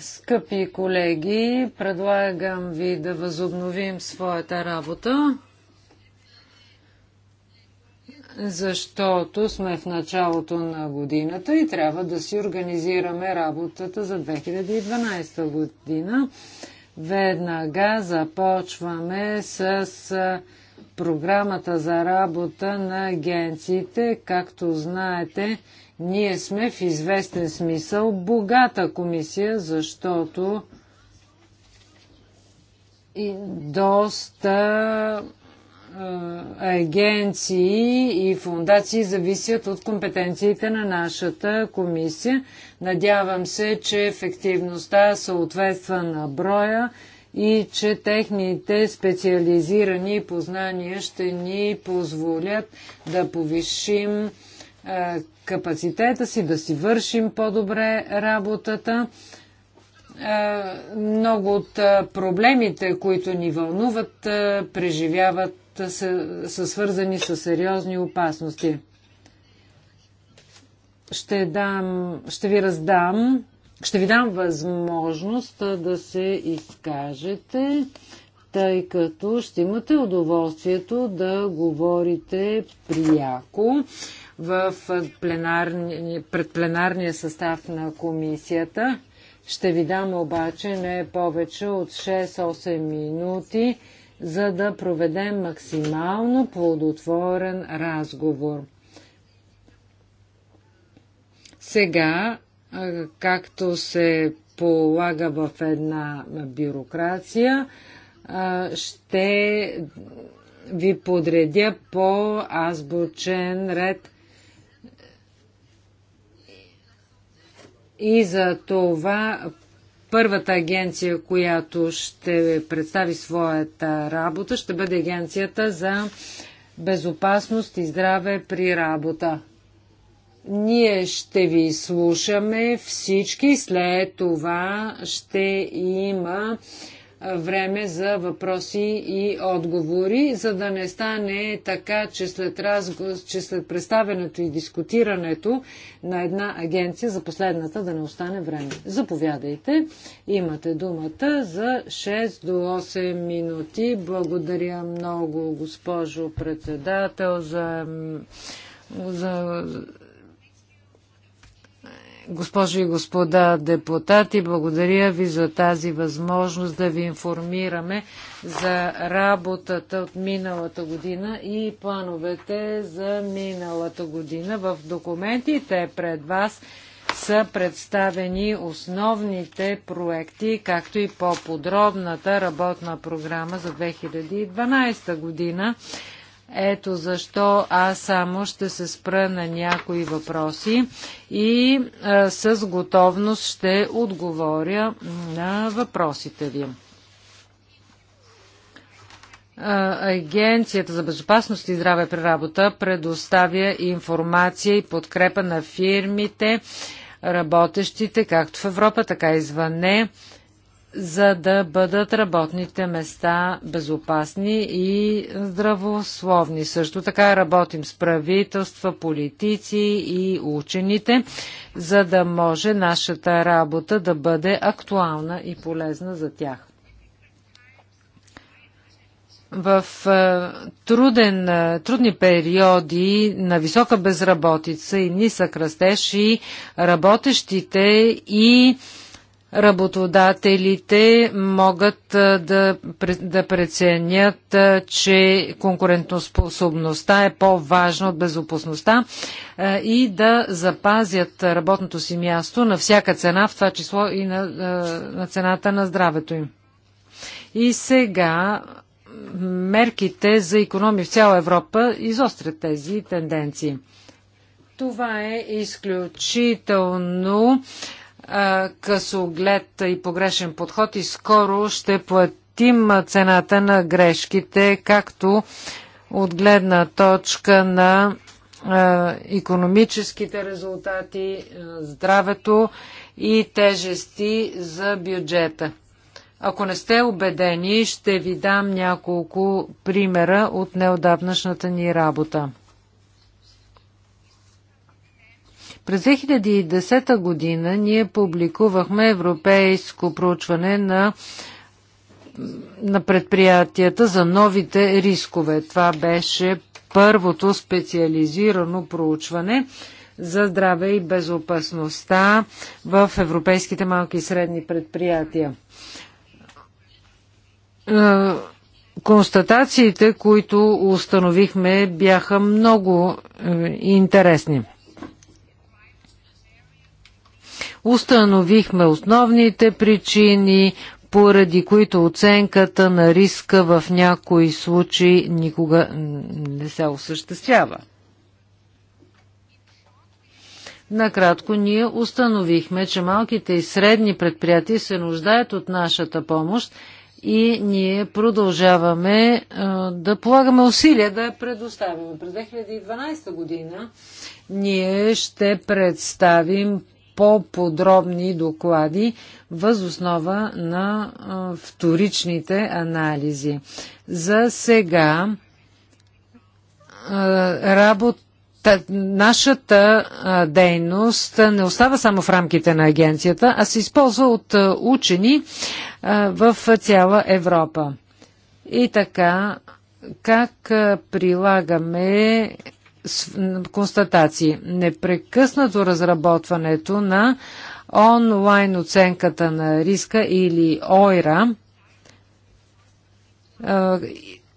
Скъпи колеги, предлагам ви да възобновим своята работа, защото сме в началото на годината и трябва да си организираме работата за 2012 година. Веднага започваме с програмата за работа на агенциите. Както знаете, ние сме в известен смисъл богата комисия, защото и доста агенции и фундации зависят от компетенциите на нашата комисия. Надявам се, че ефективността съответства на броя и че техните специализирани познания ще ни позволят да повишим е, капацитета си, да си вършим по-добре работата. Е, много от е, проблемите, които ни вълнуват, преживяват, са, свързани с сериозни опасности. Ще, дам, ще ви раздам, ще ви дам възможност да се изкажете тъй като ще имате удоволствието да говорите пряко в пленарни, пред пленарния състав на комисията. Ще ви дам обаче не повече от 6-8 минути, за да проведем максимално плодотворен разговор. Сега, както се полага в една бюрокрация, ще ви подредя по азбучен ред И за това първата агенция, която ще представи своята работа, ще бъде агенцията за безопасност и здраве при работа. Ние ще ви слушаме всички, след това ще има време за въпроси и отговори, за да не стане така, че след, разго... че след представенето и дискутирането на една агенция за последната да не остане време. Заповядайте, имате думата за 6 до 8 минути. Благодаря много, госпожо председател, за, за Госпожи и господа депутати, благодаря ви за тази възможност да ви информираме за работата от миналата година и плановете за миналата година. В документите пред вас са представени основните проекти, както и по-подробната работна програма за 2012 година. Ето защо аз само ще се спра на някои въпроси и а, с готовност ще отговоря на въпросите ви. Агенцията за безопасност и здраве при работа предоставя информация и подкрепа на фирмите, работещите както в Европа, така и извън за да бъдат работните места безопасни и здравословни. Също така работим с правителства, политици и учените, за да може нашата работа да бъде актуална и полезна за тях. В е, труден, е, трудни периоди на висока безработица и нисък растеж и работещите и работодателите могат да, да преценят, че конкурентоспособността е по-важна от безопасността и да запазят работното си място на всяка цена, в това число и на, на цената на здравето им. И сега мерките за економи в цяла Европа изострят тези тенденции. Това е изключително късоглед и погрешен подход и скоро ще платим цената на грешките, както от гледна точка на економическите резултати, здравето и тежести за бюджета. Ако не сте убедени, ще ви дам няколко примера от неодавнашната ни работа. През 2010 година ние публикувахме европейско проучване на на предприятията за новите рискове. Това беше първото специализирано проучване за здраве и безопасността в европейските малки и средни предприятия. Е, констатациите, които установихме, бяха много е, интересни. Установихме основните причини, поради които оценката на риска в някои случаи никога не се осъществява. Накратко ние установихме, че малките и средни предприятия се нуждаят от нашата помощ и ние продължаваме а, да полагаме усилия да я предоставим. През 2012 година ние ще представим по-подробни доклади въз основа на вторичните анализи. За сега работа нашата дейност не остава само в рамките на агенцията, а се използва от учени в цяла Европа. И така, как прилагаме констатации. Непрекъснато разработването на онлайн оценката на риска или ОИРА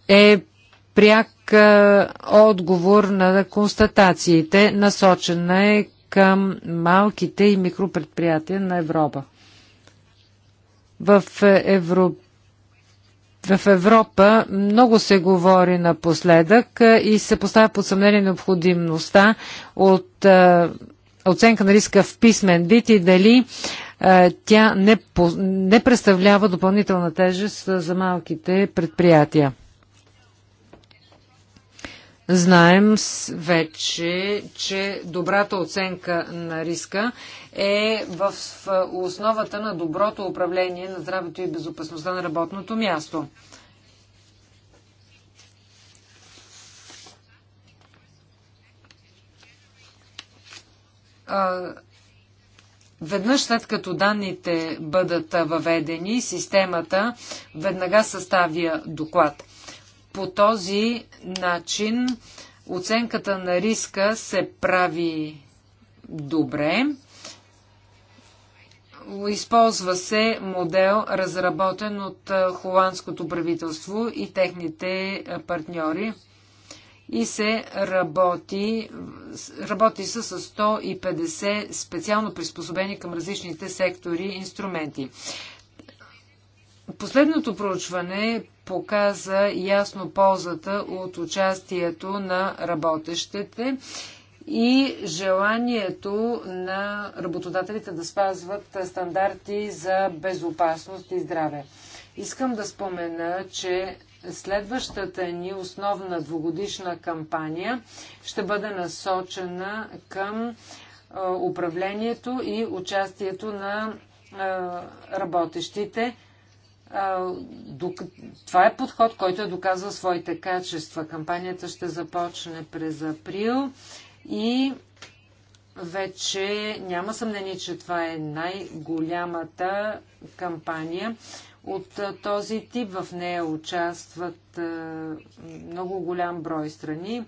е пряк отговор на констатациите, насочена е към малките и микропредприятия на Европа. В Европа в Европа много се говори напоследък и се поставя под съмнение необходимостта от оценка на риска в писмен вид и дали тя не представлява допълнителна тежест за малките предприятия. Знаем вече, че добрата оценка на риска е в основата на доброто управление на здравето и безопасността на работното място. Веднъж след като данните бъдат въведени, системата веднага съставя доклад. По този начин оценката на риска се прави добре. Използва се модел, разработен от холандското правителство и техните партньори и се работи, работи с 150 специално приспособени към различните сектори инструменти. Последното проучване показа ясно ползата от участието на работещите и желанието на работодателите да спазват стандарти за безопасност и здраве. Искам да спомена, че следващата ни основна двугодишна кампания ще бъде насочена към управлението и участието на работещите това е подход, който е доказал своите качества. Кампанията ще започне през април и вече няма съмнение, че това е най-голямата кампания от този тип. В нея участват много голям брой страни.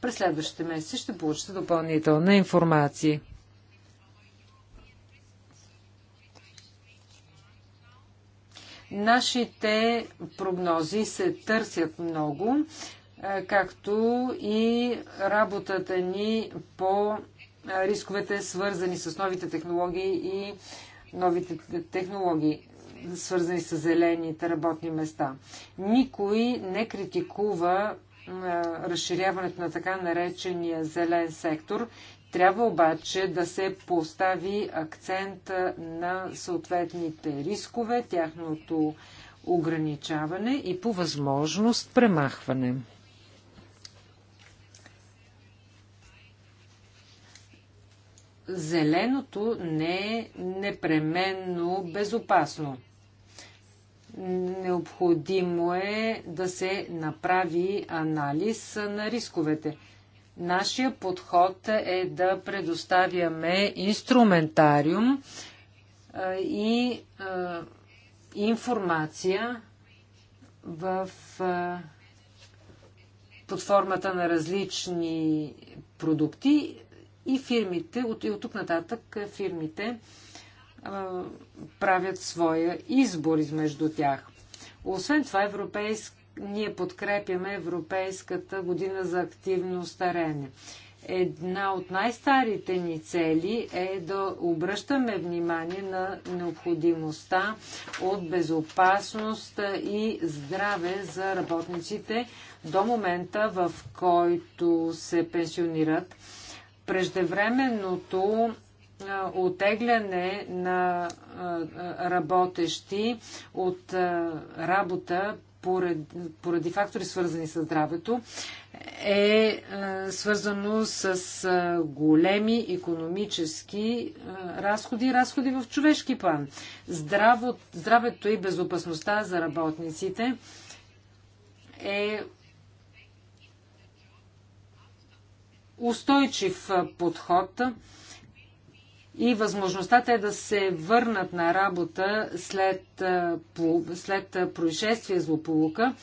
През следващите месеци ще получите допълнителна информация. Нашите прогнози се търсят много, е, както и работата ни по е, рисковете, свързани с новите технологии и новите технологии, свързани с зелените работни места. Никой не критикува е, разширяването на така наречения зелен сектор трябва обаче да се постави акцент на съответните рискове, тяхното ограничаване и по възможност премахване. Зеленото не е непременно безопасно. Необходимо е да се направи анализ на рисковете – Нашия подход е да предоставяме инструментариум и информация в, под формата на различни продукти и фирмите, от, и от тук нататък фирмите правят своя избор измежду тях. Освен това, Европейска ние подкрепяме Европейската година за активно старение. Една от най-старите ни цели е да обръщаме внимание на необходимостта от безопасност и здраве за работниците до момента, в който се пенсионират. Преждевременното отегляне на работещи от работа поради, поради фактори свързани с здравето е, е свързано с е, големи економически е, разходи и разходи в човешки план. Здраво, здравето и безопасността за работниците е устойчив подход и възможността те да се върнат на работа след, след происшествие злополука,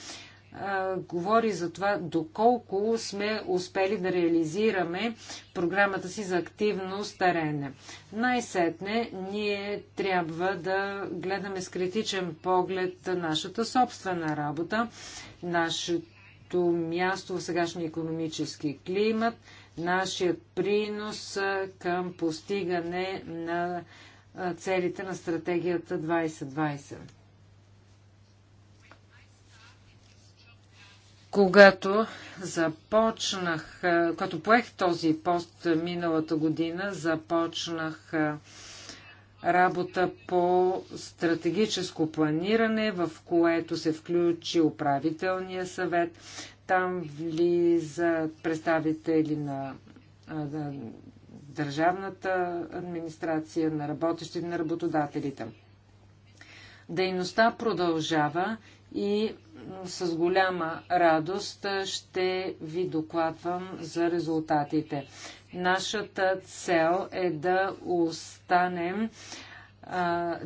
говори за това доколко сме успели да реализираме програмата си за активно старене. Най-сетне ние трябва да гледаме с критичен поглед нашата собствена работа, нашето място в сегашния економически климат – нашият принос към постигане на целите на стратегията 2020. Когато започнах, като поех този пост миналата година, започнах работа по стратегическо планиране, в което се включи управителния съвет. Там влиза представители на държавната администрация, на работещите, на работодателите. Дейността продължава и с голяма радост ще ви докладвам за резултатите. Нашата цел е да останем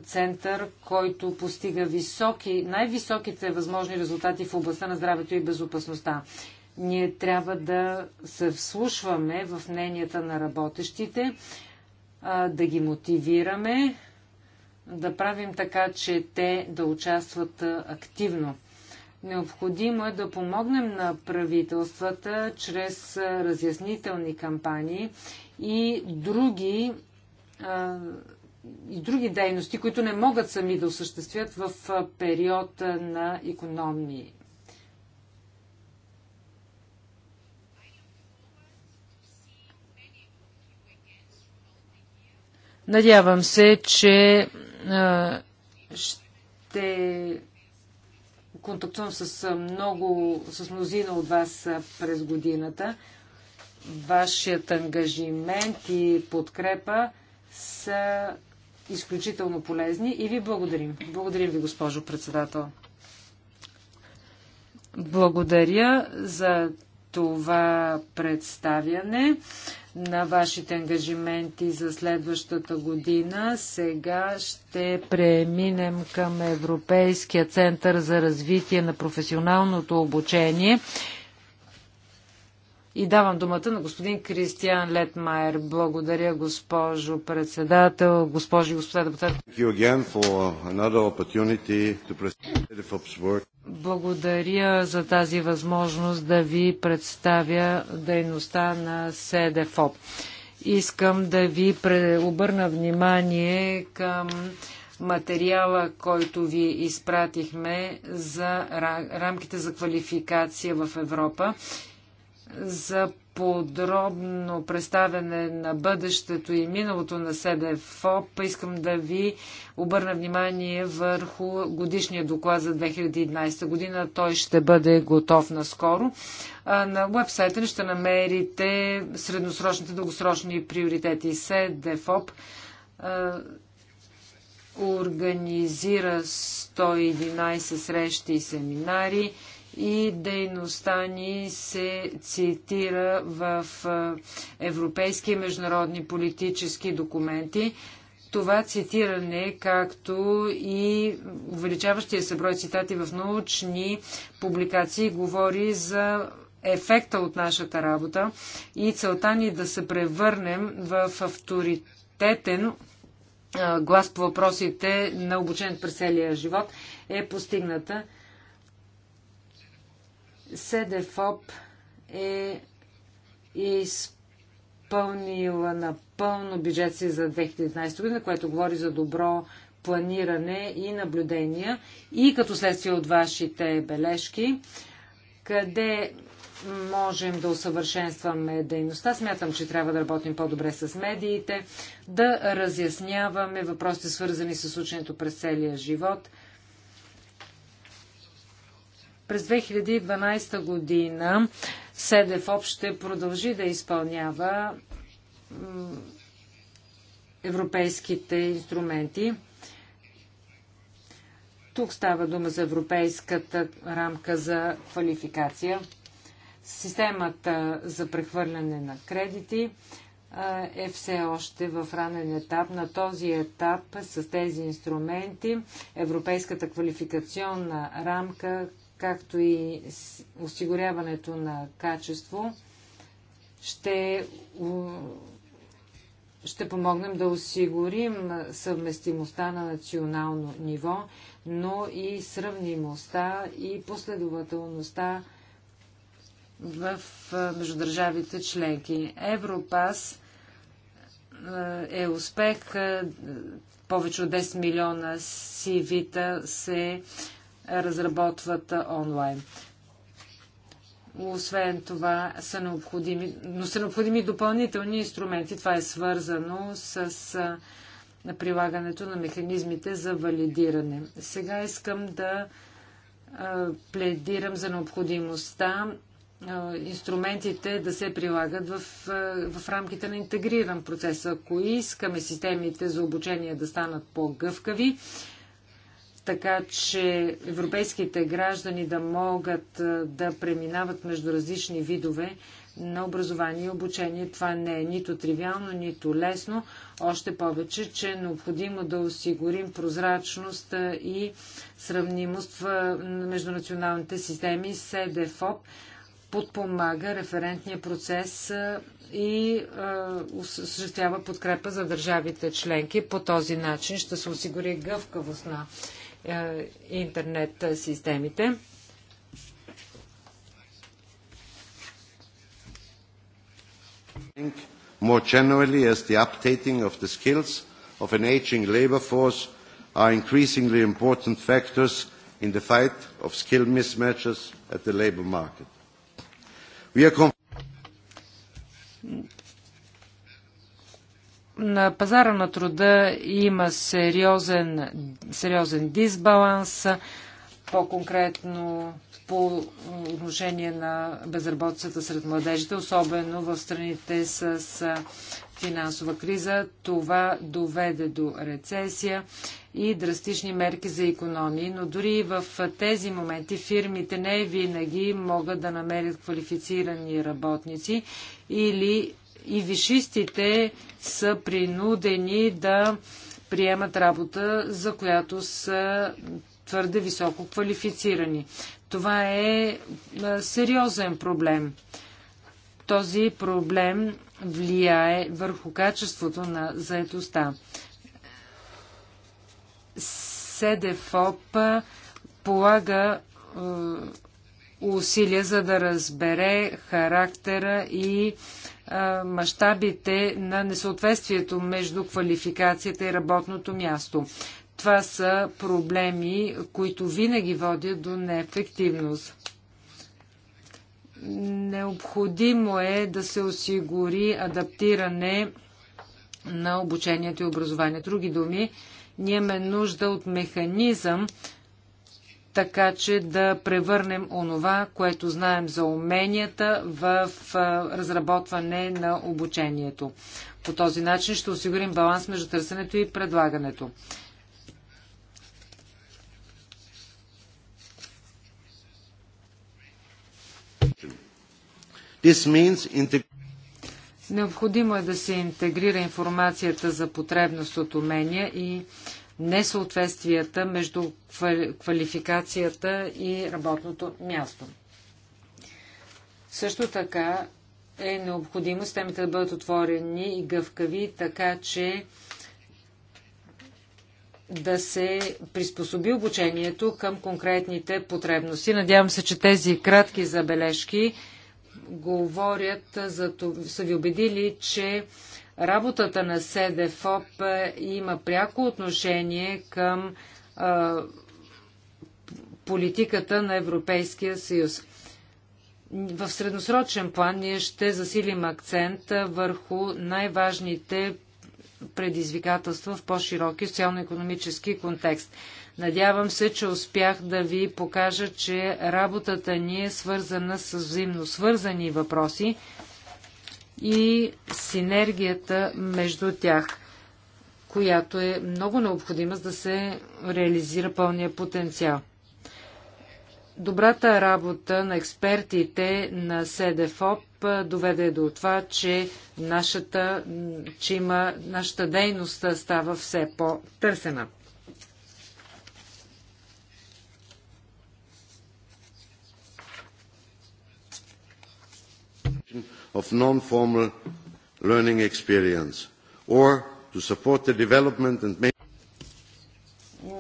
център, който постига високи, най-високите възможни резултати в областта на здравето и безопасността. Ние трябва да се вслушваме в мненията на работещите, да ги мотивираме, да правим така, че те да участват активно. Необходимо е да помогнем на правителствата чрез разяснителни кампании и други, и други дейности, които не могат сами да осъществят в период на економии. Надявам се, че ще контактувам с много, с мнозина от вас през годината. Вашият ангажимент и подкрепа са изключително полезни и ви благодарим. Благодарим ви, госпожо председател. Благодаря за това представяне на вашите ангажименти за следващата година. Сега ще преминем към Европейския център за развитие на професионалното обучение и давам думата на господин Кристиан Летмайер. Благодаря, госпожо председател, госпожи и господа депутати. Благодаря за тази възможност да ви представя дейността на СДФОП. Искам да ви обърна внимание към материала, който ви изпратихме за рамките за квалификация в Европа за подробно представяне на бъдещето и миналото на СДФОП, искам да ви обърна внимание върху годишния доклад за 2011 година. Той ще бъде готов наскоро. На вебсайта ни ще намерите средносрочните дългосрочни приоритети. СДФОП организира 111 срещи и семинари и дейността ни се цитира в европейски и международни политически документи. Това цитиране, както и увеличаващия се брой цитати в научни публикации, говори за ефекта от нашата работа и целта ни да се превърнем в авторитетен глас по въпросите на обучен през целия живот е постигната. СДФОП е изпълнила напълно бюджет си за 2019 година, което говори за добро планиране и наблюдения и като следствие от вашите бележки, къде можем да усъвършенстваме дейността. Смятам, че трябва да работим по-добре с медиите, да разясняваме въпросите свързани с ученето през целия живот – през 2012 година СЕДЕФОП ще продължи да изпълнява европейските инструменти. Тук става дума за европейската рамка за квалификация, системата за прехвърляне на кредити, е все още в ранен етап. На този етап с тези инструменти Европейската квалификационна рамка както и осигуряването на качество, ще, ще помогнем да осигурим съвместимостта на национално ниво, но и сравнимостта и последователността в между държавите членки. Европас е успех. Повече от 10 милиона сивита та се разработват онлайн. Освен това са необходими, но са необходими допълнителни инструменти. Това е свързано с на прилагането на механизмите за валидиране. Сега искам да пледирам за необходимостта инструментите да се прилагат в, в рамките на интегриран процес. Ако искаме системите за обучение да станат по-гъвкави, така че европейските граждани да могат да преминават между различни видове на образование и обучение. Това не е нито тривиално, нито лесно, още повече, че е необходимо да осигурим прозрачност и сравнимост между националните системи. СДФОП подпомага референтния процес и осъществява подкрепа за държавите членки. По този начин ще се осигури гъвкавост на интернет системите. More generally, as the updating of the skills of an aging labor force are increasingly important factors in the fight of skill mismatches at the labor market. We are на пазара на труда има сериозен, сериозен дисбаланс, по-конкретно по отношение на безработицата сред младежите, особено в страните с финансова криза. Това доведе до рецесия и драстични мерки за економии, но дори в тези моменти фирмите не винаги могат да намерят квалифицирани работници или и вишистите са принудени да приемат работа, за която са твърде високо квалифицирани. Това е, е сериозен проблем. Този проблем влияе върху качеството на заедостта. СДФОП полага е, усилия за да разбере характера и мащабите на несъответствието между квалификацията и работното място. Това са проблеми, които винаги водят до неефективност. Необходимо е да се осигури адаптиране на обучението и образование. Други думи, ние имаме нужда от механизъм, така че да превърнем онова, което знаем за уменията в разработване на обучението. По този начин ще осигурим баланс между търсенето и предлагането. Необходимо е да се интегрира информацията за потребност от умения и несъответствията между квалификацията и работното място. Също така е необходимо системите да бъдат отворени и гъвкави, така че да се приспособи обучението към конкретните потребности. Надявам се, че тези кратки забележки говорят за това, са ви убедили, че Работата на СДФОП е, има пряко отношение към а, политиката на Европейския съюз. В средносрочен план ние ще засилим акцент върху най-важните предизвикателства в по-широки социално-економически контекст. Надявам се, че успях да ви покажа, че работата ни е свързана с взаимно свързани въпроси и синергията между тях, която е много необходима за да се реализира пълния потенциал. Добрата работа на експертите на СДФОП доведе до това, че нашата, че има, нашата дейност става все по-търсена. of non-formal learning experience or to support the development and make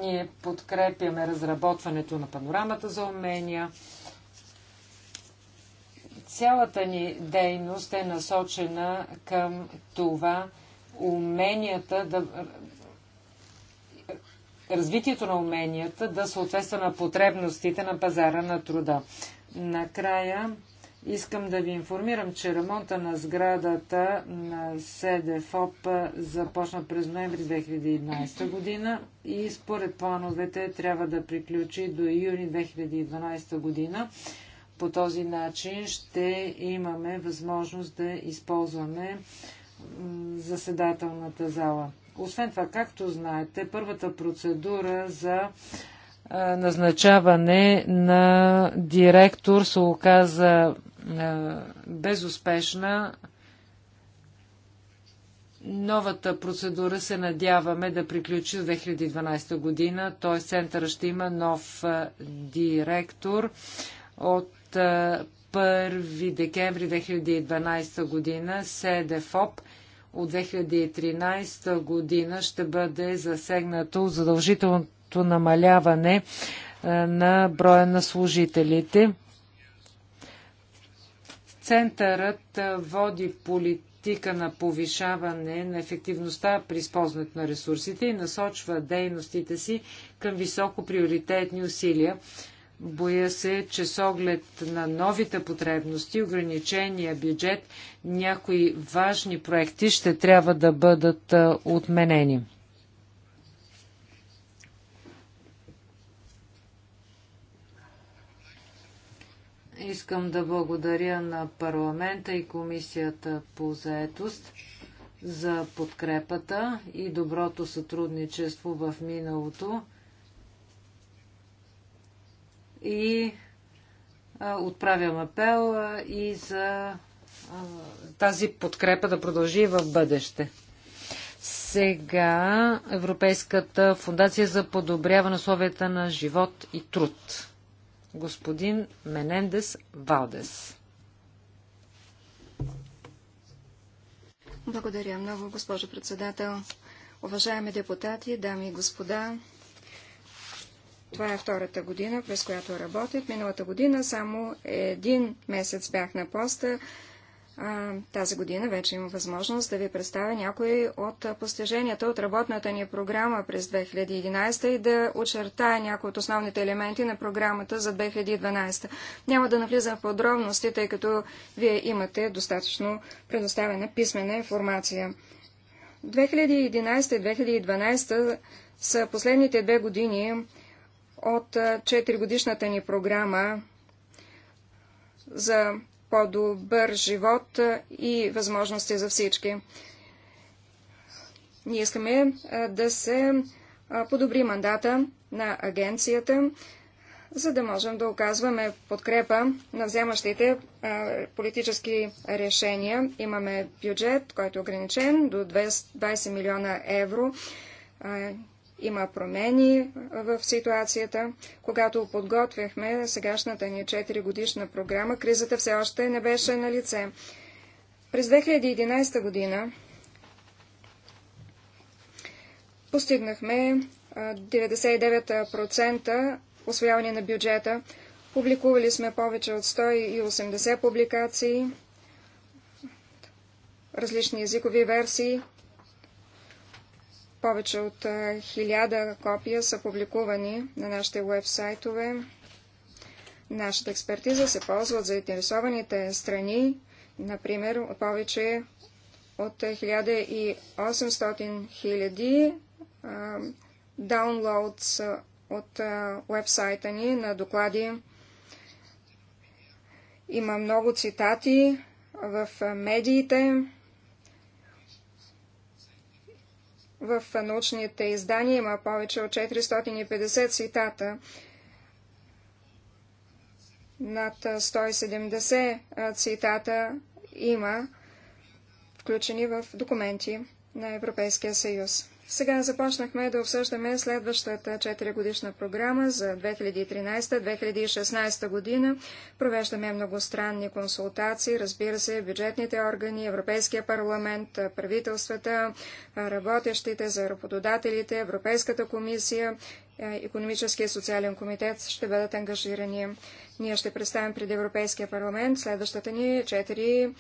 ние подкрепяме разработването на панорамата за умения. Цялата ни дейност е насочена към това уменията да развитието на уменията да съответства на потребностите на пазара на труда. Накрая Искам да ви информирам, че ремонта на сградата на СДФОП започна през ноември 2011 година и според плановете трябва да приключи до юни 2012 година. По този начин ще имаме възможност да използваме заседателната зала. Освен това, както знаете, първата процедура за назначаване на директор се оказа е, безуспешна. Новата процедура се надяваме да приключи в 2012 година, т.е. центъра ще има нов е, директор от 1 е, декември 2012 година. СДФОП от 2013 година ще бъде засегнато задължителното намаляване на броя на служителите. Центърът води политика на повишаване на ефективността при използването на ресурсите и насочва дейностите си към високо приоритетни усилия. Боя се, че с оглед на новите потребности, ограничения бюджет, някои важни проекти ще трябва да бъдат отменени. Искам да благодаря на парламента и комисията по заетост за подкрепата и доброто сътрудничество в миналото и а, отправям апел а, и за а, тази подкрепа да продължи в бъдеще. Сега Европейската фундация за подобряване условията на живот и труд господин Менендес Валдес. Благодаря много, госпожо председател. Уважаеми депутати, дами и господа, това е втората година, през която работих. Миналата година само един месец бях на поста тази година вече имам възможност да ви представя някои от постиженията от работната ни програма през 2011 и да очертая някои от основните елементи на програмата за 2012. Няма да навлизам в подробности, тъй като вие имате достатъчно предоставена писмена информация. 2011 и 2012 са последните две години от 4 годишната ни програма за по-добър живот и възможности за всички. Ние искаме да се подобри мандата на агенцията, за да можем да оказваме подкрепа на вземащите политически решения. Имаме бюджет, който е ограничен до 20 милиона евро. Има промени в ситуацията. Когато подготвяхме сегашната ни 4 годишна програма, кризата все още не беше на лице. През 2011 година постигнахме 99% освояване на бюджета. Публикували сме повече от 180 публикации, различни езикови версии – повече от хиляда копия са публикувани на нашите уебсайтове. Нашата експертиза се ползва от заинтересованите страни, например, от повече от 1800 хиляди даунлоудс от уебсайта ни на доклади. Има много цитати в медиите. В научните издания има повече от 450 цитата. Над 170 цитата има включени в документи на Европейския съюз. Сега започнахме да обсъждаме следващата 4-годишна програма за 2013-2016 година. Провеждаме многостранни консултации, разбира се, бюджетните органи, Европейския парламент, правителствата, работещите, за работодателите, Европейската комисия, Економическия и социален комитет ще бъдат ангажирани. Ние ще представим пред Европейския парламент следващата ни 4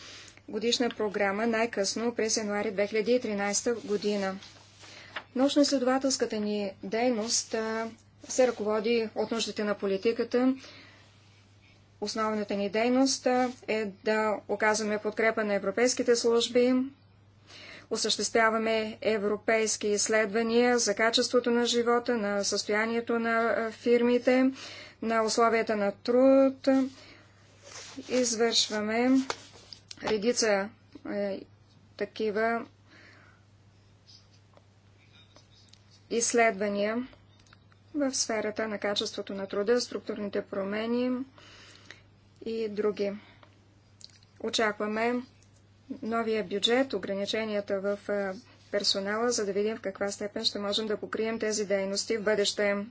годишна програма най-късно през януари 2013 година. Научно-изследователската ни дейност се ръководи от нуждите на политиката. Основната ни дейност е да оказваме подкрепа на европейските служби, осъществяваме европейски изследвания за качеството на живота, на състоянието на фирмите, на условията на труд. Извършваме редица е, такива изследвания в сферата на качеството на труда, структурните промени и други. Очакваме новия бюджет, ограниченията в персонала, за да видим в каква степен ще можем да покрием тези дейности в бъдеще.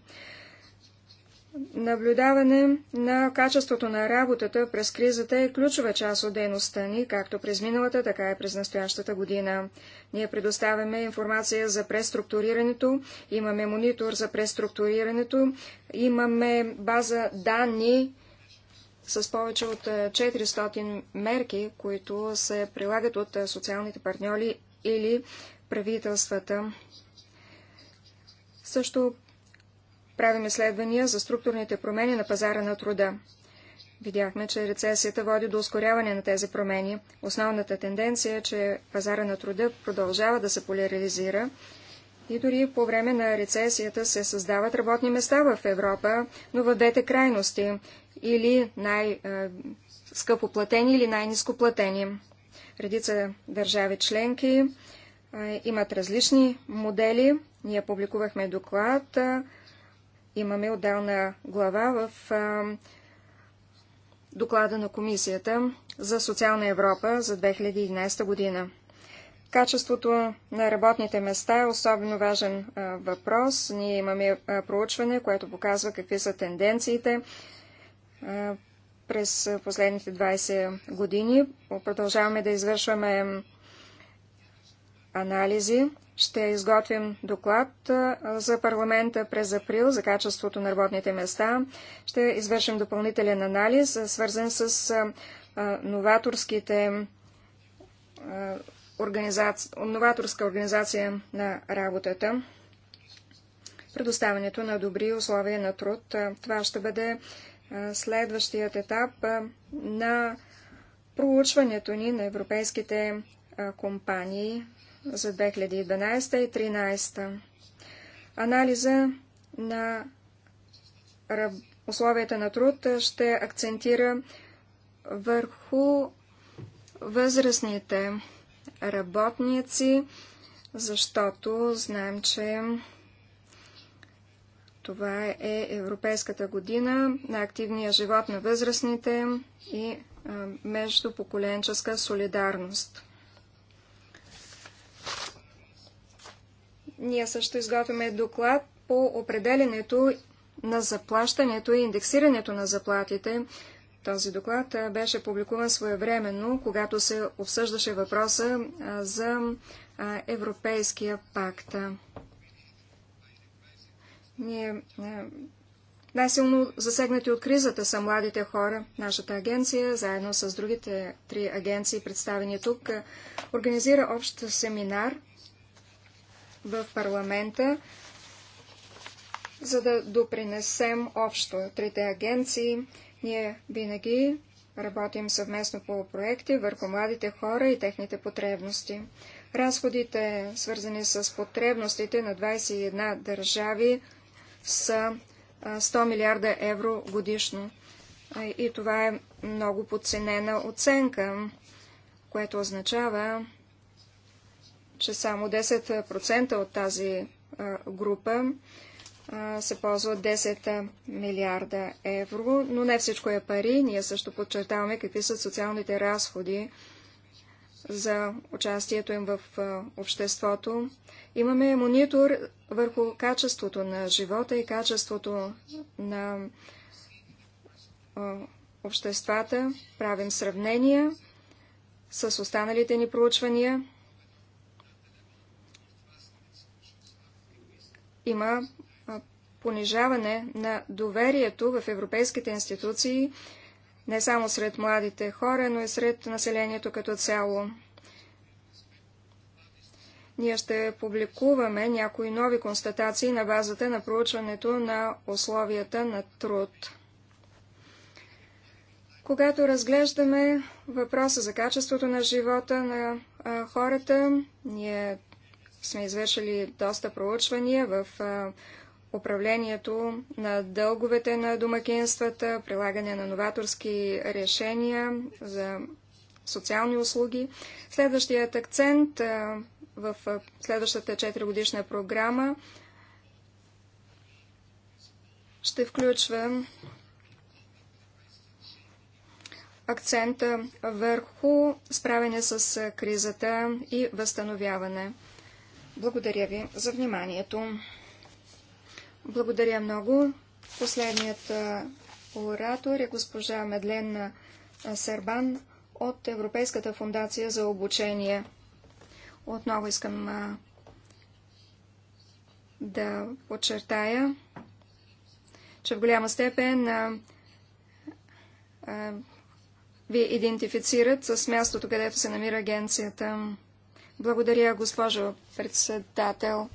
Наблюдаване на качеството на работата през кризата е ключова част от дейността ни, както през миналата, така и през настоящата година. Ние предоставяме информация за преструктурирането, имаме монитор за преструктурирането, имаме база данни с повече от 400 е, мерки, които се прилагат от е, социалните партньори или правителствата. Също правим изследвания за структурните промени на пазара на труда. Видяхме, че рецесията води до ускоряване на тези промени. Основната тенденция е, че пазара на труда продължава да се поляризира и дори по време на рецесията се създават работни места в Европа, но в двете крайности или най-скъпоплатени или най-низкоплатени. Редица държави членки имат различни модели. Ние публикувахме доклад Имаме отделна глава в а, доклада на Комисията за социална Европа за 2011 година. Качеството на работните места е особено важен а, въпрос. Ние имаме а, проучване, което показва какви са тенденциите а, през последните 20 години. Продължаваме да извършваме анализи ще изготвим доклад за парламента през април за качеството на работните места. Ще извършим допълнителен анализ, свързан с новаторските организаци... новаторска организация на работата, предоставянето на добри условия на труд. Това ще бъде следващият етап на проучването ни на европейските компании за 2012 и 2013. Анализа на условията на труд ще акцентира върху възрастните работници, защото знаем, че това е Европейската година на активния живот на възрастните и междупоколенческа солидарност. Ние също изготвяме доклад по определенето на заплащането и индексирането на заплатите. Този доклад беше публикуван своевременно, когато се обсъждаше въпроса за Европейския пакт. Ние най-силно засегнати от кризата са младите хора. Нашата агенция, заедно с другите три агенции, представени тук, организира общ семинар – в парламента, за да допринесем общо трите агенции. Ние винаги работим съвместно по проекти върху младите хора и техните потребности. Разходите, свързани с потребностите на 21 държави, са 100 милиарда евро годишно. И това е много подценена оценка, което означава, че само 10% от тази група се ползват 10 милиарда евро, но не всичко е пари. Ние също подчертаваме какви са социалните разходи за участието им в обществото. Имаме монитор върху качеството на живота и качеството на обществата. Правим сравнения с останалите ни проучвания. има понижаване на доверието в европейските институции, не само сред младите хора, но и сред населението като цяло. Ние ще публикуваме някои нови констатации на базата на проучването на условията на труд. Когато разглеждаме въпроса за качеството на живота на хората, ние сме извършили доста проучвания в управлението на дълговете на домакинствата, прилагане на новаторски решения за социални услуги. Следващият акцент в следващата 4-годишна програма ще включва акцента върху справяне с кризата и възстановяване. Благодаря ви за вниманието. Благодаря много. Последният оратор е госпожа Медлен Сербан от Европейската фундация за обучение. Отново искам да подчертая, че в голяма степен ви идентифицират с мястото, където се намира агенцията. Благодаря, госпожо председател.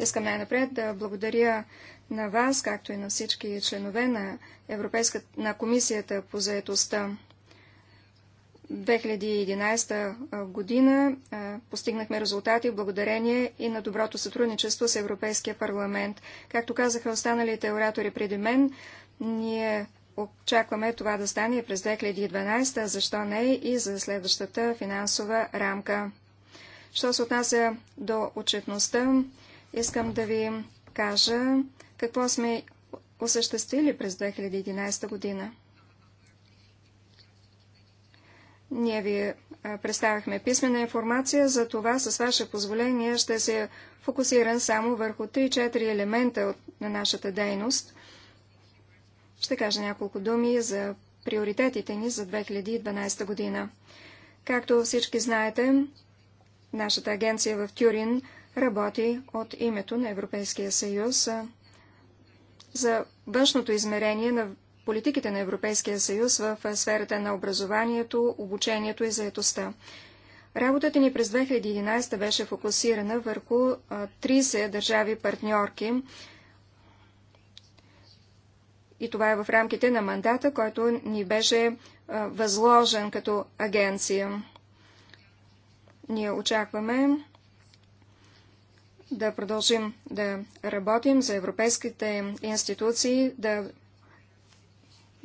Искам най-напред да благодаря на вас, както и на всички членове на, Европейска... на Комисията по заедостта. 2011 година постигнахме резултати благодарение и на доброто сътрудничество с Европейския парламент. Както казаха останалите оратори преди мен, ние очакваме това да стане през 2012, защо не и за следващата финансова рамка. Що се отнася до отчетността, искам да ви кажа какво сме осъществили през 2011 година. Ние ви представяхме писмена информация, за това с ваше позволение ще се фокусирам само върху 3-4 елемента от, на нашата дейност. Ще кажа няколко думи за приоритетите ни за 2012 година. Както всички знаете, Нашата агенция в Тюрин работи от името на Европейския съюз за външното измерение на политиките на Европейския съюз в сферата на образованието, обучението и заетостта. Работата ни през 2011 беше фокусирана върху 30 държави партньорки. И това е в рамките на мандата, който ни беше възложен като агенция. Ние очакваме да продължим да работим за европейските институции, да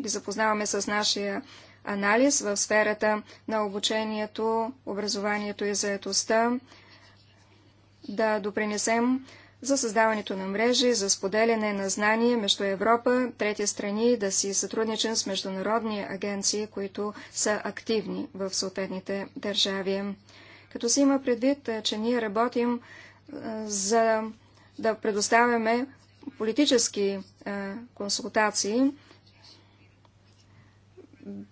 ги запознаваме с нашия анализ в сферата на обучението, образованието и заетостта, да допринесем за създаването на мрежи, за споделяне на знания между Европа, трети страни, да си сътрудничим с международни агенции, които са активни в съответните държави. Като се има предвид, е, че ние работим е, за да предоставяме политически е, консултации,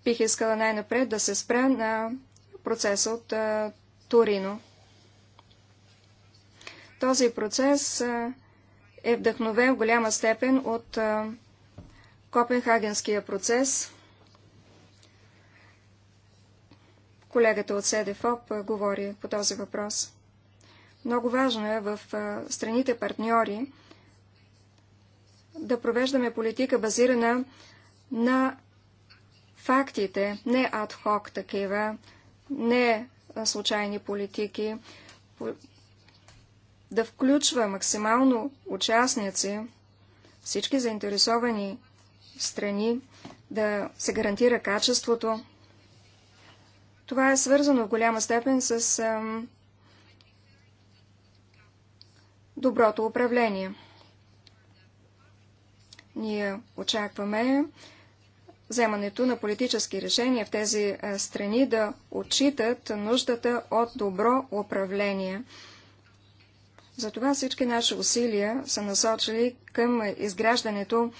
бих искала най-напред да се спре на процеса от Торино. Този процес е вдъхновен в голяма степен от Копенхагенския процес – Колегата от СДФОП говори по този въпрос. Много важно е в страните партньори да провеждаме политика базирана на фактите, не адхок такива, не случайни политики, да включва максимално участници, всички заинтересовани страни, да се гарантира качеството. Това е свързано в голяма степен с ам, доброто управление. Ние очакваме вземането на политически решения в тези страни да отчитат нуждата от добро управление. Затова всички наши усилия са насочили към изграждането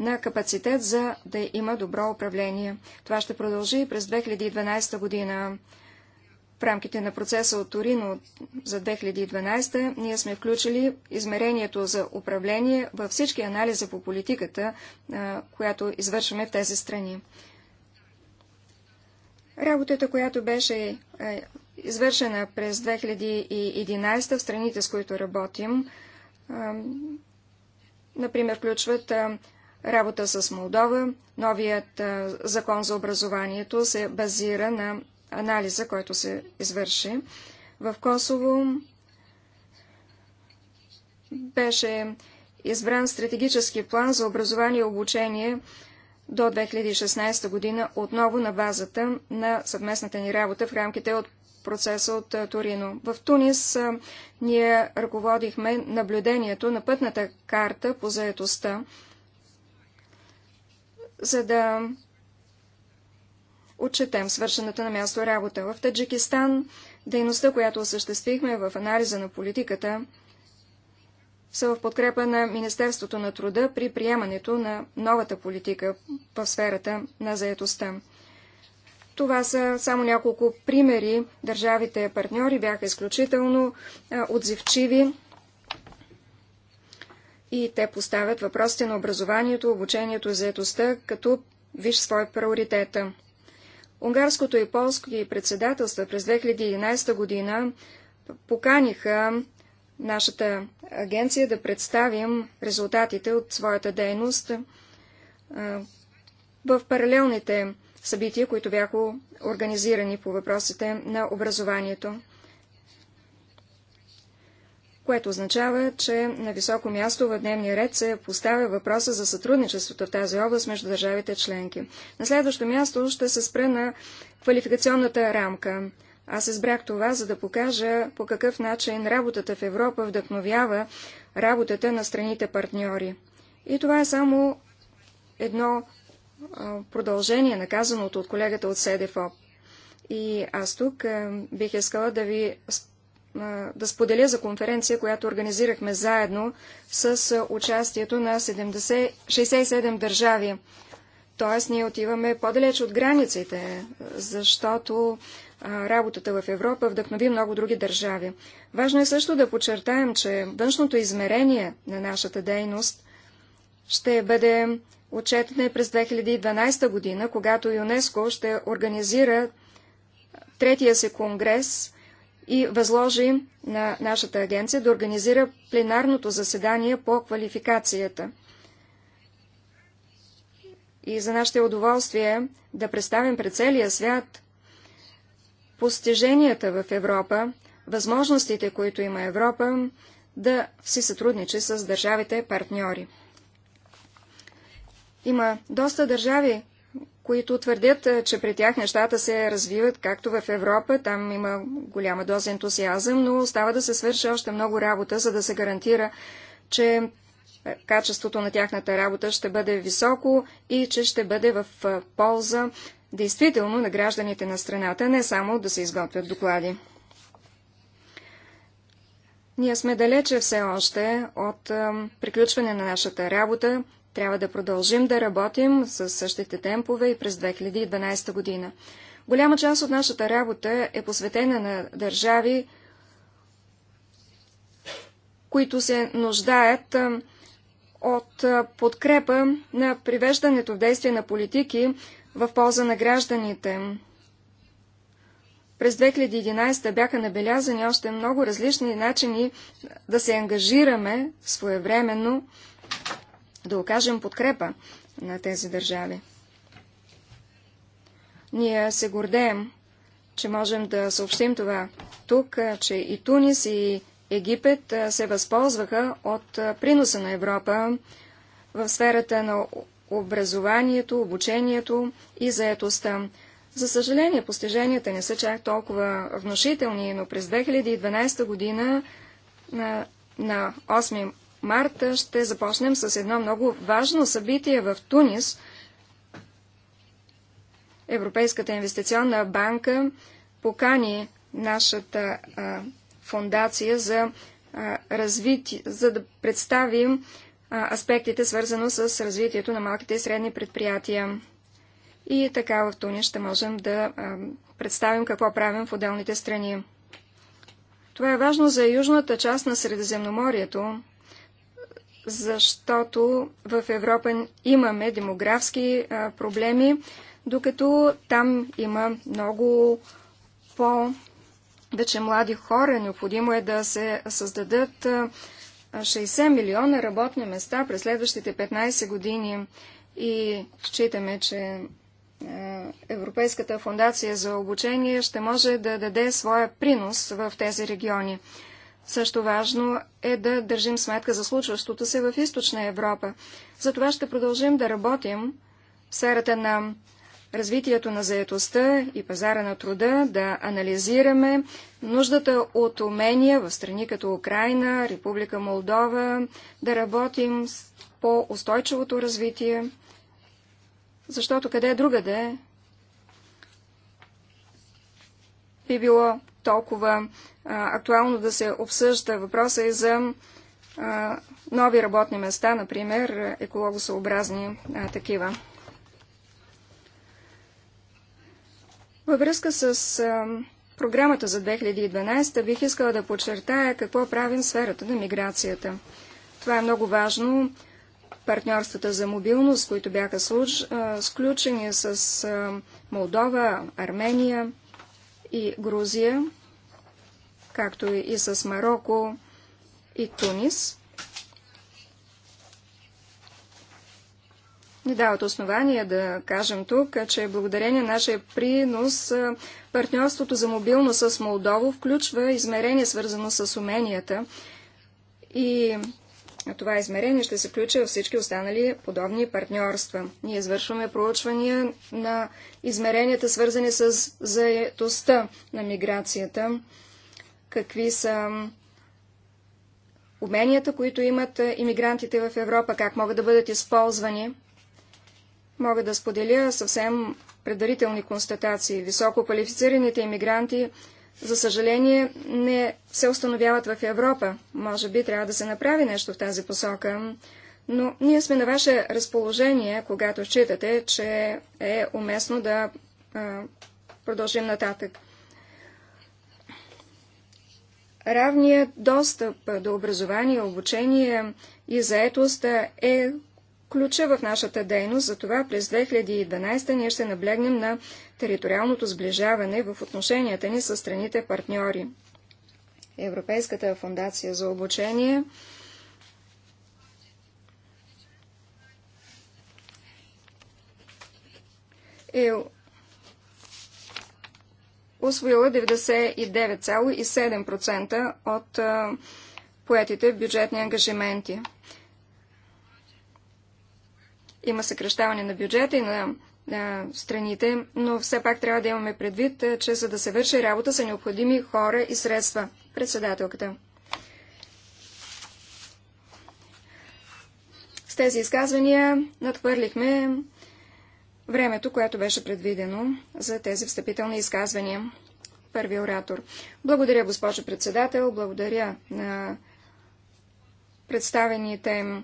на капацитет, за да има добро управление. Това ще продължи и през 2012 година. В рамките на процеса от Торино за 2012 ние сме включили измерението за управление във всички анализи по политиката, която извършваме в тези страни. Работата, която беше извършена през 2011 в страните, с които работим, например, включват работа с Молдова. Новият закон за образованието се базира на анализа, който се извърши. В Косово беше избран стратегически план за образование и обучение до 2016 година, отново на базата на съвместната ни работа в рамките от процеса от Торино. В Тунис ние ръководихме наблюдението на пътната карта по заетостта за да отчетем свършената на място работа. В Таджикистан дейността, която осъществихме в анализа на политиката, са в подкрепа на Министерството на труда при приемането на новата политика в сферата на заетостта. Това са само няколко примери. Държавите партньори бяха изключително отзивчиви и те поставят въпросите на образованието, обучението, заетостта, като виж свой приоритета. Унгарското и полското председателства през 2011 година поканиха нашата агенция да представим резултатите от своята дейност в паралелните събития, които бяха организирани по въпросите на образованието което означава, че на високо място в дневния ред се поставя въпроса за сътрудничеството в тази област между държавите членки. На следващо място ще се спра на квалификационната рамка. Аз избрах това, за да покажа по какъв начин работата в Европа вдъхновява работата на страните партньори. И това е само едно продължение на казаното от колегата от СДФО. И аз тук бих искала да ви да споделя за конференция, която организирахме заедно с участието на 70, 67 държави. Тоест, ние отиваме по-далеч от границите, защото работата в Европа вдъхнови много други държави. Важно е също да подчертаем, че външното измерение на нашата дейност ще бъде отчетне през 2012 година, когато ЮНЕСКО ще организира третия се конгрес – и възложи на нашата агенция да организира пленарното заседание по квалификацията. И за нашите е удоволствие да представим пред целия свят постиженията в Европа, възможностите, които има Европа, да си сътрудничи с държавите партньори. Има доста държави, които твърдят, е, че при тях нещата се развиват както в Европа, там има голяма доза ентусиазъм, но остава да се свърши още много работа, за да се гарантира, че е, качеството на тяхната работа ще бъде високо и че ще бъде в е, полза действително на гражданите на страната, не само да се изготвят доклади. Ние сме далече все още от приключване на нашата работа. Трябва да продължим да работим с същите темпове и през 2012 година. Голяма част от нашата работа е посветена на държави, които се нуждаят от подкрепа на привеждането в действие на политики в полза на гражданите. През 2011 бяха набелязани още много различни начини да се ангажираме своевременно да окажем подкрепа на тези държави. Ние се гордеем, че можем да съобщим това тук, че и Тунис, и Египет се възползваха от приноса на Европа в сферата на образованието, обучението и заетостта. За съжаление, постиженията не са чак толкова внушителни, но през 2012 година на, на 8 марта ще започнем с едно много важно събитие в Тунис. Европейската инвестиционна банка покани нашата а, фундация за а, развитие, за да представим а, аспектите, свързано с развитието на малките и средни предприятия. И така в Тунис ще можем да а, представим какво правим в отделните страни. Това е важно за южната част на Средиземноморието, защото в Европа имаме демографски проблеми, докато там има много по вече млади хора. Необходимо е да се създадат 60 милиона работни места през следващите 15 години и считаме, че Европейската фундация за обучение ще може да даде своя принос в тези региони. Също важно е да държим сметка за случващото се в източна Европа. Затова ще продължим да работим в сферата на развитието на заетостта и пазара на труда, да анализираме нуждата от умения в страни като Украина, Република Молдова, да работим по устойчивото развитие, защото къде другаде би било толкова актуално да се обсъжда въпроса и за нови работни места, например екологосъобразни такива. Във връзка с програмата за 2012 бих искала да подчертая какво правим в сферата на миграцията. Това е много важно. Партньорствата за мобилност, които бяха служ... сключени с Молдова, Армения и Грузия, както и с Марокко и Тунис, ни дават основания да кажем тук, че благодарение на нашия принос партньорството за мобилно с Молдово включва измерение свързано с уменията и това измерение ще се включи във всички останали подобни партньорства. Ние извършваме проучвания на измеренията свързани с заетостта на миграцията какви са уменията, които имат е, иммигрантите в Европа, как могат да бъдат използвани. Мога да споделя съвсем предварителни констатации. Високо квалифицираните иммигранти, за съжаление, не се установяват в Европа. Може би трябва да се направи нещо в тази посока, но ние сме на ваше разположение, когато считате, че е уместно да а, продължим нататък. Равният достъп до образование, обучение и заетост е ключа в нашата дейност, затова през 2012 ние ще наблегнем на териториалното сближаване в отношенията ни с страните партньори. Европейската фундация за обучение е освоила 99,7% е от поетите бюджетни ангажименти. Има съкръщаване на бюджета и на страните, но все пак трябва да имаме предвид, че за да се върши работа са необходими хора и средства. Председателката. С тези изказвания надхвърлихме времето, което беше предвидено за тези встъпителни изказвания. Първи оратор. Благодаря, госпожо председател, благодаря на представените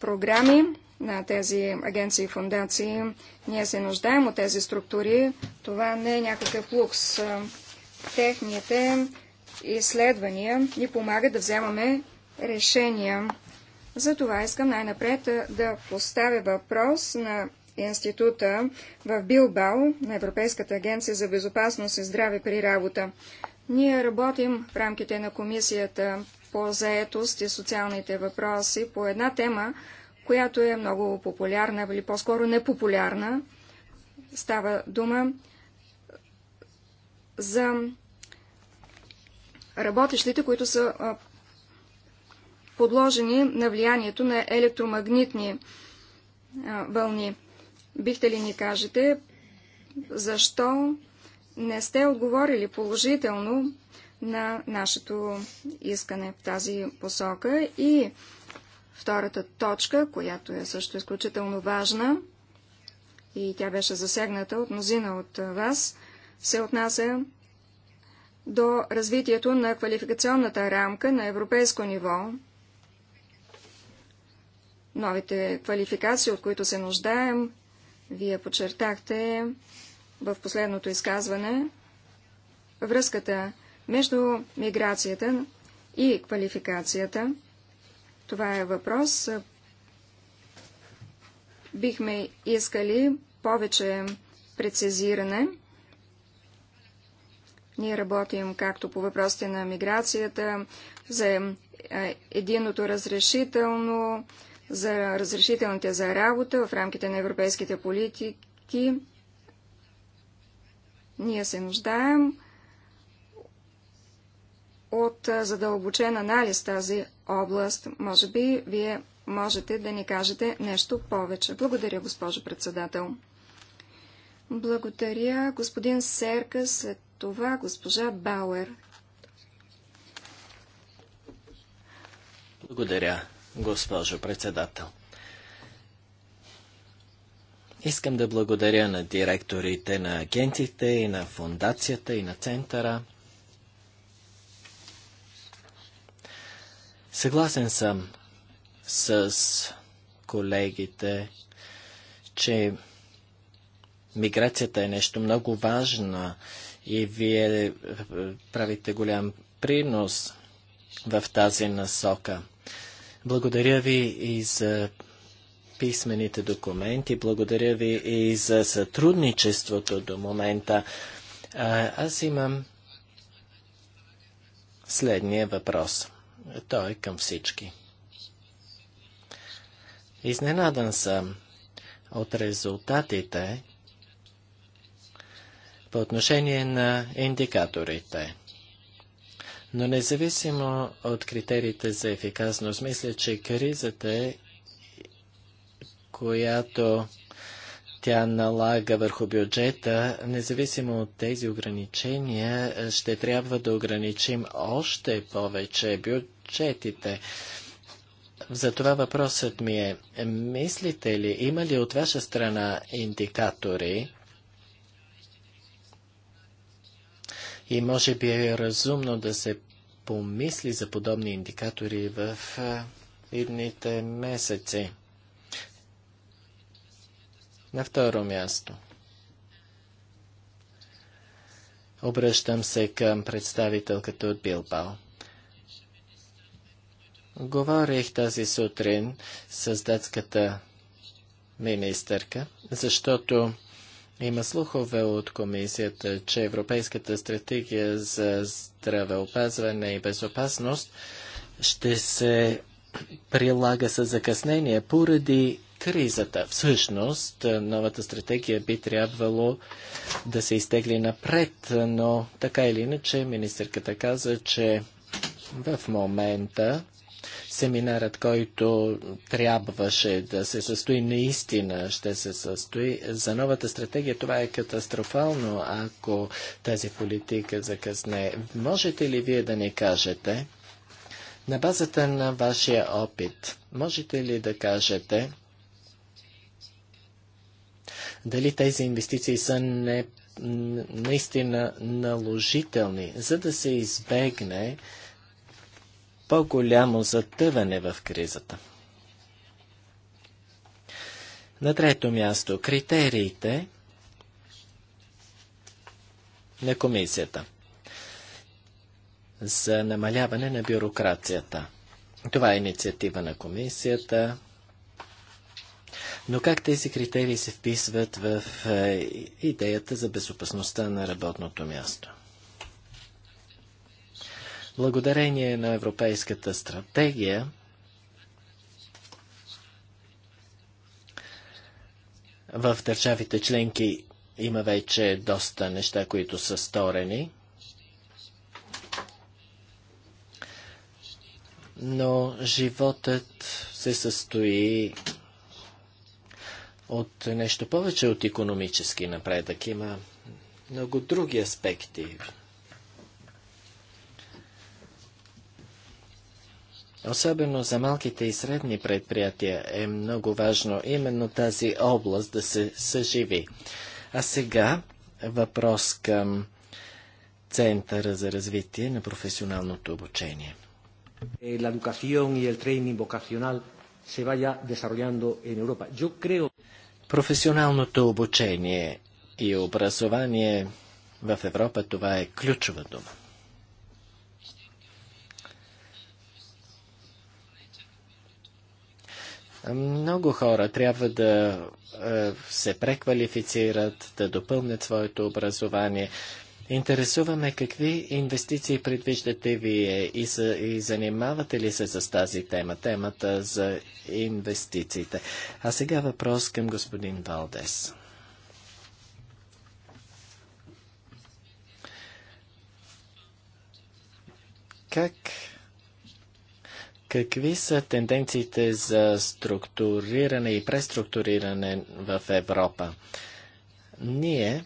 програми на тези агенции и фундации. Ние се нуждаем от тези структури. Това не е някакъв лукс. Техните изследвания ни помагат да вземаме решения. За това искам най-напред да поставя въпрос на института в Билбао на Европейската агенция за безопасност и здраве при работа. Ние работим в рамките на комисията по заетост и социалните въпроси по една тема, която е много популярна или по-скоро непопулярна. Става дума за работещите, които са подложени на влиянието на електромагнитни вълни. Бихте ли ни кажете, защо не сте отговорили положително на нашето искане в тази посока? И втората точка, която е също изключително важна, и тя беше засегната от мнозина от вас, се отнася до развитието на квалификационната рамка на европейско ниво. Новите квалификации, от които се нуждаем, вие подчертахте в последното изказване връзката между миграцията и квалификацията. Това е въпрос. Бихме искали повече прецизиране. Ние работим както по въпросите на миграцията, за е, единото разрешително, за разрешителните за работа в рамките на европейските политики. Ние се нуждаем от задълбочен анализ тази област. Може би вие можете да ни кажете нещо повече. Благодаря, госпожо председател. Благодаря, господин Серка, след това госпожа Бауер. Благодаря госпожо председател. Искам да благодаря на директорите на агентите и на фундацията и на центъра. Съгласен съм с колегите, че миграцията е нещо много важно и вие правите голям принос в тази насока – благодаря ви и за писмените документи. Благодаря ви и за сътрудничеството до момента. А, аз имам следния въпрос. Той е към всички. Изненадан съм от резултатите по отношение на индикаторите. Но независимо от критериите за ефикасност, мисля, че кризата, е, която тя налага върху бюджета, независимо от тези ограничения, ще трябва да ограничим още повече бюджетите. Затова въпросът ми е, мислите ли, има ли от ваша страна индикатори, И може би е разумно да се помисли за подобни индикатори в идните месеци. На второ място. Обръщам се към представителката от Билбао. Говорих тази сутрин с датската министърка, защото има слухове от комисията, че Европейската стратегия за здравеопазване и безопасност ще се прилага с закъснение поради кризата. Всъщност, новата стратегия би трябвало да се изтегли напред, но така или иначе, министърката каза, че в момента семинарът, който трябваше да се състои, наистина ще се състои. За новата стратегия това е катастрофално, ако тази политика закъсне. Можете ли вие да ни кажете, на базата на вашия опит, можете ли да кажете, дали тези инвестиции са не, наистина наложителни, за да се избегне по-голямо затъване в кризата. На трето място, критериите на комисията за намаляване на бюрокрацията. Това е инициатива на комисията. Но как тези критерии се вписват в е, идеята за безопасността на работното място? Благодарение на Европейската стратегия, в държавите членки има вече доста неща, които са сторени. Но животът се състои от нещо повече от економически напредък. Има много други аспекти. Особено за малките и средни предприятия е много важно именно тази област да се съживи. А сега въпрос към Центъра за развитие на професионалното обучение. Професионалното обучение и образование в Европа това е ключова дума. Много хора трябва да е, се преквалифицират, да допълнят своето образование. Интересуваме какви инвестиции предвиждате вие и, за, и занимавате ли се с тази тема, темата за инвестициите. А сега въпрос към господин Валдес. Как Какви са тенденциите за структуриране и преструктуриране в Европа? Ние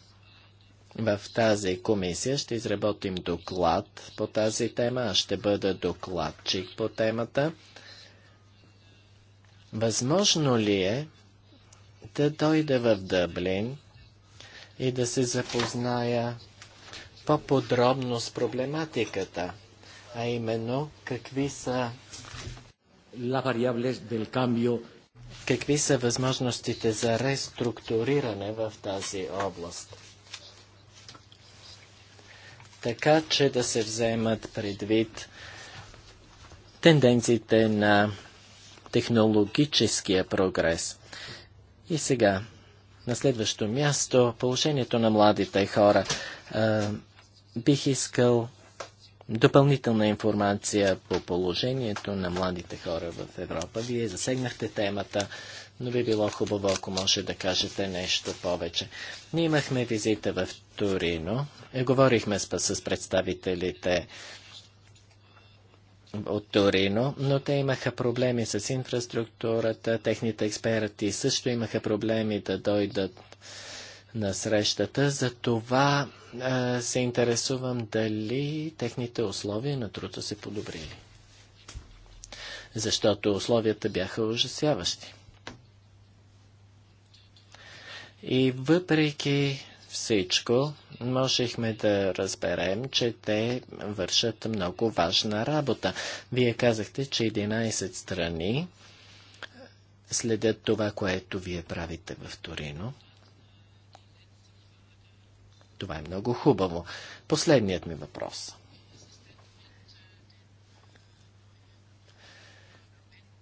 в тази комисия ще изработим доклад по тази тема. а ще бъда докладчик по темата. Възможно ли е да дойда в Дъблин и да се запозная по-подробно с проблематиката, а именно какви са variables del cambio. Какви са възможностите за реструктуриране в тази област? Така, че да се вземат предвид тенденциите на технологическия прогрес. И сега, на следващо място, положението на младите хора. бих искал допълнителна информация по положението на младите хора в Европа. Вие засегнахте темата, но би било хубаво, ако може да кажете нещо повече. Ние имахме визита в Торино. Е, говорихме с, с представителите от Торино, но те имаха проблеми с инфраструктурата, техните експерти също имаха проблеми да дойдат на срещата, за това а, се интересувам дали техните условия на труда се подобрили. Защото условията бяха ужасяващи. И въпреки всичко, можехме да разберем, че те вършат много важна работа. Вие казахте, че 11 страни следят това, което вие правите в Торино. Това е много хубаво. Последният ми въпрос.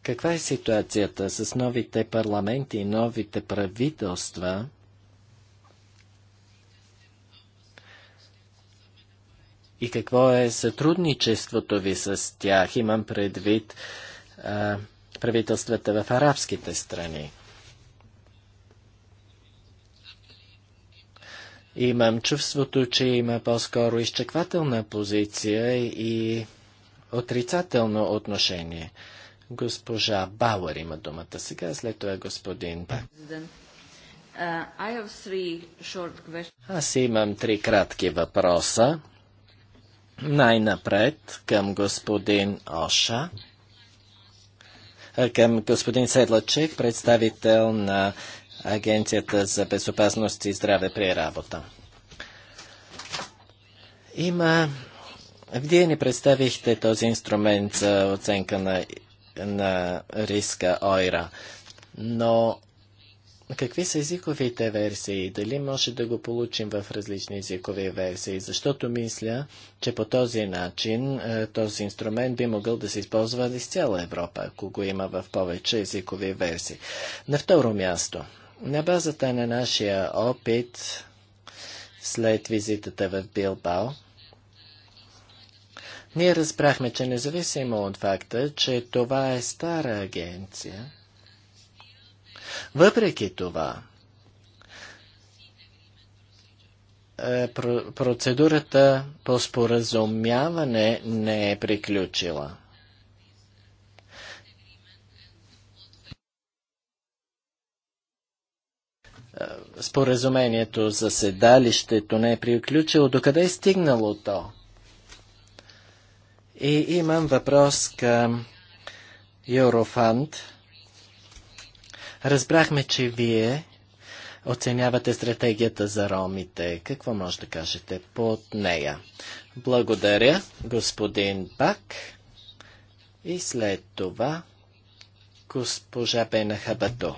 Каква е ситуацията с новите парламенти и новите правителства? И какво е сътрудничеството ви с тях? Имам предвид а, правителствата в арабските страни. Имам чувството, че има по-скоро изчеквателна позиция и отрицателно отношение. Госпожа Бауър има думата сега, след това господин Бак. Аз имам три кратки въпроса. Най-напред към господин Оша, към господин Седлачек, представител на Агенцията за безопасност и здраве при работа. Има... Вие ни представихте този инструмент за оценка на, на риска ОИРА, но Какви са езиковите версии? Дали може да го получим в различни езикови версии? Защото мисля, че по този начин е, този инструмент би могъл да се използва из цяла Европа, ако го има в повече езикови версии. На второ място, на базата на нашия опит след визитата в Билбао, ние разбрахме, че независимо от факта, че това е стара агенция, въпреки това, е, процедурата по споразумяване не е приключила. споразумението за седалището не е приключило, докъде е стигнало то? И имам въпрос към Юрофанд. Разбрахме, че вие оценявате стратегията за ромите. Какво може да кажете под нея? Благодаря, господин Бак. И след това госпожа Бена Хабато.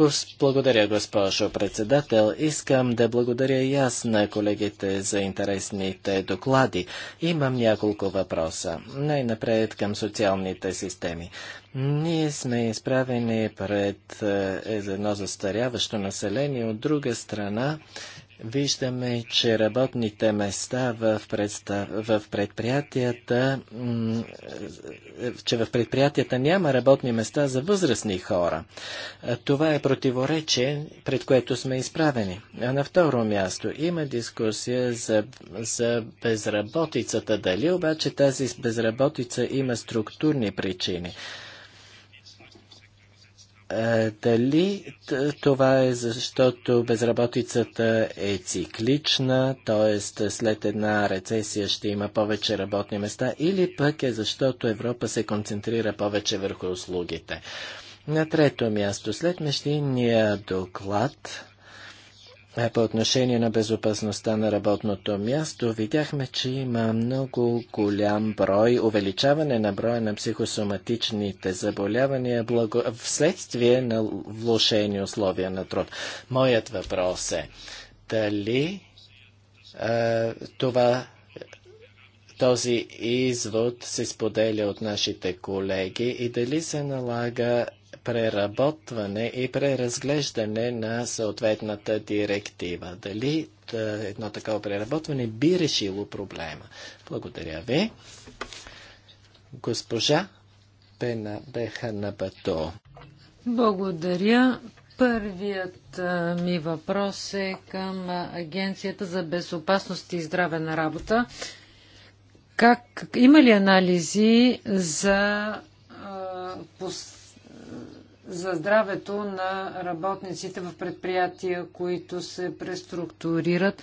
Гос... Благодаря, госпожо председател. Искам да благодаря и аз на колегите за интересните доклади. Имам няколко въпроса. Най-напред към социалните системи. Ние сме изправени пред е, едно застаряващо население. От друга страна, Виждаме, че работните места в, представ... в предприятията, е, че в предприятията няма работни места за възрастни хора. Това е противоречие, пред което сме изправени. А на второ място има дискусия за, за безработицата. Дали обаче тази безработица има структурни причини? Е, дали това е защото безработицата е циклична, т.е. след една рецесия ще има повече работни места, или пък е защото Европа се концентрира повече върху услугите? На трето място, след мещиния доклад, по отношение на безопасността на работното място, видяхме, че има много голям брой, увеличаване на броя на психосоматичните заболявания благо... вследствие на влошени условия на труд. Моят въпрос е, дали а, това този извод се споделя от нашите колеги и дали се налага преработване и преразглеждане на съответната директива. Дали е, едно такова преработване би решило проблема? Благодаря ви. Госпожа Пена Беха на Бато. Благодаря. Първият е, ми въпрос е към Агенцията за безопасност и здраве на работа. Как, има ли анализи за а, е, за здравето на работниците в предприятия, които се преструктурират.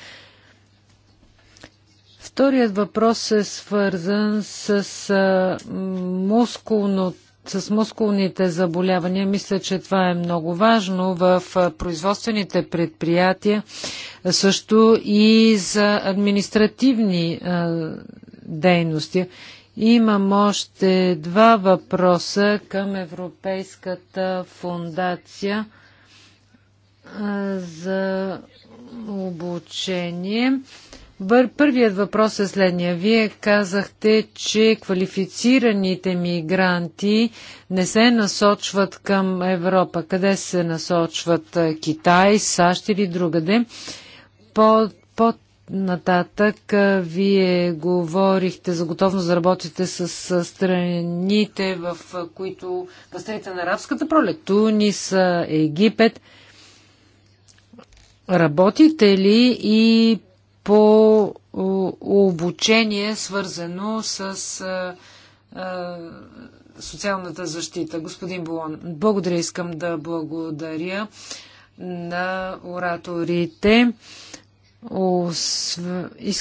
Вторият въпрос е свързан с, мускулно, с мускулните заболявания. Мисля, че това е много важно в производствените предприятия, също и за административни дейности. Имам още два въпроса към Европейската фундация за обучение. Първият въпрос е следния. Вие казахте, че квалифицираните мигранти не се насочват към Европа. Къде се насочват? Китай, САЩ или другаде? По, по Нататък вие говорихте за готовност да работите с страните, в които в страните на арабската пролет, Тунис, Египет. Работите ли и по обучение, свързано с социалната защита? Господин Булон, благодаря, искам да благодаря на ораторите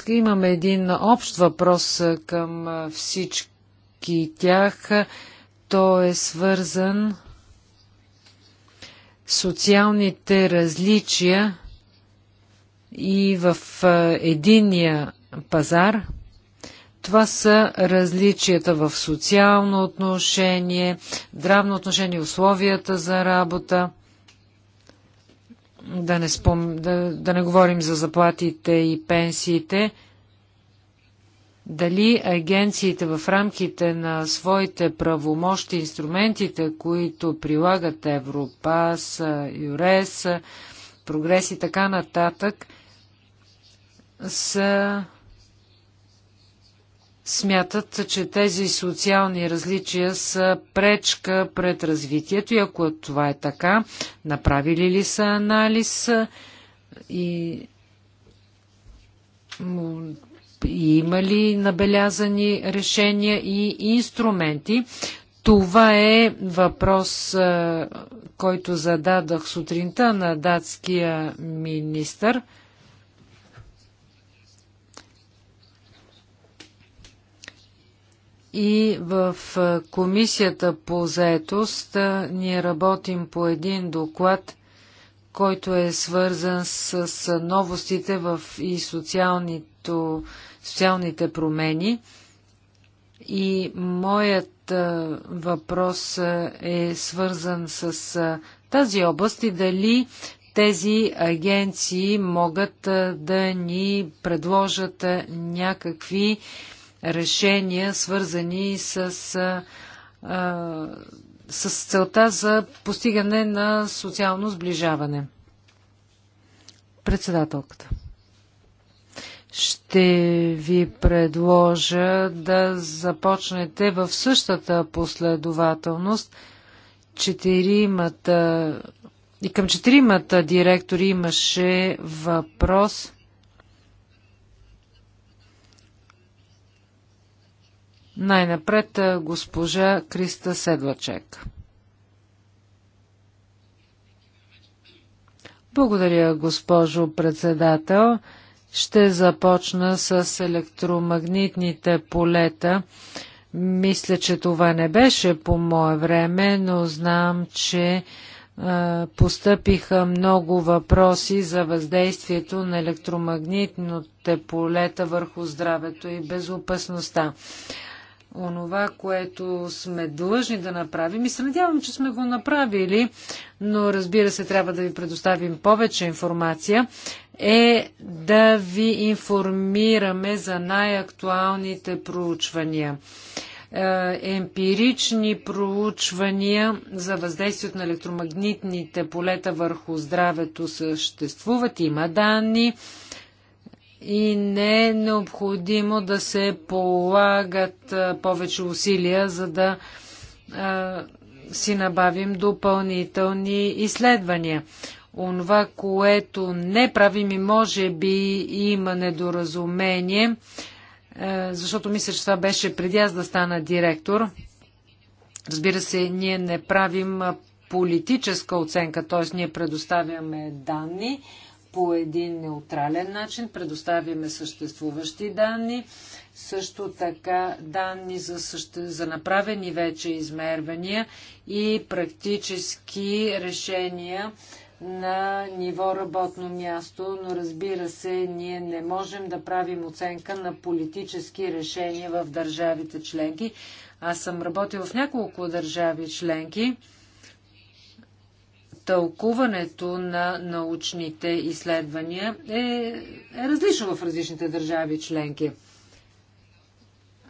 Имаме един общ въпрос към всички тях. Той е свързан социалните различия и в единия пазар. Това са различията в социално отношение, здравно отношение, условията за работа. Да не, спом... да, да не говорим за заплатите и пенсиите. Дали агенциите в рамките на своите правомощи, инструментите, които прилагат Европас, ЮРЕС, прогрес и така нататък, са смятат, че тези социални различия са пречка пред развитието и ако това е така, направили ли са анализ и, и има ли набелязани решения и инструменти. Това е въпрос, който зададах сутринта на датския министър. И в комисията по заетост ние работим по един доклад, който е свързан с новостите в и социалните промени. И моят въпрос е свързан с тази област и дали тези агенции могат да ни предложат някакви решения, свързани с, а, с целта за постигане на социално сближаване. Председателката. Ще ви предложа да започнете в същата последователност. Четиримата и към четиримата директори имаше въпрос – Най-напред госпожа Криста Седлачек. Благодаря, госпожо председател. Ще започна с електромагнитните полета. Мисля, че това не беше по мое време, но знам, че а, постъпиха много въпроси за въздействието на електромагнитните полета върху здравето и безопасността онова, което сме длъжни да направим и се надявам, че сме го направили, но разбира се, трябва да ви предоставим повече информация, е да ви информираме за най-актуалните проучвания. Е, емпирични проучвания за въздействието на електромагнитните полета върху здравето съществуват, има данни и не е необходимо да се полагат повече усилия, за да си набавим допълнителни изследвания. Онова, което не правим и може би има недоразумение, защото мисля, че това беше преди аз да стана директор. Разбира се, ние не правим политическа оценка, т.е. ние предоставяме данни по един неутрален начин, предоставяме съществуващи данни, също така данни за, съще... за направени вече измервания и практически решения на ниво работно място, но разбира се, ние не можем да правим оценка на политически решения в държавите членки. Аз съм работил в няколко държави членки тълкуването на научните изследвания е, е различно в различните държави членки.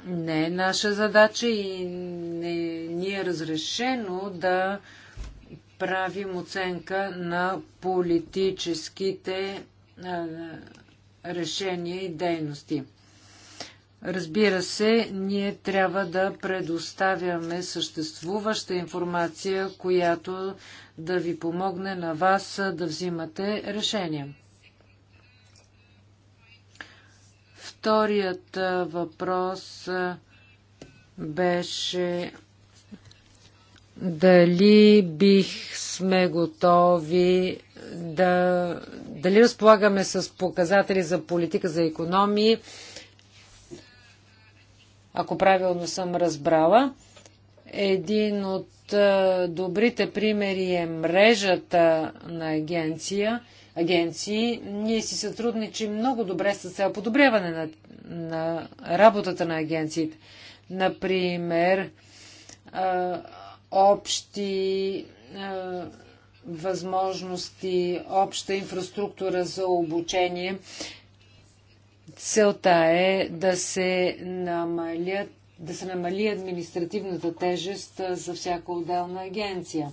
Не е наша задача и не ни е разрешено да правим оценка на политическите решения и дейности. Разбира се, ние трябва да предоставяме съществуваща информация, която да ви помогне на вас да взимате решения. Вторият въпрос беше дали бих сме готови да... дали разполагаме с показатели за политика за економии, ако правилно съм разбрала. Един от е, добрите примери е мрежата на агенция, агенции. Ние си сътрудничим много добре с цел подобряване на, на работата на агенциите. Например, е, общи е, възможности, обща инфраструктура за обучение Целта е да се намалят да се намали административната тежест за всяка отделна агенция.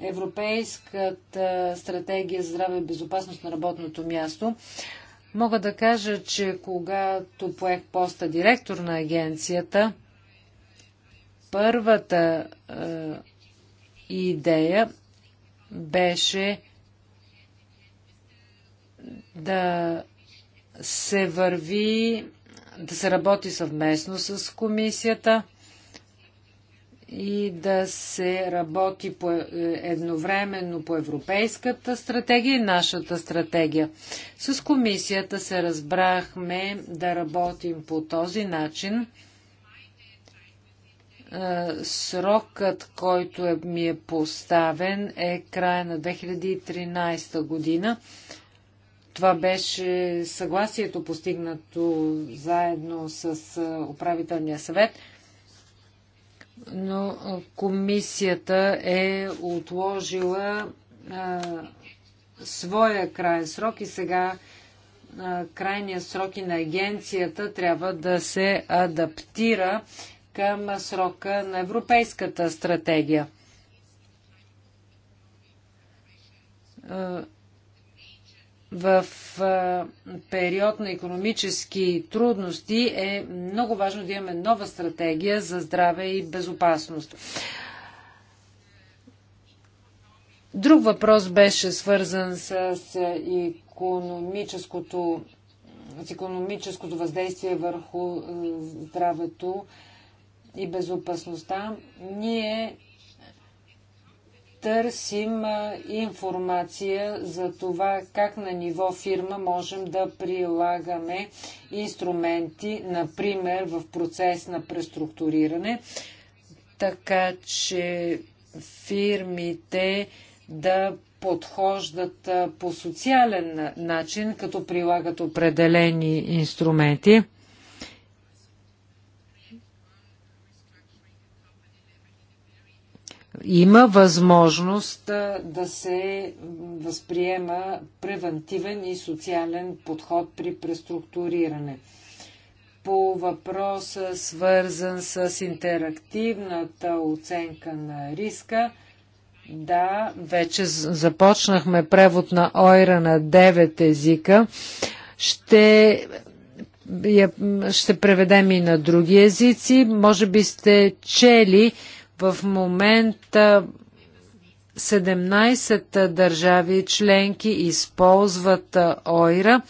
Европейската стратегия за здраве и безопасност на работното място. Мога да кажа, че когато поех поста директор на агенцията, първата е, идея беше да се върви, да се работи съвместно с комисията и да се работи по, е, едновременно по европейската стратегия и нашата стратегия. С комисията се разбрахме да работим по този начин. Е, срокът, който е, ми е поставен, е края на 2013 година. Това беше съгласието постигнато заедно с управителния съвет, но комисията е отложила а, своя крайен срок и сега а, крайният срок и на агенцията трябва да се адаптира към срока на Европейската стратегия в период на економически трудности е много важно да имаме нова стратегия за здраве и безопасност. Друг въпрос беше свързан с економическото, с економическото въздействие върху здравето и безопасността. Ние търсим информация за това как на ниво фирма можем да прилагаме инструменти, например в процес на преструктуриране, така че фирмите да подхождат по социален начин, като прилагат определени инструменти. има възможност да се възприема превентивен и социален подход при преструктуриране. По въпроса, свързан с интерактивната оценка на риска, да, вече започнахме превод на Ойра на 9 езика. Ще ще преведем и на други езици. Може би сте чели в момента 17 държави членки използват ОИРА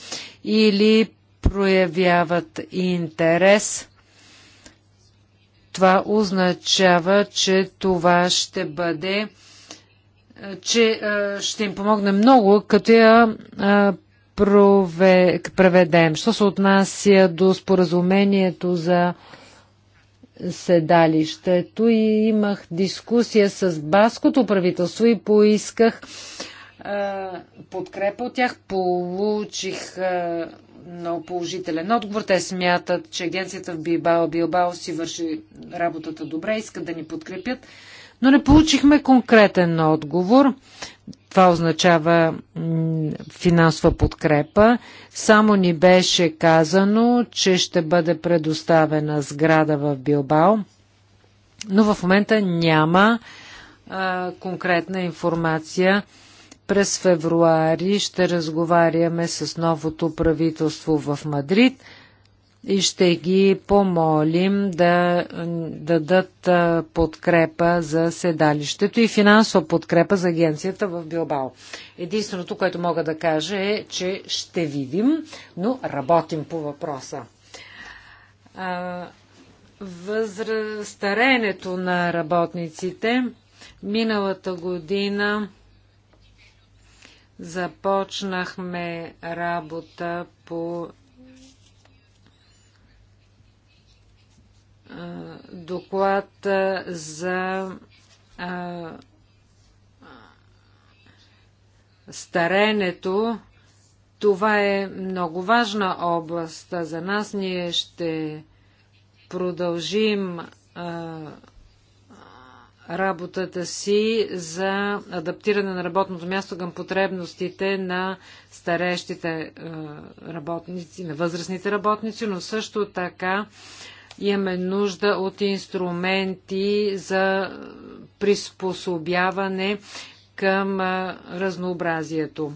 или проявяват интерес. Това означава, че това ще бъде, че ще им помогне много, като я проведем. Що се отнася до споразумението за седалището и имах дискусия с баското правителство и поисках а, подкрепа от тях. Получих а, много положителен отговор. Те смятат, че агенцията в Билбао, Билбао си върши работата добре, искат да ни подкрепят. Но не получихме конкретен отговор това означава финансова подкрепа. Само ни беше казано, че ще бъде предоставена сграда в Билбао, но в момента няма а, конкретна информация. През февруари ще разговаряме с новото правителство в Мадрид – и ще ги помолим да дадат подкрепа за седалището и финансова подкрепа за агенцията в Билбао. Единственото, което мога да кажа е, че ще видим, но работим по въпроса. Възрастаренето на работниците миналата година започнахме работа по доклад за старенето. Това е много важна област за нас. Ние ще продължим работата си за адаптиране на работното място към потребностите на старещите работници, на възрастните работници, но също така Имаме нужда от инструменти за приспособяване към разнообразието.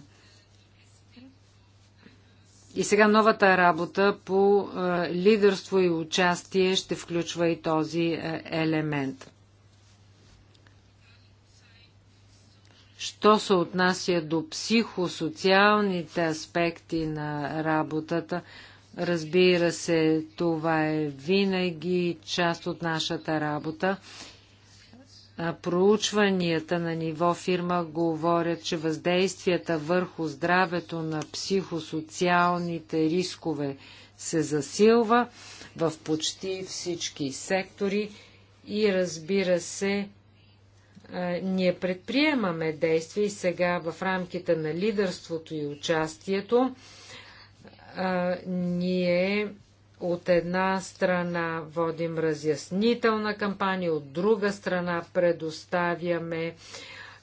И сега новата работа по лидерство и участие ще включва и този елемент. Що се отнася до психосоциалните аспекти на работата, Разбира се, това е винаги част от нашата работа. Проучванията на ниво фирма говорят, че въздействията върху здравето на психосоциалните рискове се засилва в почти всички сектори и разбира се, ние предприемаме действия и сега в рамките на лидерството и участието а, ние от една страна водим разяснителна кампания, от друга страна предоставяме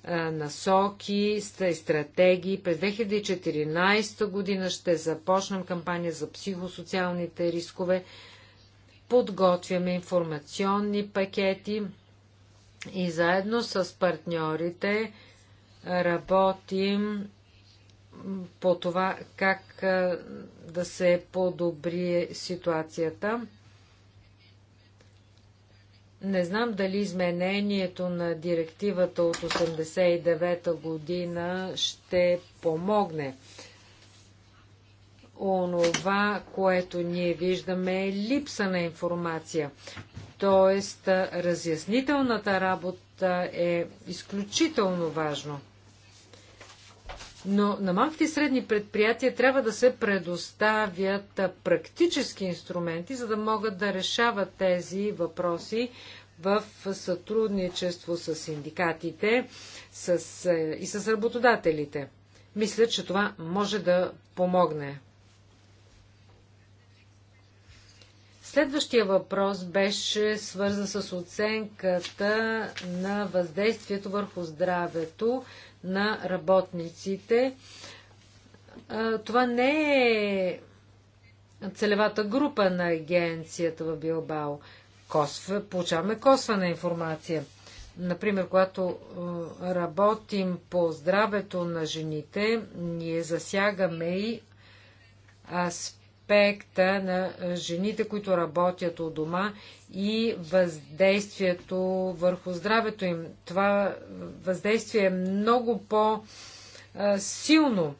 а, насоки и стратегии. През 2014 година ще започнем кампания за психосоциалните рискове. Подготвяме информационни пакети и заедно с партньорите работим по това как да се подобри ситуацията. Не знам дали изменението на директивата от 89-та година ще помогне. Онова, което ние виждаме е липса на информация. Тоест, разяснителната работа е изключително важно. Но на малките и средни предприятия трябва да се предоставят практически инструменти, за да могат да решават тези въпроси в сътрудничество с синдикатите с, е, и с работодателите. Мисля, че това може да помогне. Следващия въпрос беше свързан с оценката на въздействието върху здравето на работниците. Това не е целевата група на агенцията в Билбао. Косва, получаваме косвена информация. Например, когато работим по здравето на жените, ние засягаме и аспект аспекта на жените, които работят у дома и въздействието върху здравето им. Това въздействие е много по-силно.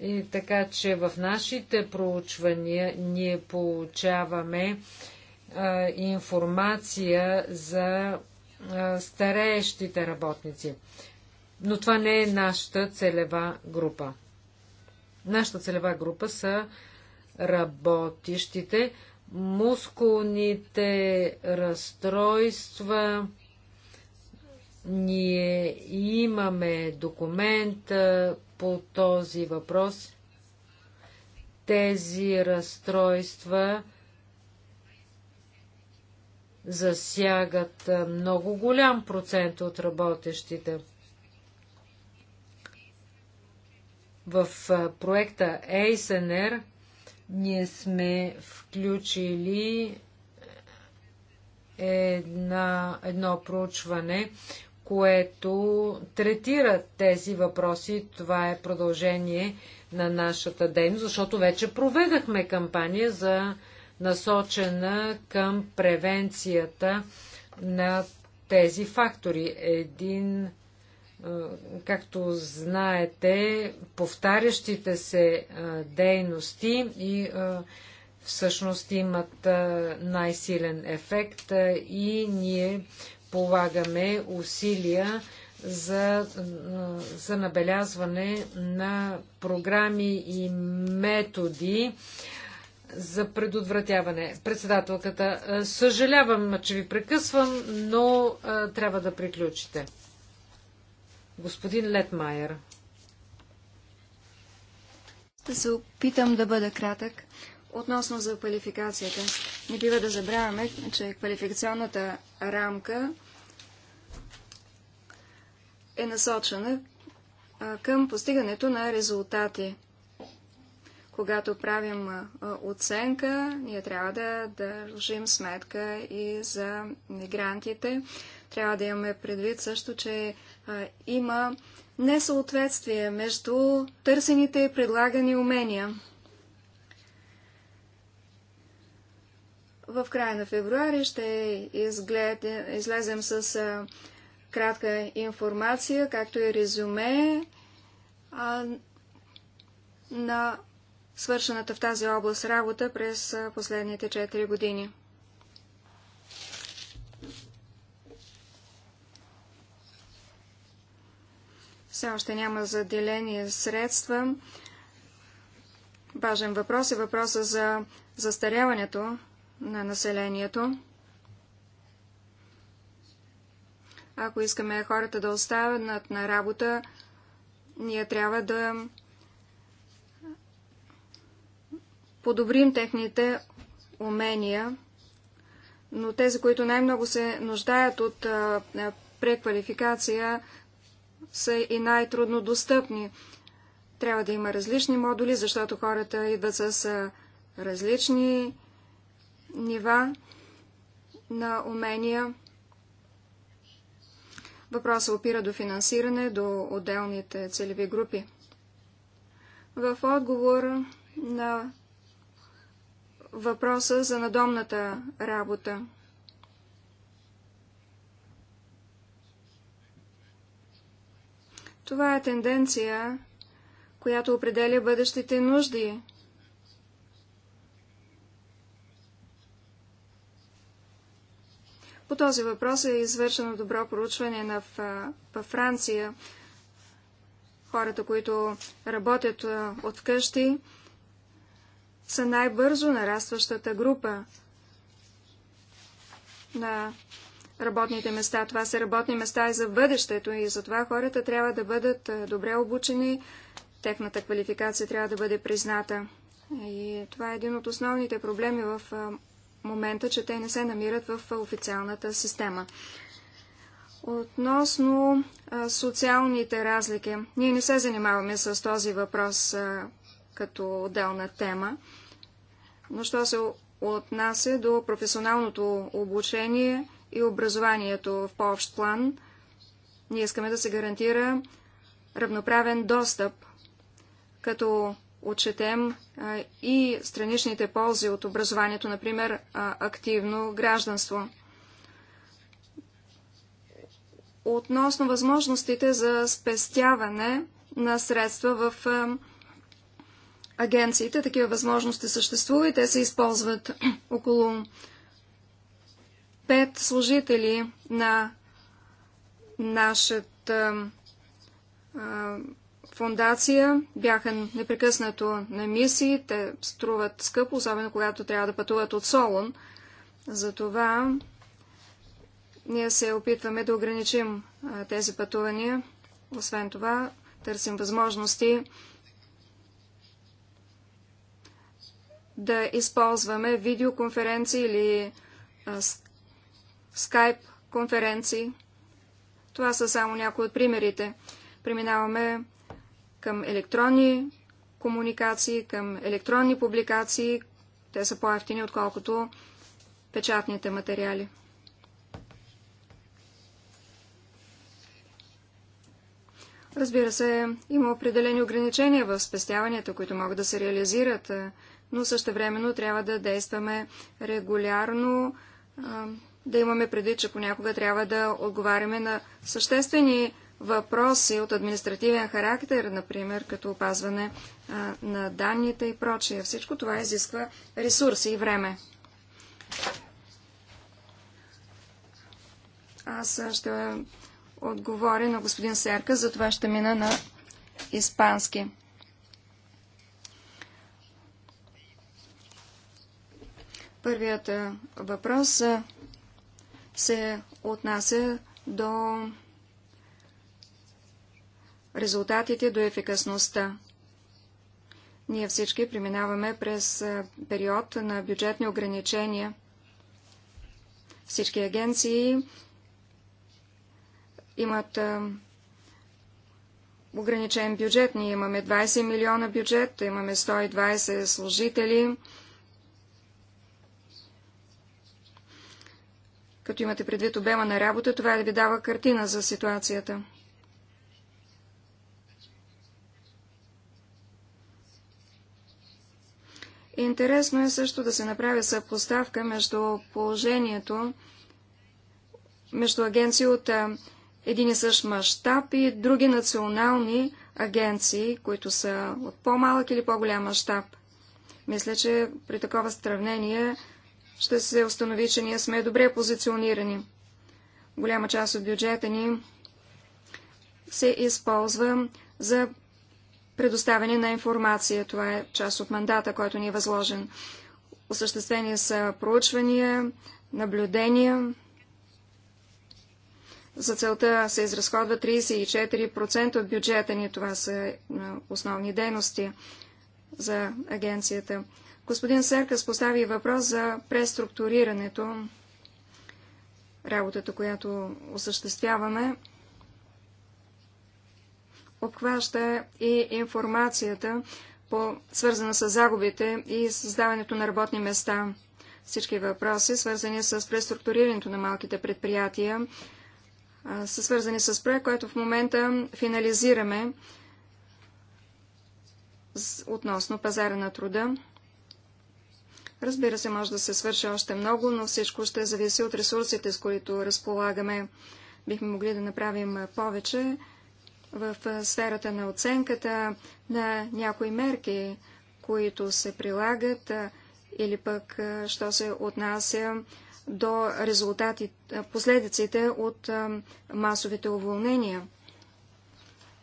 И така че в нашите проучвания ние получаваме а, информация за а, стареещите работници. Но това не е нашата целева група. Нашата целева група са работещите, мускулните разстройства. Ние имаме документ по този въпрос. Тези разстройства засягат много голям процент от работещите. В проекта ASNR ние сме включили една, едно проучване, което третира тези въпроси. Това е продължение на нашата дейност, защото вече проведахме кампания за насочена към превенцията на тези фактори. Един е, както знаете, повтарящите се е, дейности и е, всъщност имат най-силен ефект и ние полагаме усилия за, за набелязване на програми и методи за предотвратяване. Председателката, съжалявам, че ви прекъсвам, но трябва да приключите. Господин Летмайер. Ще се опитам да бъда кратък. Относно за квалификацията, не бива да забравяме, че квалификационната рамка е насочена към постигането на резултати. Когато правим оценка, ние трябва да държим сметка и за мигрантите. Трябва да имаме предвид също, че а, има несъответствие между търсените и предлагани умения. В края на февруари ще изглед... излезем с а, кратка информация, както и резюме а, на свършената в тази област работа през последните 4 години. Все още няма заделени средства. Важен въпрос е въпроса за застаряването на населението. Ако искаме хората да останат на работа, ние трябва да подобрим техните умения, но тези, които най-много се нуждаят от преквалификация, са и най-трудно достъпни. Трябва да има различни модули, защото хората идват с различни нива на умения. Въпросът опира до финансиране, до отделните целеви групи. В отговор на въпроса за надомната работа. Това е тенденция, която определя бъдещите нужди. По този въпрос е извършено добро проучване на, във Франция. Хората, които работят от къщи, са най-бързо нарастващата група на работните места. Това са работни места и за бъдещето и затова хората трябва да бъдат добре обучени, техната квалификация трябва да бъде призната. И това е един от основните проблеми в момента, че те не се намират в официалната система. Относно социалните разлики, ние не се занимаваме с този въпрос като отделна тема, но що се отнася до професионалното обучение, и образованието в по-общ план. Ние искаме да се гарантира равноправен достъп, като отчетем и страничните ползи от образованието, например активно гражданство. Относно възможностите за спестяване на средства в агенциите, такива възможности съществуват и те се използват около пет служители на нашата фундация бяха непрекъснато на мисии. Те струват скъпо, особено когато трябва да пътуват от Солон. Затова ние се опитваме да ограничим тези пътувания. Освен това, търсим възможности да използваме видеоконференции или скайп конференции. Това са само някои от примерите. Преминаваме към електронни комуникации, към електронни публикации. Те са по-ефтини, отколкото печатните материали. Разбира се, има определени ограничения в спестяванията, които могат да се реализират, но същевременно трябва да действаме регулярно, да имаме предвид, че понякога трябва да отговаряме на съществени въпроси от административен характер, например, като опазване а, на данните и прочие. Всичко това изисква ресурси и време. Аз ще отговоря на господин Серка, затова ще мина на испански. Първият въпрос се отнася до резултатите, до ефикасността. Ние всички преминаваме през период на бюджетни ограничения. Всички агенции имат ограничен бюджет. Ние имаме 20 милиона бюджет, имаме 120 служители, Като имате предвид обема на работа, това е да ви дава картина за ситуацията. Интересно е също да се направи съпоставка между положението между агенции от един и същ мащаб и други национални агенции, които са от по-малък или по-голям мащаб. Мисля, че при такова сравнение ще се установи, че ние сме добре позиционирани. Голяма част от бюджета ни се използва за предоставяне на информация. Това е част от мандата, който ни е възложен. Осъществени са проучвания, наблюдения. За целта се изразходва 34% от бюджета ни. Това са основни дейности за агенцията. Господин Серкас постави въпрос за преструктурирането, работата, която осъществяваме, обхваща и информацията, по, свързана с загубите и създаването на работни места. Всички въпроси, свързани с преструктурирането на малките предприятия, са свързани с проект, който в момента финализираме относно пазара на труда. Разбира се, може да се свърши още много, но всичко ще зависи от ресурсите, с които разполагаме. Бихме могли да направим повече в сферата на оценката на някои мерки, които се прилагат или пък, що се отнася до резултати, последиците от масовите уволнения.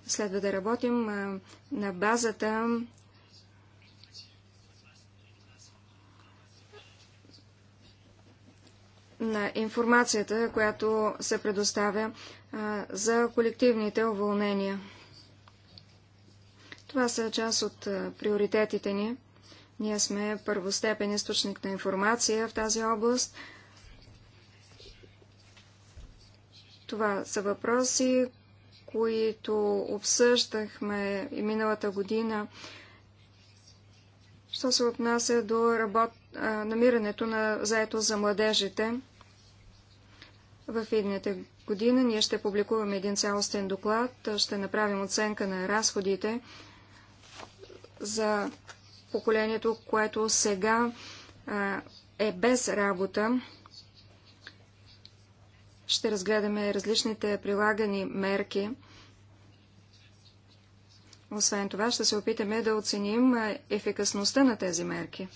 Следва да работим на базата на информацията, която се предоставя а, за колективните уволнения. Това са част от а, приоритетите ни. Ние сме първостепен източник на информация в тази област. Това са въпроси, които обсъждахме и миналата година. Що се отнася до работ... намирането на заето за младежите, в едната година ние ще публикуваме един цялостен доклад, ще направим оценка на разходите за поколението, което сега а, е без работа. Ще разгледаме различните прилагани мерки. Освен това, ще се опитаме да оценим ефикасността на тези мерки.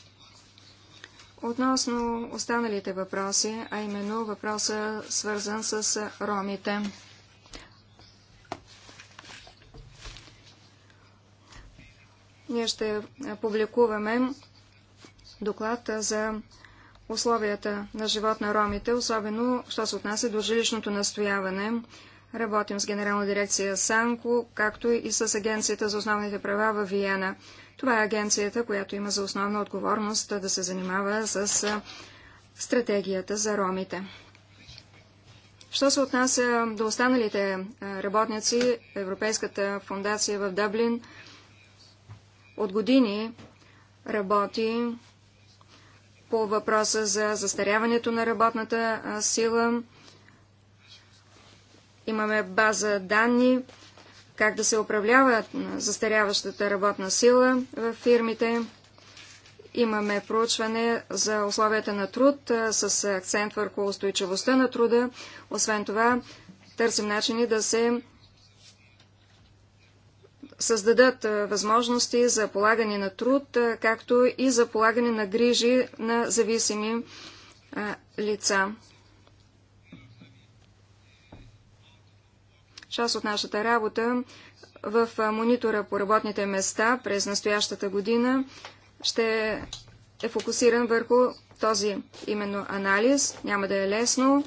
Относно останалите въпроси, а именно въпроса свързан с ромите. Ние ще публикуваме доклад за условията на живот на ромите, особено, що се отнася до жилищното настояване. Работим с Генерална дирекция Санко, както и с Агенцията за основните права в Виена. Това е агенцията, която има за основна отговорност да се занимава с стратегията за ромите. Що се отнася до останалите работници, Европейската фундация в Дъблин от години работи по въпроса за застаряването на работната сила. Имаме база данни как да се управлява застаряващата работна сила в фирмите. Имаме проучване за условията на труд с акцент върху устойчивостта на труда. Освен това, търсим начини да се създадат възможности за полагане на труд, както и за полагане на грижи на зависими лица. Част от нашата работа в монитора по работните места през настоящата година ще е фокусиран върху този именно анализ. Няма да е лесно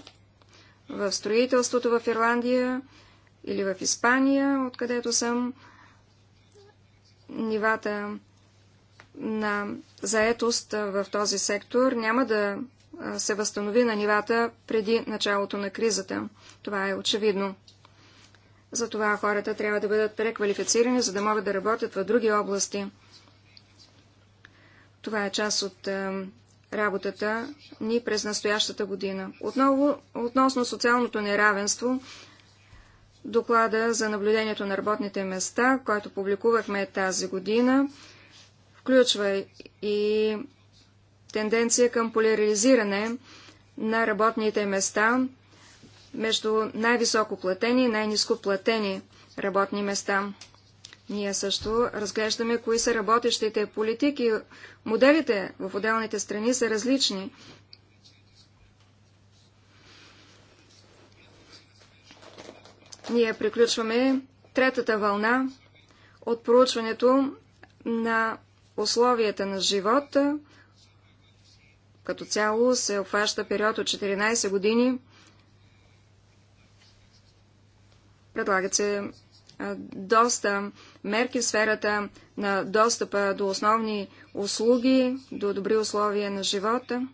в строителството в Ирландия или в Испания, откъдето съм. Нивата на заетост в този сектор няма да се възстанови на нивата преди началото на кризата. Това е очевидно. Затова хората трябва да бъдат преквалифицирани, за да могат да работят в други области. Това е част от е, работата ни през настоящата година. Отново, относно социалното неравенство, доклада за наблюдението на работните места, който публикувахме тази година, включва и тенденция към поляризиране на работните места между най-високо платени и най-низко платени работни места. Ние също разглеждаме кои са работещите политики. Моделите в отделните страни са различни. Ние приключваме третата вълна от проучването на условията на живота. Като цяло се обхваща период от 14 години Предлагат се доста мерки в сферата на достъпа до основни услуги, до добри условия на живота.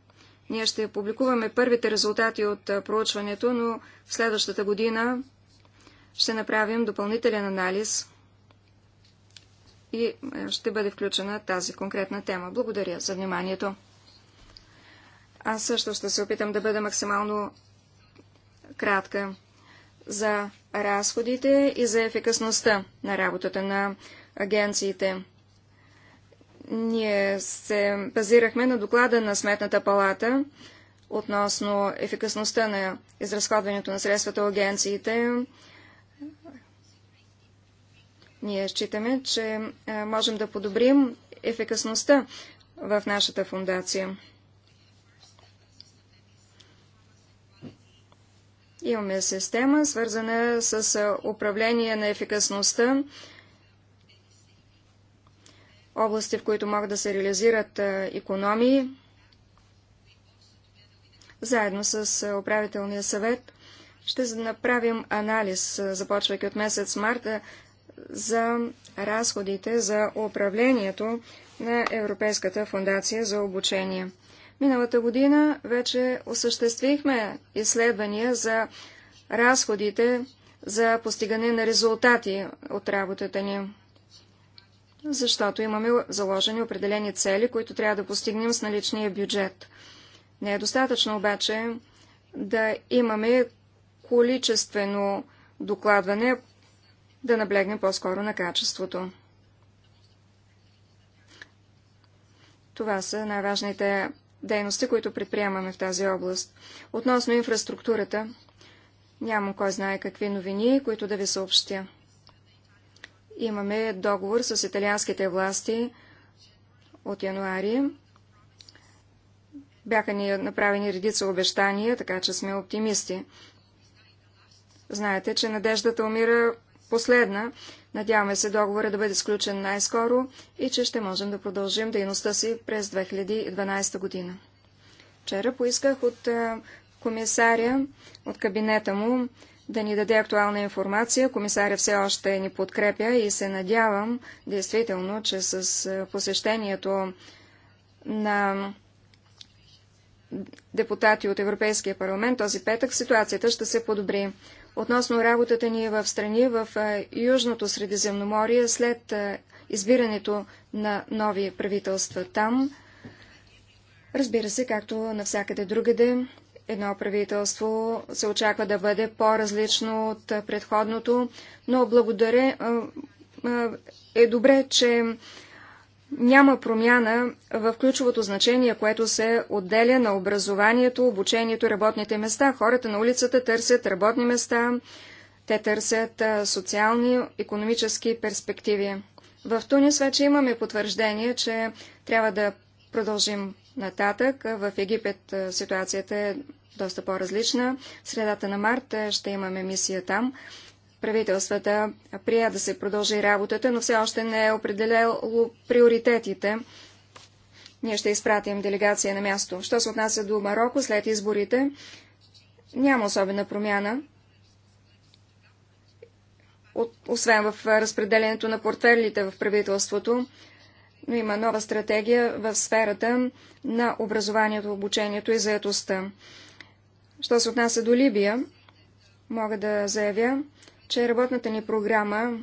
Ние ще публикуваме първите резултати от проучването, но в следващата година ще направим допълнителен анализ и ще бъде включена тази конкретна тема. Благодаря за вниманието. Аз също ще се опитам да бъда максимално кратка за разходите и за ефикасността на работата на агенциите. Ние се базирахме на доклада на Сметната палата относно ефикасността на изразходването на средствата от агенциите. Ние считаме, че можем да подобрим ефикасността в нашата фундация. Имаме система, свързана с управление на ефикасността, области, в които могат да се реализират економии, заедно с управителния съвет. Ще направим анализ, започвайки от месец марта, за разходите за управлението на Европейската фундация за обучение. Миналата година вече осъществихме изследвания за разходите за постигане на резултати от работата ни. Защото имаме заложени определени цели, които трябва да постигнем с наличния бюджет. Не е достатъчно обаче да имаме количествено докладване, да наблегнем по-скоро на качеството. Това са най-важните дейности, които предприемаме в тази област. Относно инфраструктурата, нямам кой знае какви новини, които да ви съобщя. Имаме договор с италианските власти от януари. Бяха ни направени редица обещания, така че сме оптимисти. Знаете, че надеждата умира последна Надяваме се договора да бъде сключен най-скоро и че ще можем да продължим дейността си през 2012 година. Вчера поисках от е, комисаря, от кабинета му, да ни даде актуална информация. Комисаря все още ни подкрепя и се надявам, действително, че с е, посещението на депутати от Европейския парламент този петък ситуацията ще се подобри относно работата ни в страни в Южното Средиземноморие след избирането на нови правителства там. Разбира се, както навсякъде другаде, едно правителство се очаква да бъде по-различно от предходното, но благодаря е добре, че няма промяна в ключовото значение, което се отделя на образованието, обучението, работните места. Хората на улицата търсят работни места, те търсят социални, економически перспективи. В Тунис вече имаме потвърждение, че трябва да продължим нататък. В Египет ситуацията е доста по-различна. Средата на март ще имаме мисия там правителствата прия да се продължи работата, но все още не е определяло приоритетите. Ние ще изпратим делегация на място. Що се отнася до Марокко след изборите, няма особена промяна, от, освен в разпределението на портфелите в правителството, но има нова стратегия в сферата на образованието, обучението и заетостта. Що се отнася до Либия, мога да заявя, че работната ни програма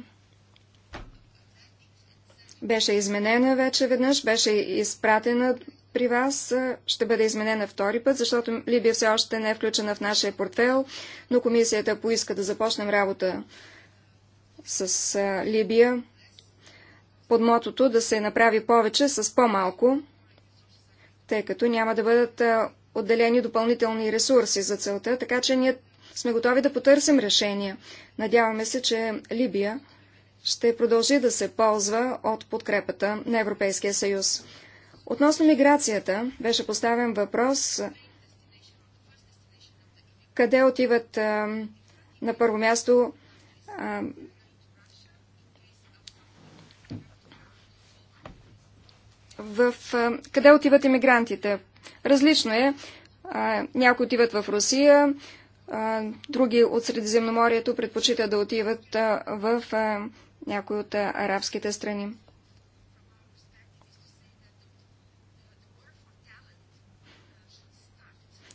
беше изменена вече веднъж, беше изпратена при вас, ще бъде изменена втори път, защото Либия все още не е включена в нашия портфел, но комисията поиска да започнем работа с Либия под мотото да се направи повече с по-малко, тъй като няма да бъдат отделени допълнителни ресурси за целта, така че ние сме готови да потърсим решение. Надяваме се, че Либия ще продължи да се ползва от подкрепата на Европейския съюз. Относно миграцията беше поставен въпрос къде отиват а, на първо място а, в, а, къде отиват иммигрантите. Различно е. А, някои отиват в Русия, други от Средиземноморието предпочитат да отиват в някои от арабските страни.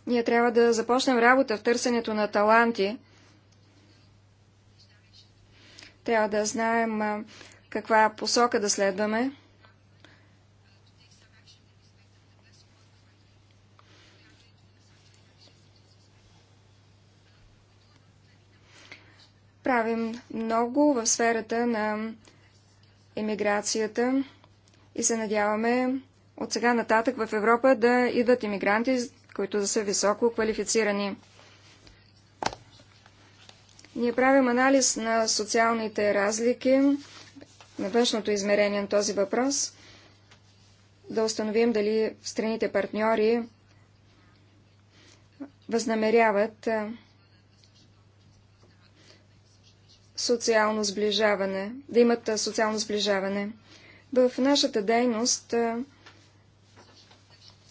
Ние трябва да започнем работа в търсенето на таланти. Трябва да знаем каква посока да следваме. Правим много в сферата на емиграцията и се надяваме от сега нататък в Европа да идват иммигранти, които да са високо квалифицирани. Ние правим анализ на социалните разлики, на външното измерение на този въпрос, да установим дали страните партньори възнамеряват социално сближаване, да имат социално сближаване. В нашата дейност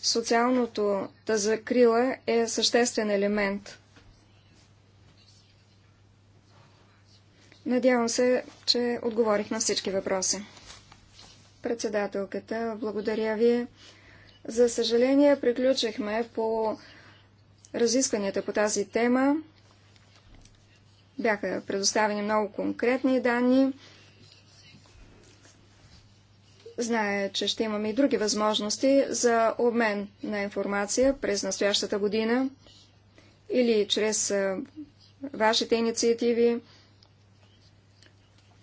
социалното да закрила е съществен елемент. Надявам се, че отговорих на всички въпроси. Председателката, благодаря ви. За съжаление, приключихме по разискванията по тази тема. Бяха предоставени много конкретни данни. Знае, че ще имаме и други възможности за обмен на информация през настоящата година или чрез вашите инициативи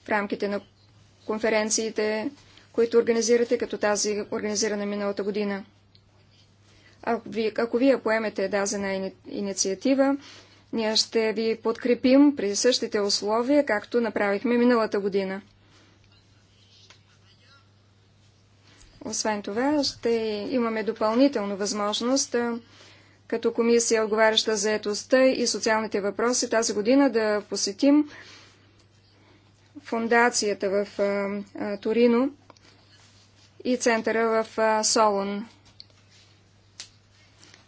в рамките на конференциите, които организирате, като тази организирана миналата година. Ако, ако вие поемете дазена инициатива, ние ще ви подкрепим при същите условия, както направихме миналата година. Освен това, ще имаме допълнително възможност като комисия, отговаряща за етостта и социалните въпроси, тази година да посетим фундацията в Торино и центъра в Солон.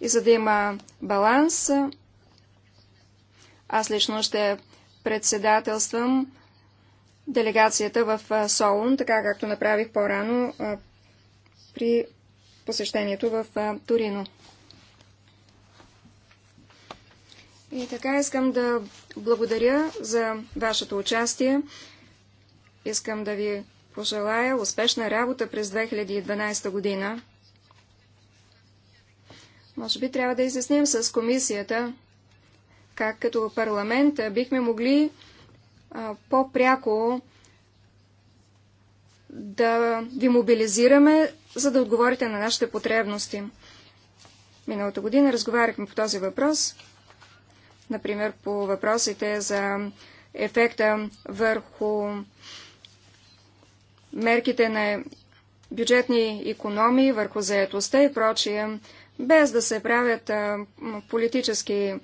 И за да има баланс, аз лично ще председателствам делегацията в Солун, така както направих по-рано при посещението в Торино. И така искам да благодаря за вашето участие. Искам да ви пожелая успешна работа през 2012 година. Може би трябва да изясним с комисията как като парламент бихме могли по-пряко да ви мобилизираме, за да отговорите на нашите потребности. Миналата година разговаряхме по този въпрос, например по въпросите за ефекта върху мерките на бюджетни економии, върху заетостта и прочие, без да се правят политически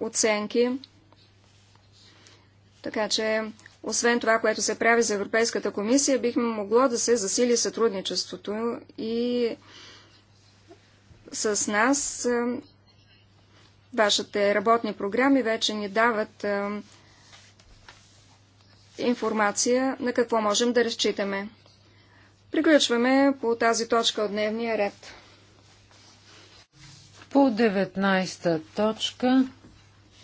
оценки. Така че, освен това, което се прави за Европейската комисия, бихме могло да се засили сътрудничеството и с нас. Вашите работни програми вече ни дават информация на какво можем да разчитаме. Приключваме по тази точка от дневния ред. По 19 точка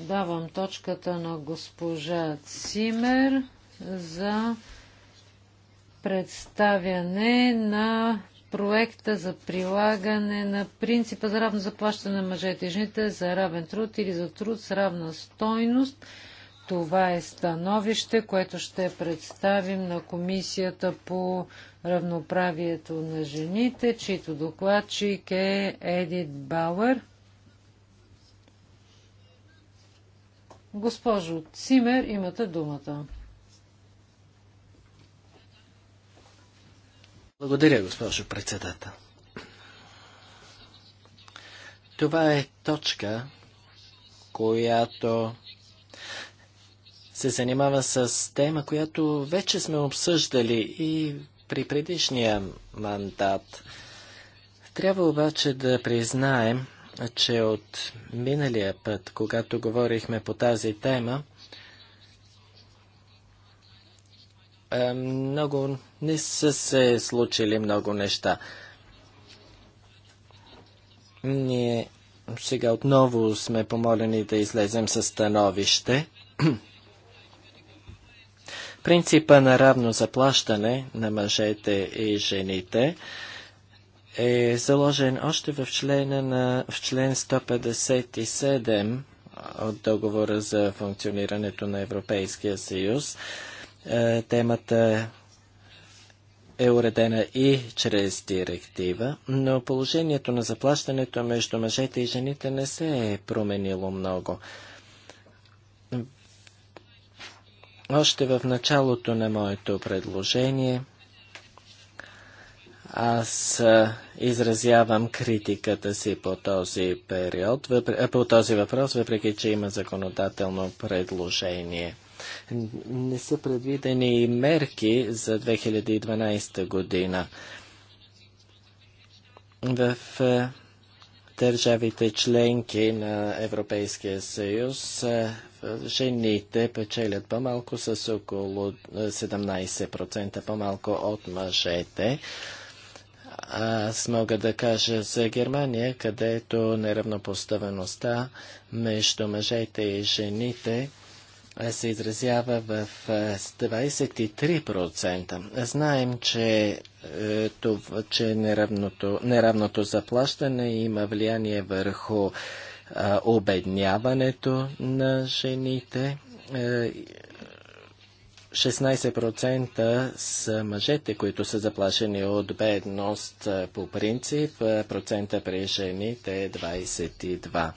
Давам точката на госпожа Цимер за представяне на проекта за прилагане на принципа за равно заплащане на мъжете и жените за равен труд или за труд с равна стойност. Това е становище, което ще представим на Комисията по равноправието на жените, чийто докладчик е Едит Бауер. Госпожо Цимер, имате думата. Благодаря, госпожо председател. Това е точка, която се занимава с тема, която вече сме обсъждали и при предишния мандат. Трябва обаче да признаем, че от миналия път, когато говорихме по тази тема, е, много не са се случили много неща. Ние сега отново сме помолени да излезем със становище. Принципа на равно заплащане на мъжете и жените – е заложен още в, члена на, в член 157 от договора за функционирането на Европейския съюз. Е, темата е уредена и чрез директива, но положението на заплащането между мъжете и жените не се е променило много. Още в началото на моето предложение аз изразявам критиката си по този период, по този въпрос, въпреки че има законодателно предложение. Не са предвидени и мерки за 2012 година. В държавите членки на Европейския съюз жените печелят по-малко с около 17% по-малко от мъжете. Аз мога да кажа за Германия, където неравнопоставеността между мъжете и жените се изразява в 23%. Знаем, че, е, че неравното, неравното заплащане има влияние върху обедняването на жените. Е, 16% са мъжете, които са заплашени от бедност по принцип, процента при жените е 22.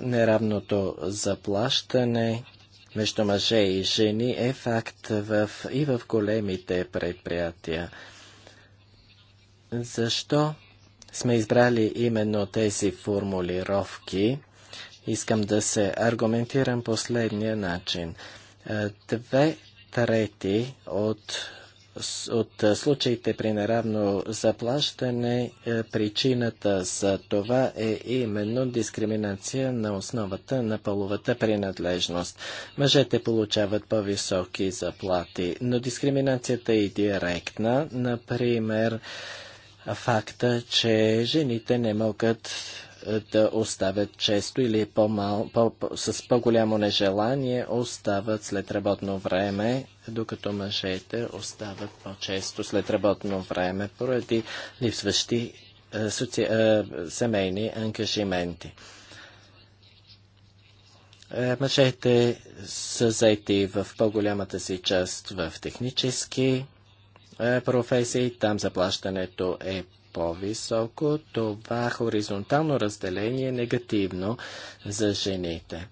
Неравното заплащане между мъже и жени е факт в, и в големите предприятия. Защо сме избрали именно тези формулировки? Искам да се аргументирам последния начин. Е, две трети от, от случаите при неравно заплащане, е, причината за това е именно дискриминация на основата на половата принадлежност. Мъжете получават по-високи заплати, но дискриминацията е директна, например, факта, че жените не могат е, да оставят често или по по, с по-голямо нежелание остават след работно време, докато мъжете остават по-често след работно време поради липсващи е, соци... е, семейни ангажименти. Е, мъжете са заети в по-голямата си част в технически е, професии. Там заплащането е по-високо, това хоризонтално разделение е негативно за жените.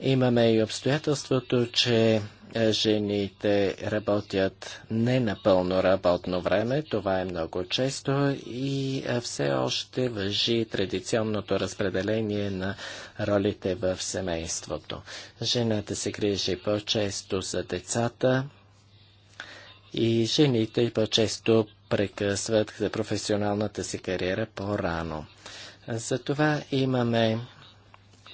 Имаме и обстоятелството, че е, жените работят не на пълно работно време, това е много често и е, все още въжи традиционното разпределение на ролите в семейството. Жената се грижи по-често за децата и жените по-често прекъсват професионалната си кариера по-рано. Затова имаме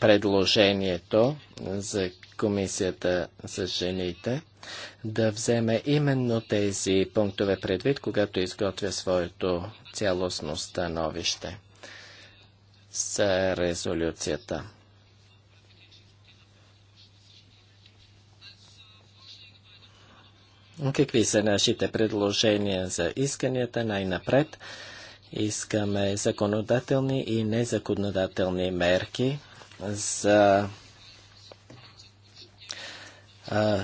предложението за Комисията за жените да вземе именно тези пунктове предвид, когато изготвя своето цялостно становище с резолюцията. Какви са нашите предложения за исканията? Най-напред искаме законодателни и незаконодателни мерки за а,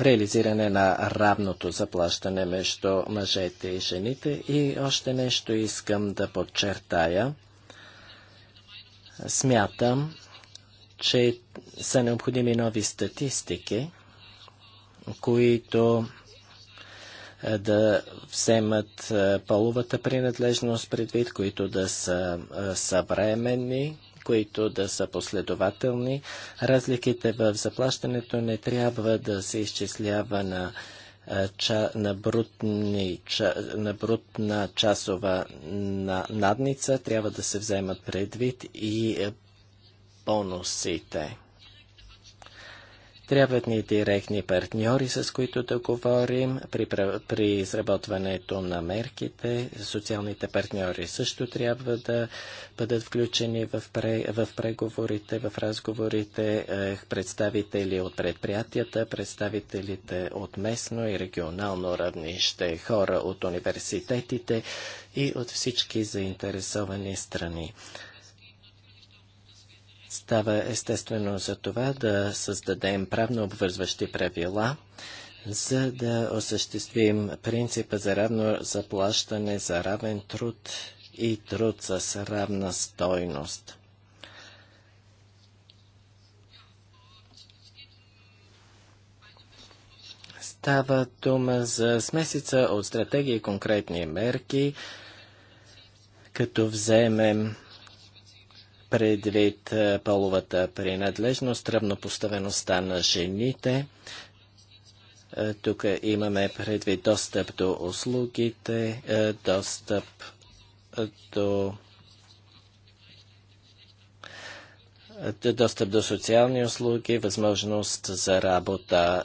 реализиране на равното заплащане между мъжете и жените. И още нещо искам да подчертая. Смятам, че са необходими нови статистики, които е, да вземат е, половата принадлежност предвид, които да са е, съвременни, които да са последователни. Разликите в заплащането не трябва да се изчислява на, ча, на, брутни, ча, на брутна часова на, надница, трябва да се вземат предвид и бонусите. Трябват ни директни партньори, с които да говорим при, при изработването на мерките. Социалните партньори също трябва да бъдат включени в, в преговорите, в разговорите. Е, представители от предприятията, представителите от местно и регионално равнище, хора от университетите и от всички заинтересовани страни. Става естествено за това да създадем правно обвързващи правила, за да осъществим принципа за равно заплащане за равен труд и труд с равна стойност. Става дума за смесица от стратегии и конкретни мерки, като вземем предвид е, половата принадлежност, равнопоставеността на жените. Е, тук имаме предвид достъп до услугите, е, достъп до достъп до социални услуги, възможност за работа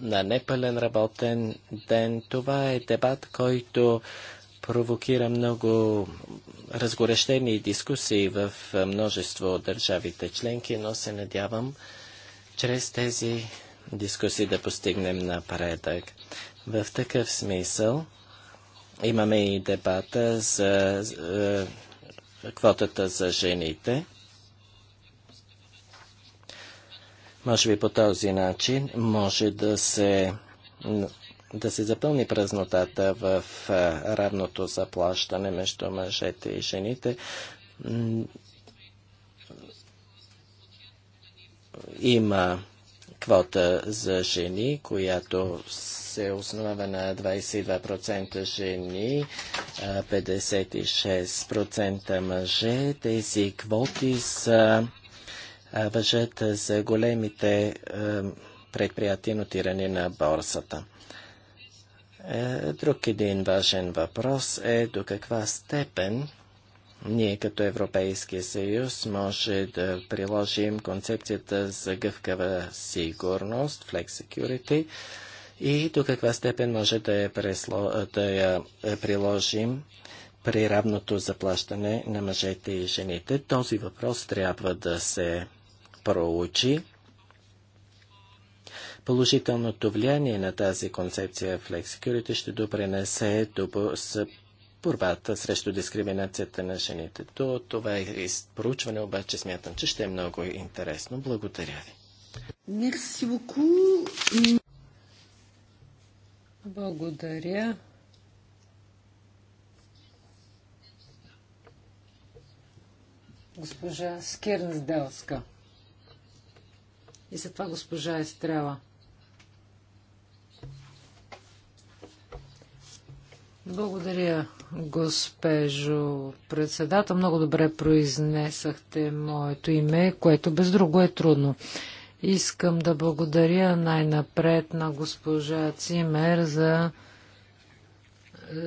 на непълен работен ден. Това е дебат, който провокира много разгорещени дискусии в множество от държавите членки, но се надявам чрез тези дискусии да постигнем напредък. В такъв смисъл имаме и дебата за, за е, квотата за жените. Може би по този начин може да се да се запълни празнотата в равното заплащане между мъжете и жените. Има квота за жени, която се основава на 22% жени, 56% мъже. Тези квоти са въжат за големите предприятия, нотирани на борсата. Е, друг един важен въпрос е до каква степен ние като Европейския съюз може да приложим концепцията за гъвкава сигурност, Flex Security, и до каква степен може да я, пресло, да я е, приложим при равното заплащане на мъжете и жените. Този въпрос трябва да се проучи. Положителното влияние на тази концепция в Flexicurity ще допренесе до борбата срещу дискриминацията на жените. До това е проучване, обаче смятам, че ще е много интересно. Благодаря ви. Мерси Благодаря. Госпожа Скернсделска. И след това госпожа Естрела. Благодаря, госпожо председател. Много добре произнесахте моето име, което без друго е трудно. Искам да благодаря най-напред на госпожа Цимер за,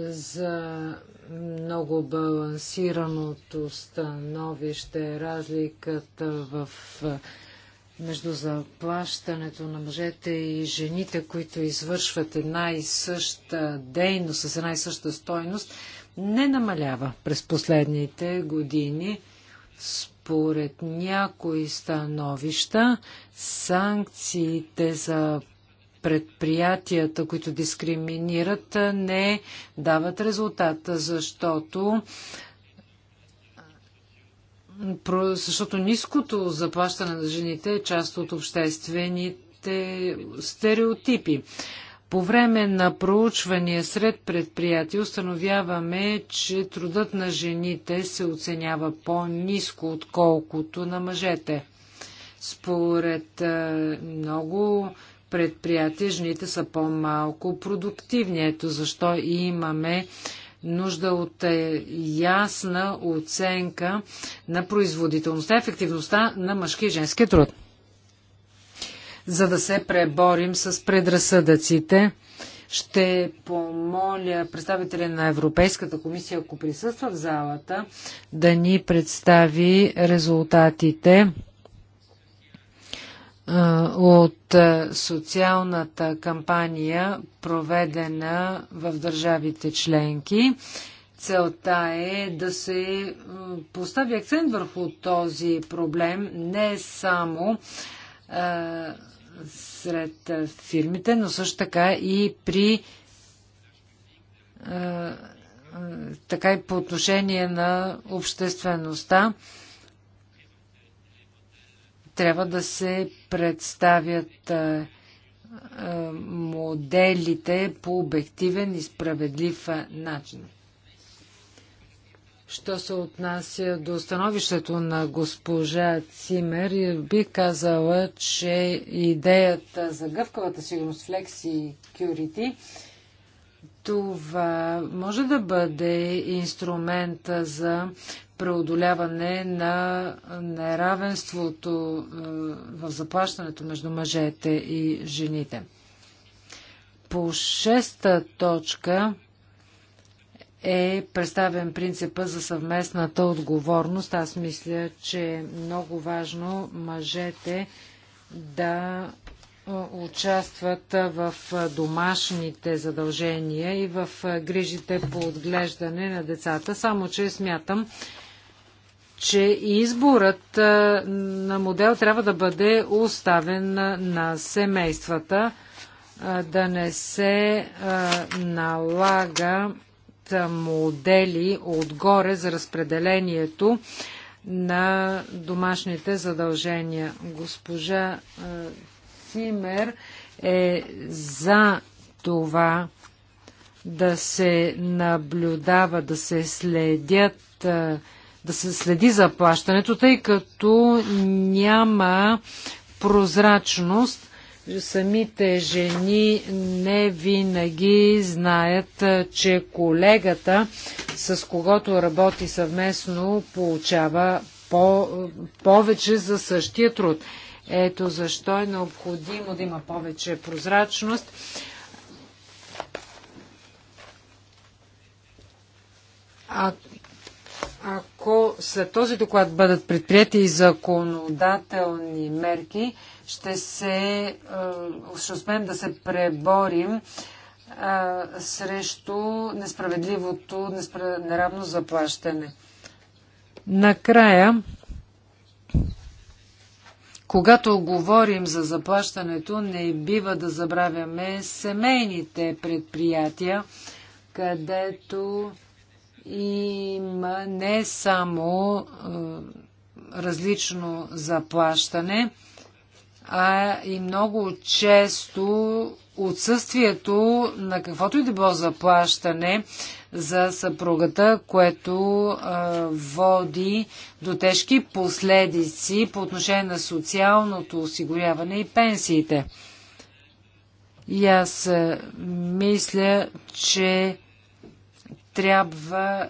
за много балансираното становище, разликата в между заплащането на мъжете и жените, които извършват една и съща дейност с една и съща стойност, не намалява през последните години. Според някои становища, санкциите за предприятията, които дискриминират, не дават резултата, защото защото ниското заплащане на жените е част от обществените стереотипи. По време на проучвания сред предприятия установяваме, че трудът на жените се оценява по-ниско, отколкото на мъжете. Според е, много предприятия жените са по-малко продуктивни. Ето защо имаме нужда от е, ясна оценка на производителността и ефективността на мъжки и женски труд. За да се преборим с предразсъдъците, ще помоля представителя на Европейската комисия, ако присъства в залата, да ни представи резултатите от социалната кампания, проведена в държавите членки. Целта е да се постави акцент върху този проблем не само а, сред фирмите, но също така и при а, така и по отношение на обществеността трябва да се представят моделите по обективен и справедлив начин. Що се отнася до становището на госпожа Цимер, би казала, че идеята за гъвкавата сигурност Flexi Security това може да бъде инструмент за преодоляване на неравенството е, в заплащането между мъжете и жените. По шеста точка е представен принципа за съвместната отговорност. Аз мисля, че е много важно мъжете да е, участват в домашните задължения и в грижите по отглеждане на децата. Само, че смятам, че изборът на модел трябва да бъде оставен на семействата, да не се налага модели отгоре за разпределението на домашните задължения. Госпожа Симер е за това да се наблюдава, да се следят да се следи за плащането, тъй като няма прозрачност. Самите жени не винаги знаят, че колегата, с когото работи съвместно, получава по- повече за същия труд. Ето защо е необходимо да има повече прозрачност. Ако ако след този доклад бъдат предприяти и законодателни мерки, ще, се, е, ще успеем да се преборим а, е, срещу несправедливото, неравно заплащане. Накрая, когато говорим за заплащането, не бива да забравяме семейните предприятия, където има не само е, различно заплащане, а и много често отсъствието на каквото и да било заплащане за съпругата, което е, води до тежки последици по отношение на социалното осигуряване и пенсиите. И аз е, мисля, че трябва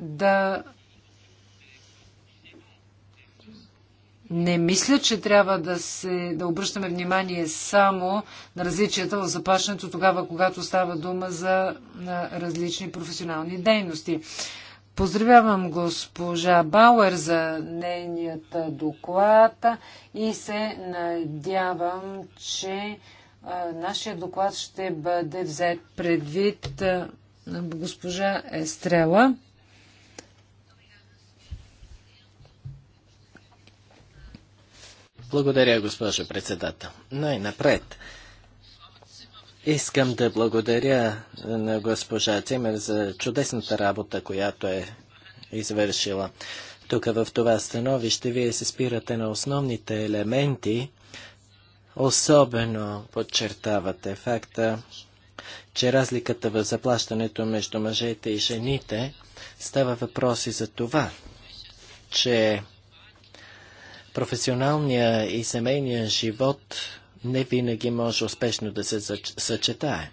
да не мисля, че трябва да, се, да обръщаме внимание само на различията в заплащането тогава, когато става дума за различни професионални дейности. Поздравявам госпожа Бауер за нейният доклад и се надявам, че Нашия доклад ще бъде взет предвид госпожа Естрела. Благодаря, госпожо председател. Най-напред искам да благодаря на госпожа Цимер за чудесната работа, която е извършила. Тук в това становище вие се спирате на основните елементи Особено подчертавате факта, че разликата в заплащането между мъжете и жените става въпроси за това, че професионалния и семейния живот не винаги може успешно да се съчетае.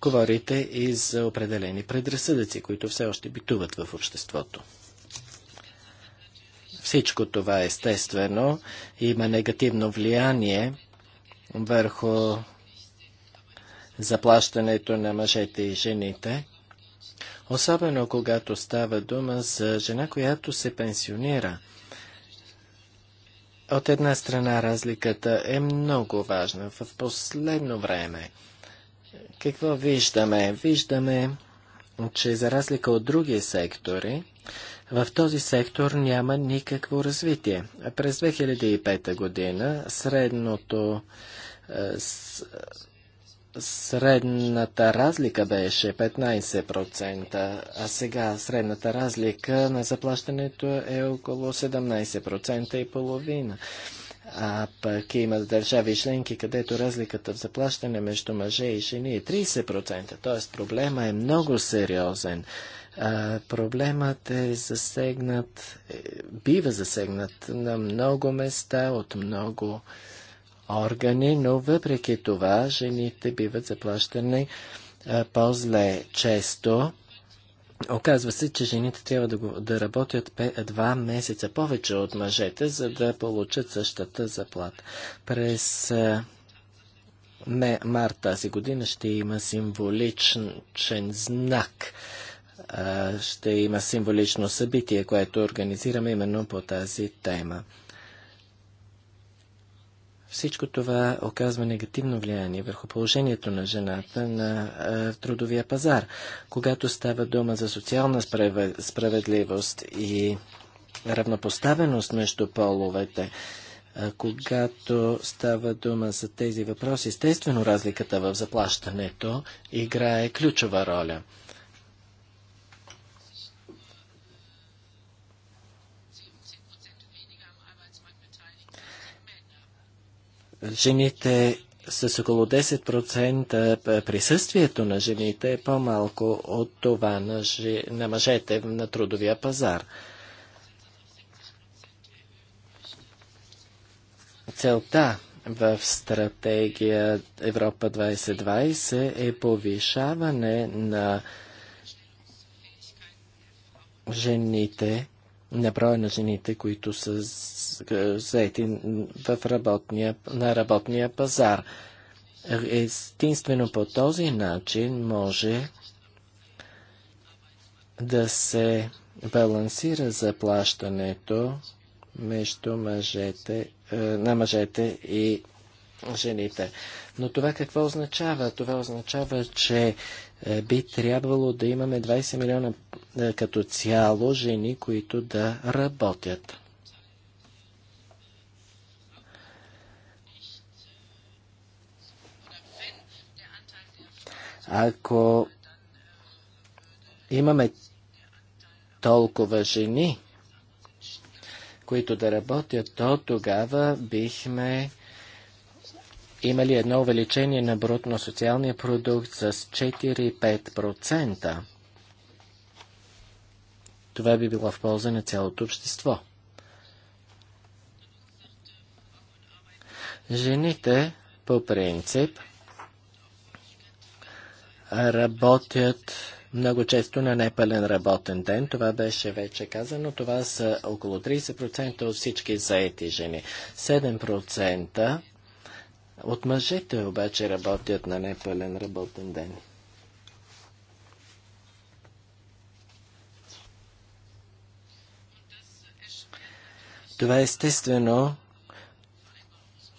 Говорите и за определени предразсъдъци, които все още битуват в обществото. Всичко това естествено има негативно влияние върху заплащането на мъжете и жените. Особено когато става дума за жена, която се пенсионира. От една страна разликата е много важна. В последно време какво виждаме? Виждаме, че за разлика от други сектори, в този сектор няма никакво развитие. През 2005 година средното е, средната разлика беше 15%, а сега средната разлика на заплащането е около 17% и половина. А пък има държави членки, където разликата в заплащане между мъже и жени е 30%. Т.е. проблема е много сериозен. А, проблемът е засегнат, е, бива засегнат на много места, от много органи, но въпреки това жените биват заплащани по-зле често. Оказва се, че жените трябва да, го, да работят 5, 2 месеца повече от мъжете, за да получат същата заплата. През март тази година ще има символичен знак ще има символично събитие, което организираме именно по тази тема. Всичко това оказва негативно влияние върху положението на жената на а, трудовия пазар. Когато става дума за социална справедливост и равнопоставеност между половете, а, когато става дума за тези въпроси, естествено разликата в заплащането играе ключова роля. жените с около 10% е, присъствието на жените е по-малко от това на, жи... на мъжете на трудовия пазар. Целта в стратегия Европа 2020 е повишаване на жените на броя на жените, които са заети в работния, на работния пазар. Единствено по този начин може да се балансира заплащането между мъжете, е, на мъжете и жените. Но това какво означава? Това означава, че е, би трябвало да имаме 20 милиона е, като цяло жени, които да работят. Ако имаме толкова жени, които да работят, то тогава бихме имали едно увеличение на брутно социалния продукт с 4-5%. Това би било в полза на цялото общество. Жените по принцип работят много често на непълен работен ден. Това беше вече казано. Това са около 30% от всички заети жени. 7% от мъжете обаче работят на непълен работен ден. Това естествено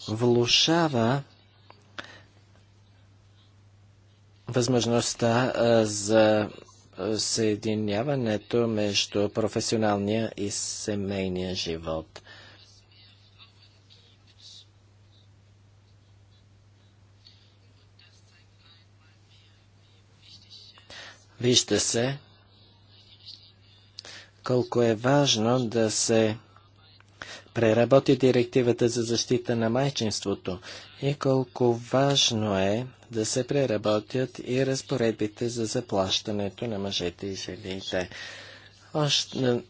влушава възможността за съединяването между професионалния и семейния живот. Вижте се колко е важно да се преработи директивата за защита на майчинството и колко важно е да се преработят и разпоредбите за заплащането на мъжете и жените. Още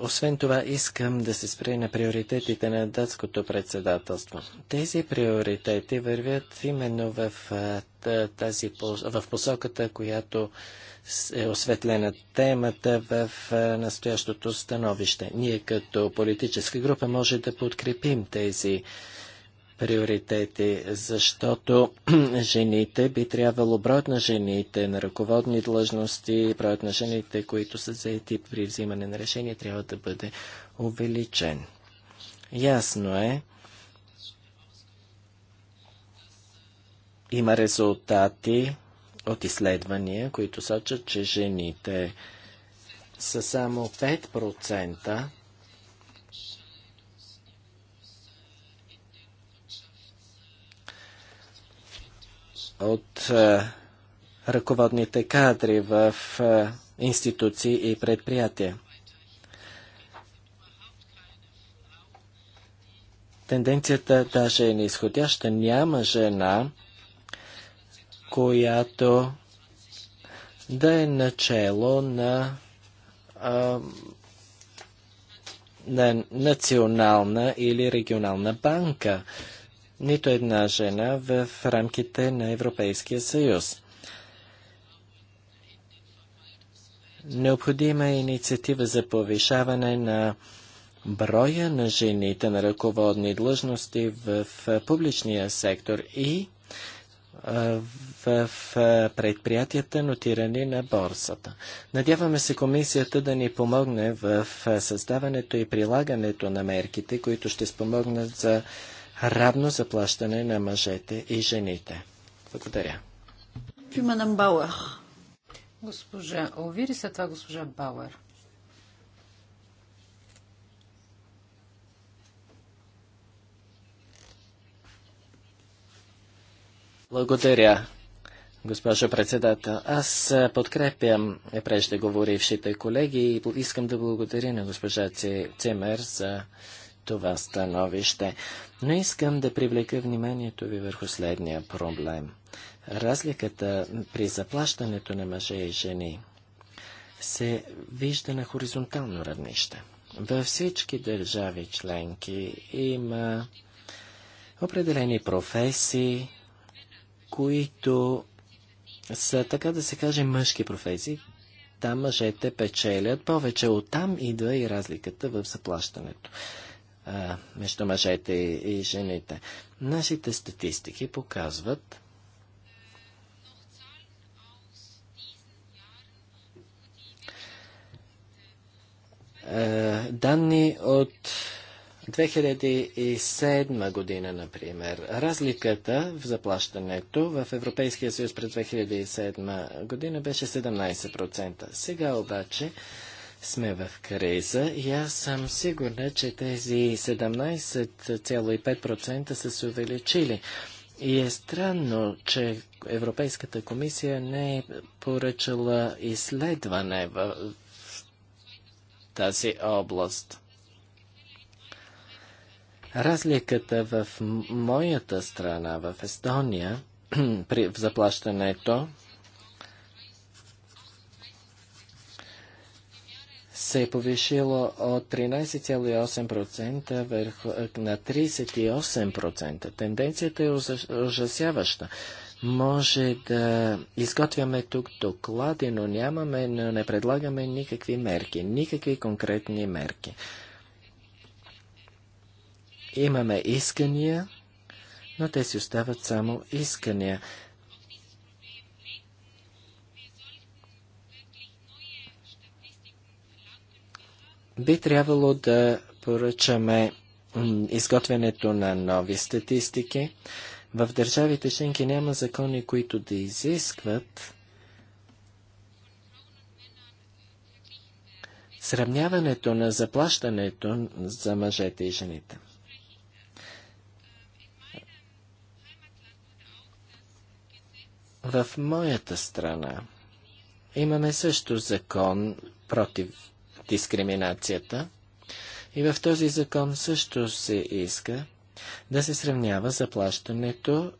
освен това, искам да се спре на приоритетите на датското председателство. Тези приоритети вървят именно в, тази, в посоката, която е осветлена темата в настоящото становище. Ние като политическа група може да подкрепим тези приоритети, защото жените би трябвало броят на жените на ръководни длъжности, броят на жените, които са заети при взимане на решения, трябва да бъде увеличен. Ясно е, има резултати от изследвания, които сочат, че жените са само 5% от е, ръководните кадри в е, институции и предприятия. Тенденцията даже е неизходяща. Няма жена, която да е начало на, а, е, на национална или регионална банка нито една жена в рамките на Европейския съюз. Необходима е инициатива за повишаване на броя на жените на ръководни длъжности в публичния сектор и в предприятията, нотирани на борсата. Надяваме се комисията да ни помогне в създаването и прилагането на мерките, които ще спомогнат за равно заплащане на мъжете и жените. Благодаря. Бауер. Госпожа Овири, след това госпожа Бауер. Благодаря, госпожо председател. Аз подкрепям преждеговорившите колеги и искам да благодаря на госпожа Цимер за това становище, но искам да привлека вниманието ви върху следния проблем. Разликата при заплащането на мъже и жени се вижда на хоризонтално равнище. Във всички държави членки има определени професии, които са, така да се каже, мъжки професии. Там мъжете печелят повече. Оттам идва и разликата в заплащането а, между мъжете и, и жените. Нашите статистики показват, данни от 2007 година, например. Разликата в заплащането в Европейския съюз през 2007 година беше 17%. Сега обаче сме в криза и аз съм сигурна, че тези 17,5% са се увеличили. И е странно, че Европейската комисия не е поръчала изследване в, тази област. Разликата в моята страна, в Естония, при заплащането се е повишило от 13,8% е, на 38%. Тенденцията е ужасяваща. Може да изготвяме тук доклади, но нямаме, но не предлагаме никакви мерки, никакви конкретни мерки. Имаме искания, но те си остават само искания. Би трябвало да поръчаме изготвянето на нови статистики. В държавите членки няма закони, които да изискват сравняването на заплащането за мъжете и жените. В моята страна имаме също закон против дискриминацията. И в този закон също се иска да се сравнява заплащането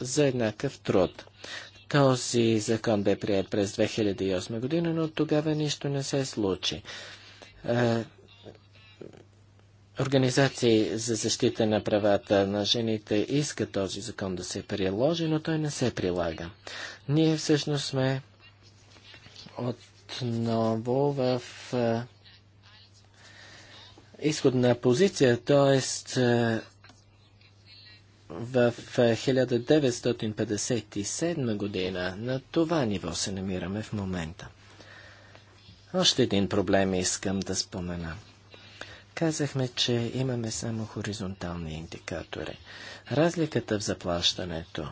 за еднакъв труд. Този закон бе прият през 2008 година, но тогава нищо не се случи. организации за защита на правата на жените иска този закон да се приложи, но той не се прилага. Ние всъщност сме от отново в е, изходна позиция, т.е. в 1957 е, година на това ниво се намираме в момента. Още един проблем искам да спомена. Казахме, че имаме само хоризонтални индикатори. Разликата в заплащането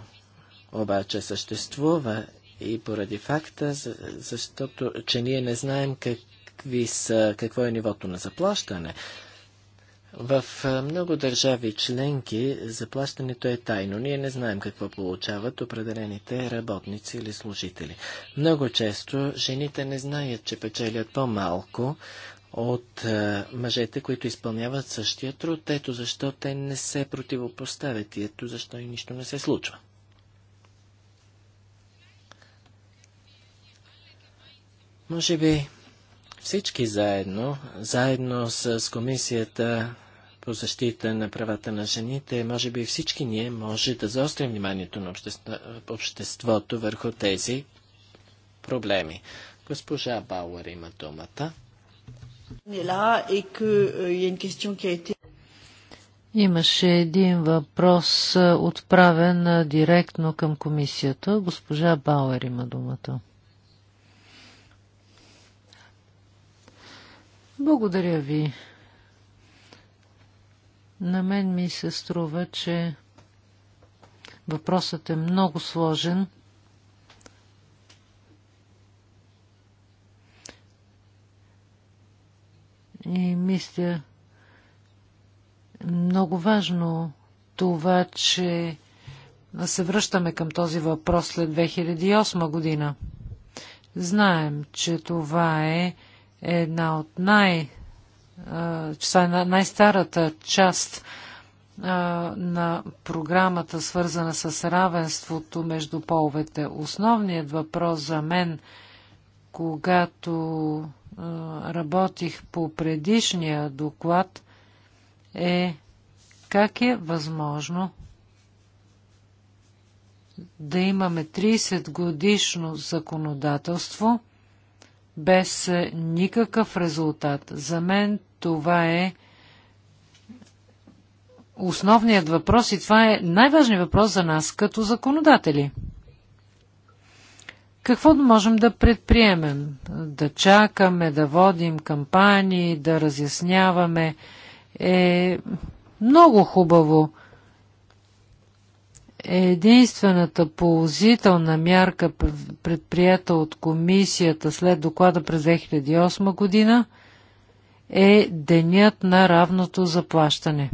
обаче съществува и поради факта, защото, че ние не знаем какви са, какво е нивото на заплащане. В много държави членки заплащането е тайно. Ние не знаем какво получават определените работници или служители. Много често жените не знаят, че печелят по-малко от мъжете, които изпълняват същия труд. Ето защо те не се противопоставят и ето защо и нищо не се случва. Може би всички заедно, заедно с Комисията по защита на правата на жените, може би всички ние може да заострим вниманието на общество, обществото върху тези проблеми. Госпожа Бауер има думата. Е е, е Имаше един въпрос, отправен директно към комисията. Госпожа Бауер има думата. Благодаря ви. На мен ми се струва, че въпросът е много сложен. И мисля, много важно това, че се връщаме към този въпрос след 2008 година. Знаем, че това е е една от най- е най-старата част на програмата, свързана с равенството между половете. Основният въпрос за мен, когато работих по предишния доклад, е как е възможно да имаме 30 годишно законодателство, без е, никакъв резултат. За мен това е основният въпрос и това е най-важният въпрос за нас като законодатели. Какво можем да предприемем? Да чакаме, да водим кампании, да разясняваме. Е много хубаво е единствената положителна мярка, предприята от комисията след доклада през 2008 година, е денят на равното заплащане.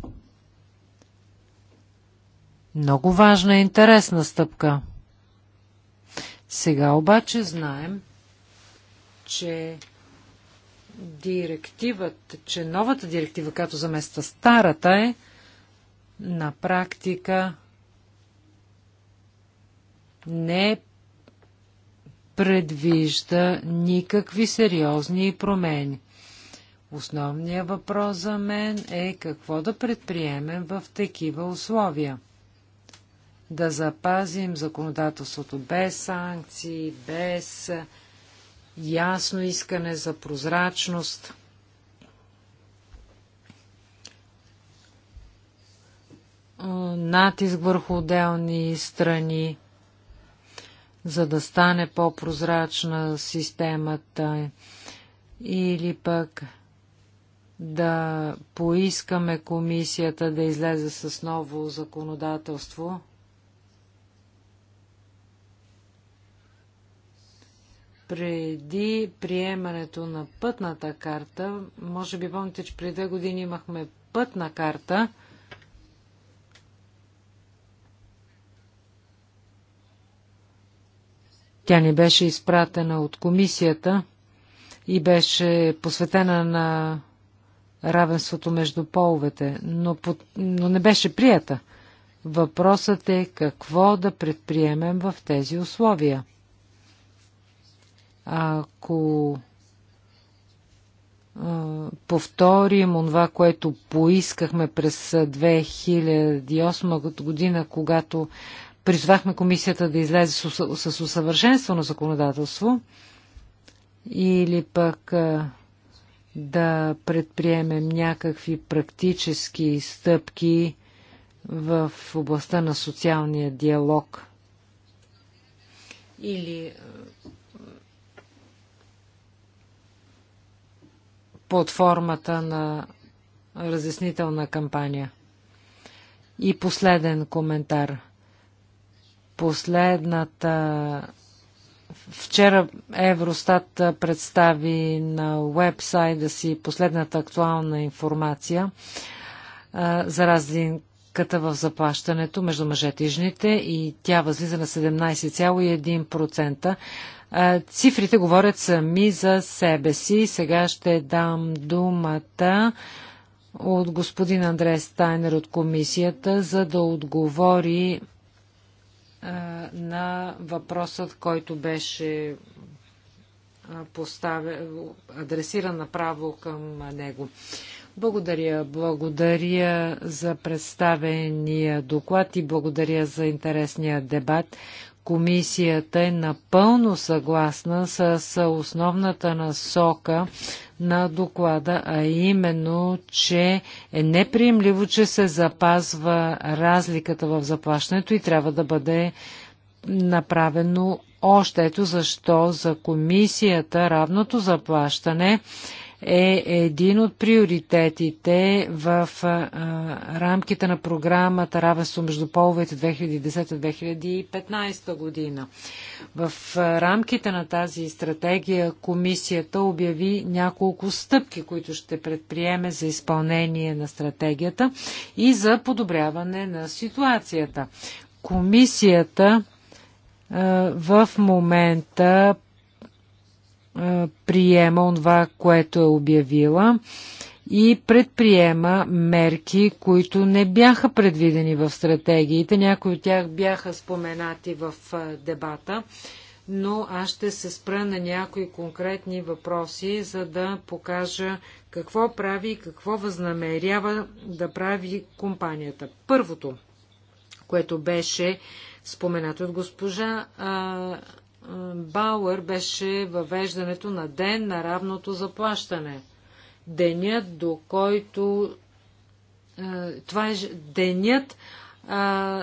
Много важна и интересна стъпка. Сега обаче знаем, че директивата, че новата директива, като замества старата е, на практика не предвижда никакви сериозни промени. Основният въпрос за мен е какво да предприемем в такива условия. Да запазим законодателството без санкции, без ясно искане за прозрачност. Натиск върху отделни страни за да стане по-прозрачна системата или пък да поискаме комисията да излезе с ново законодателство. Преди приемането на пътната карта, може би помните, че преди две години имахме пътна карта, Тя ни беше изпратена от комисията и беше посветена на равенството между половете, но, под, но не беше прията. Въпросът е какво да предприемем в тези условия. Ако повторим това, което поискахме през 2008 година, когато призвахме комисията да излезе с, с на законодателство или пък да предприемем някакви практически стъпки в областта на социалния диалог или под формата на разяснителна кампания. И последен коментар – последната Вчера Евростат представи на уебсайда си последната актуална информация за разликата в заплащането между мъжете и жените и тя възлиза на 17,1%. Цифрите говорят сами за себе си. Сега ще дам думата от господин Андре Стайнер от комисията, за да отговори на въпросът, който беше поставя, адресиран направо към него. Благодаря, благодаря за представения доклад и благодаря за интересния дебат. Комисията е напълно съгласна с основната насока на доклада, а именно, че е неприемливо, че се запазва разликата в заплащането и трябва да бъде направено още. Ето защо за комисията равното заплащане е един от приоритетите в а, рамките на програмата Равенство между половете 2010-2015 година. В а, рамките на тази стратегия комисията обяви няколко стъпки, които ще предприеме за изпълнение на стратегията и за подобряване на ситуацията. Комисията в момента приема това, което е обявила и предприема мерки, които не бяха предвидени в стратегиите. Някои от тях бяха споменати в дебата, но аз ще се спра на някои конкретни въпроси, за да покажа какво прави и какво възнамерява да прави компанията. Първото, което беше споменато от госпожа Бауер беше въвеждането на ден на равното заплащане. Денят, до който. Е, това е денят, е,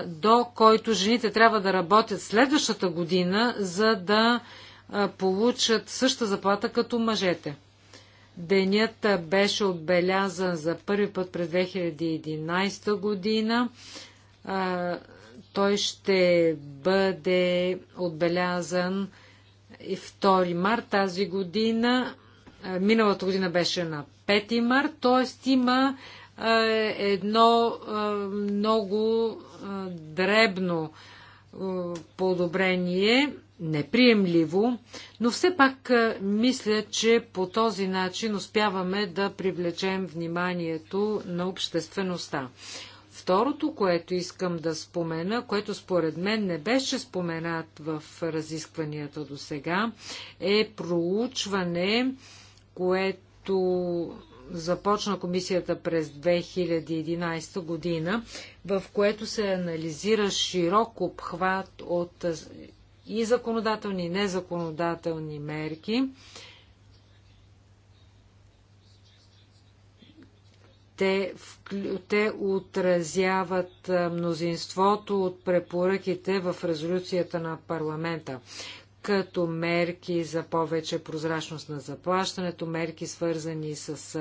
до който жените трябва да работят следващата година, за да е, получат същата заплата като мъжете. Денят беше отбелязан за първи път през 2011 година той ще бъде отбелязан и 2 март тази година. Е, миналата година беше на 5 март, т.е. има е, едно е, много дребно подобрение, неприемливо, но все пак мисля, че по този начин успяваме да привлечем вниманието на обществеността. Второто, което искам да спомена, което според мен не беше споменат в разискванията до сега, е проучване, което започна комисията през 2011 година, в което се анализира широк обхват от и законодателни и незаконодателни мерки Те, те отразяват мнозинството от препоръките в резолюцията на парламента като мерки за повече прозрачност на заплащането, мерки свързани с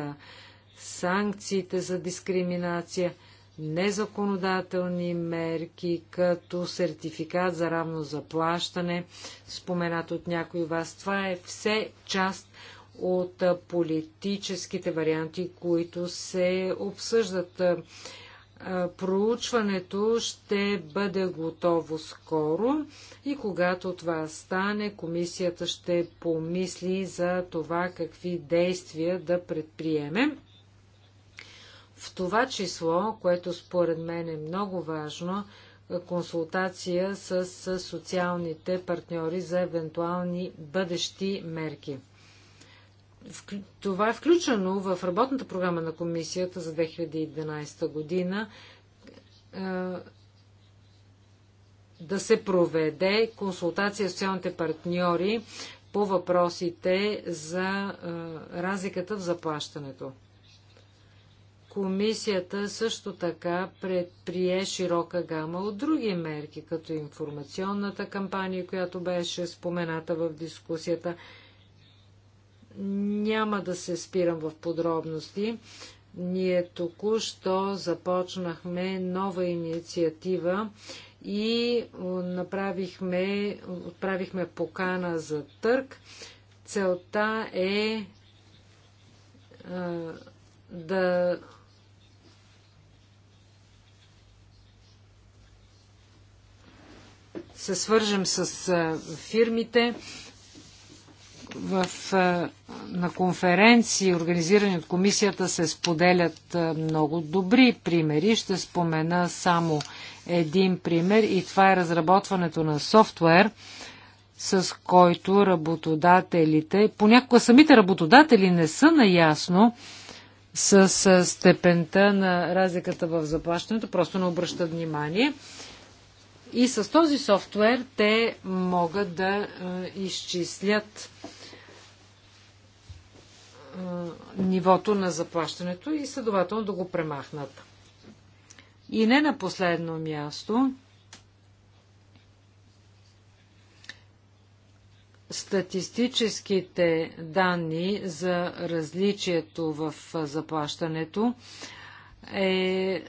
санкциите за дискриминация, незаконодателни мерки, като сертификат за равно заплащане, споменат от някой вас. Това е все част от политическите варианти, които се обсъждат. Проучването ще бъде готово скоро и когато това стане, комисията ще помисли за това какви действия да предприеме. В това число, което според мен е много важно, консултация с социалните партньори за евентуални бъдещи мерки. Това е включено в работната програма на комисията за 2011 година да се проведе консултация с социалните партньори по въпросите за разликата в заплащането. Комисията също така предприе широка гама от други мерки, като информационната кампания, която беше спомената в дискусията – няма да се спирам в подробности. Ние току-що започнахме нова инициатива и направихме, отправихме покана за търг. Целта е а, да се свържем с фирмите, в, на конференции, организирани от комисията, се споделят много добри примери. Ще спомена само един пример и това е разработването на софтуер, с който работодателите, понякога самите работодатели не са наясно с степента на разликата в заплащането, просто не обръщат внимание. И с този софтуер те могат да изчислят нивото на заплащането и следователно да го премахнат. И не на последно място, статистическите данни за различието в заплащането е, е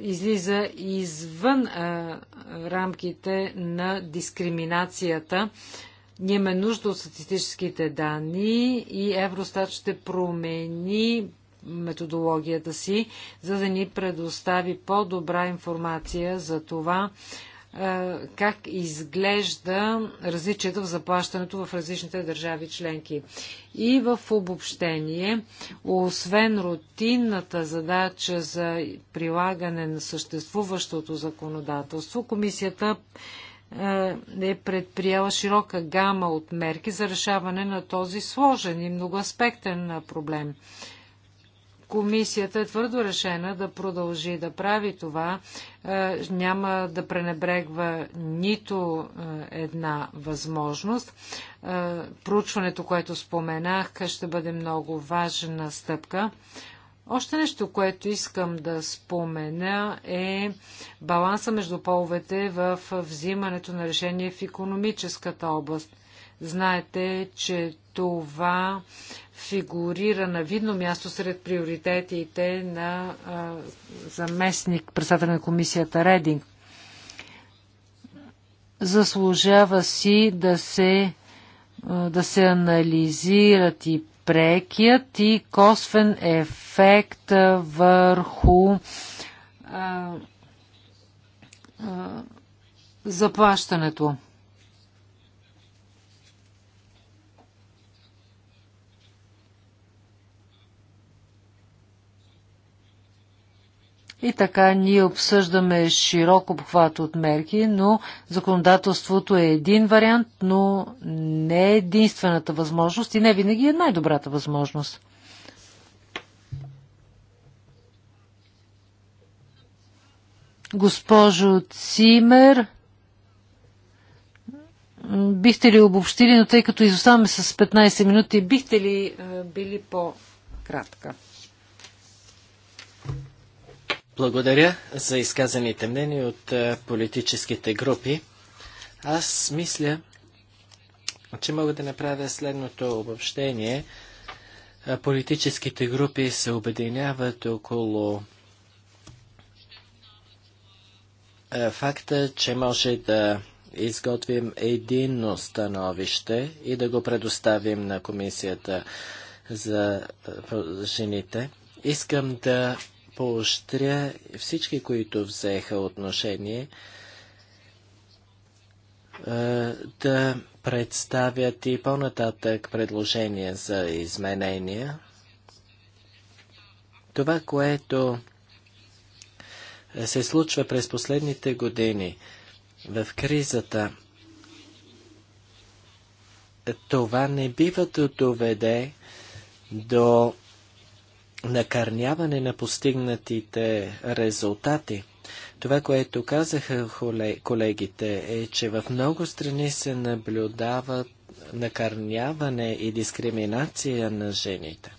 излиза извън а, рамките на дискриминацията ние имаме нужда от статистическите данни и Евростат ще промени методологията си, за да ни предостави по-добра информация за това, е, как изглежда различията в заплащането в различните държави членки. И в обобщение, освен рутинната задача за прилагане на съществуващото законодателство, комисията е, е предприела широка гама от мерки за решаване на този сложен и многоаспектен проблем. Комисията е твърдо решена да продължи да прави това. Е, няма да пренебрегва нито е, една възможност. Проучването, което споменах, ще бъде много важна стъпка. Още нещо, което искам да спомена е баланса между половете в взимането на решение в економическата област. Знаете, че това фигурира на видно място сред приоритетите на а, заместник председател на комисията Рединг. Заслужава си да се, а, да се анализират и прекият и косвен ефект върху а, а, заплащането. И така ние обсъждаме широк обхват от мерки, но законодателството е един вариант, но не е единствената възможност и не винаги е най-добрата възможност. Госпожо Цимер, бихте ли обобщили, но тъй като изоставаме с 15 минути, бихте ли е, били по-кратка? Благодаря за изказаните мнения от е, политическите групи. Аз мисля, че мога да направя следното обобщение. Е, политическите групи се обединяват около е, факта, че може да изготвим единно становище и да го предоставим на комисията за жените. Искам да поощря всички, които взеха отношение е, да представят и по-нататък предложения за изменения. Това, което се случва през последните години в кризата, това не бива да доведе до накърняване на постигнатите резултати. Това, което казаха колегите, е, че в много страни се наблюдават накърняване и дискриминация на жените.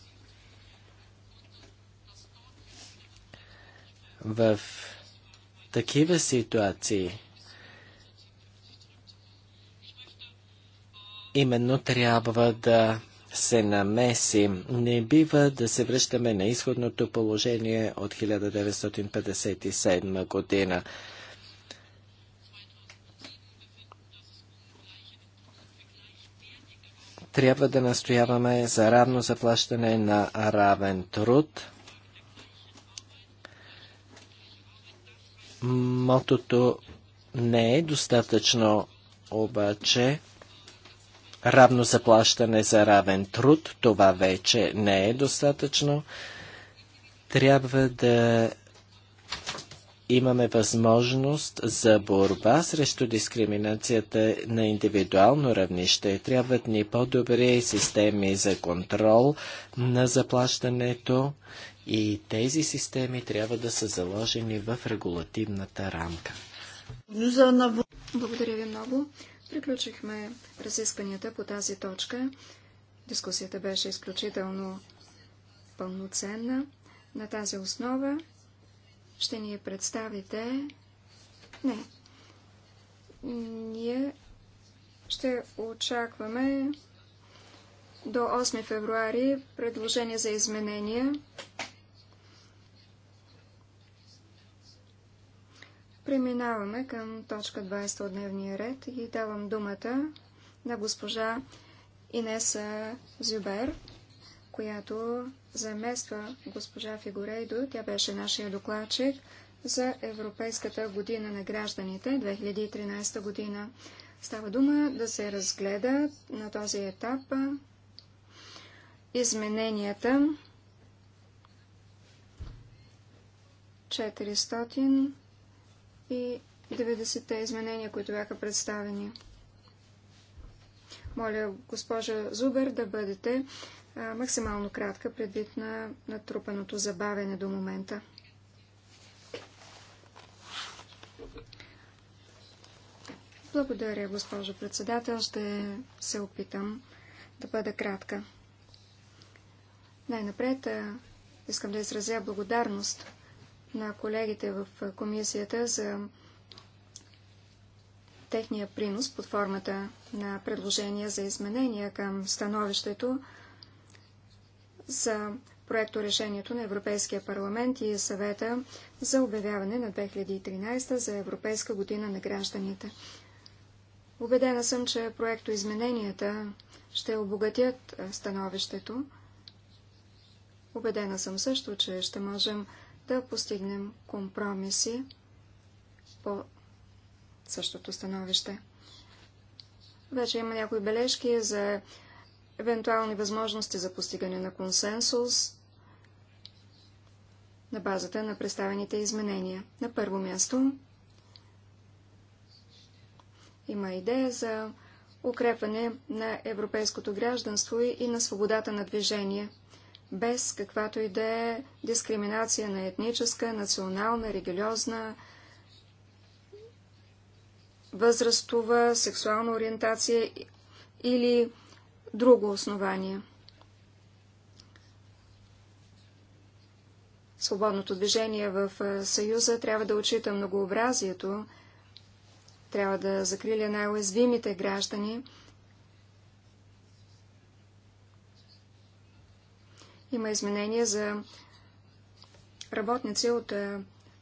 В такива ситуации именно трябва да се намесим. Не бива да се връщаме на изходното положение от 1957 година. Трябва да настояваме за равно заплащане на равен труд. Мотото не е достатъчно обаче равно заплащане за равен труд. Това вече не е достатъчно. Трябва да имаме възможност за борба срещу дискриминацията на индивидуално равнище. Трябват ни по-добри системи за контрол на заплащането и тези системи трябва да са заложени в регулативната рамка. Благодаря ви много. Приключихме разискванията по тази точка. Дискусията беше изключително пълноценна. На тази основа ще ни представите... Не. Ние ще очакваме до 8 февруари предложение за изменения. Преминаваме към точка 20 от дневния ред и давам думата на госпожа Инеса Зюбер, която замества госпожа Фигурейдо. Тя беше нашия докладчик за Европейската година на гражданите 2013 година. Става дума да се разгледа на този етап измененията 400 и 90-те изменения, които бяха представени. Моля, госпожа Зубер, да бъдете а, максимално кратка предвид на натрупаното забавене до момента. Благодаря, госпожо председател. Ще се опитам да бъда кратка. Най-напред искам да изразя благодарност на колегите в комисията за техния принос под формата на предложения за изменения към становището за проекто решението на Европейския парламент и съвета за обявяване на 2013 за Европейска година на гражданите. Убедена съм, че проекто измененията ще обогатят становището. Убедена съм също, че ще можем да постигнем компромиси по същото становище. Вече има някои бележки за евентуални възможности за постигане на консенсус на базата на представените изменения. На първо място има идея за укрепване на европейското гражданство и на свободата на движение – без каквато и да е дискриминация на етническа, национална, религиозна, възрастова, сексуална ориентация или друго основание. Свободното движение в Съюза трябва да отчита многообразието, трябва да закриля най-уязвимите граждани – Има изменения за работници от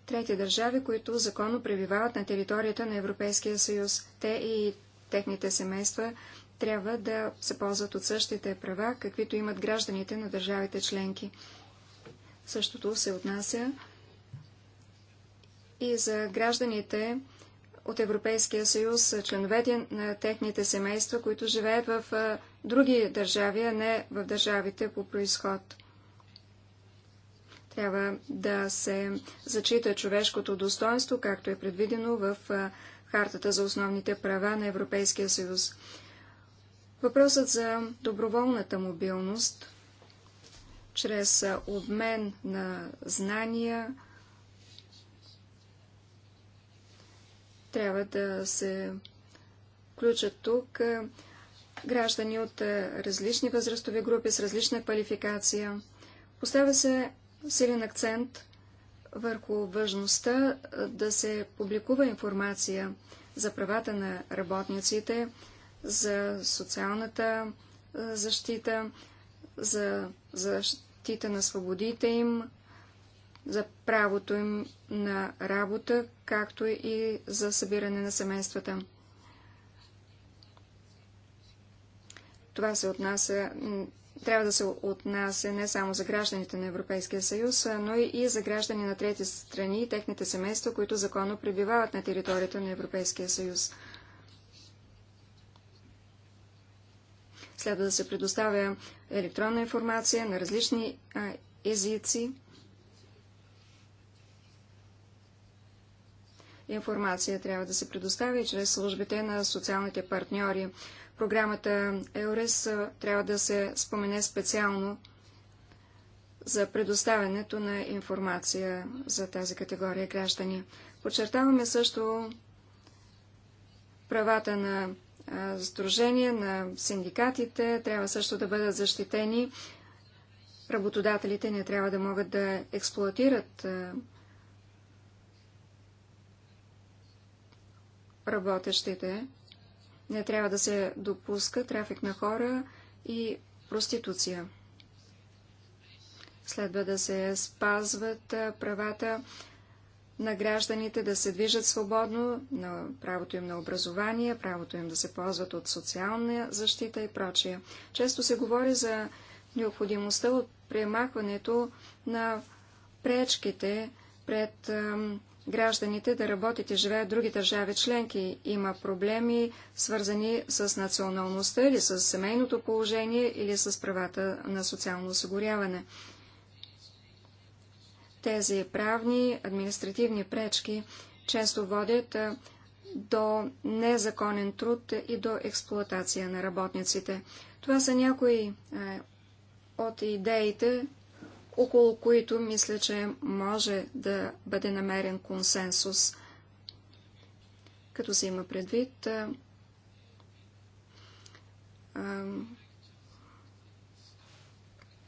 трети държави, които законно пребивават на територията на Европейския съюз. Те и техните семейства трябва да се ползват от същите права, каквито имат гражданите на държавите членки. Същото се отнася и за гражданите от Европейския съюз, членовете на техните семейства, които живеят в други държави, а не в държавите по происход. Трябва да се зачита човешкото достоинство, както е предвидено в Хартата за основните права на Европейския съюз. Въпросът за доброволната мобилност чрез обмен на знания трябва да се включат тук граждани от различни възрастови групи с различна квалификация. Поставя се силен акцент върху важността да се публикува информация за правата на работниците, за социалната защита, за защита на свободите им, за правото им на работа, както и за събиране на семействата. Това се отнася трябва да се отнася не само за гражданите на Европейския съюз, но и за граждани на трети страни и техните семейства, които законно пребивават на територията на Европейския съюз. Следва да се предоставя електронна информация на различни езици. Информация трябва да се предоставя и чрез службите на социалните партньори. Програмата ЕОРЕС трябва да се спомене специално за предоставянето на информация за тази категория граждани. Подчертаваме също правата на сдружения, на синдикатите, трябва също да бъдат защитени. Работодателите не трябва да могат да експлуатират работещите. Не трябва да се допуска трафик на хора и проституция. Следва да се спазват правата на гражданите да се движат свободно, на правото им на образование, правото им да се ползват от социална защита и прочие. Често се говори за необходимостта от премахването на пречките пред ам, гражданите да работят и живеят в други държави членки. Има проблеми, свързани с националността или с семейното положение или с правата на социално осигуряване. Тези правни, административни пречки често водят до незаконен труд и до експлоатация на работниците. Това са някои от идеите, около които мисля, че може да бъде намерен консенсус, като се има предвид а, а,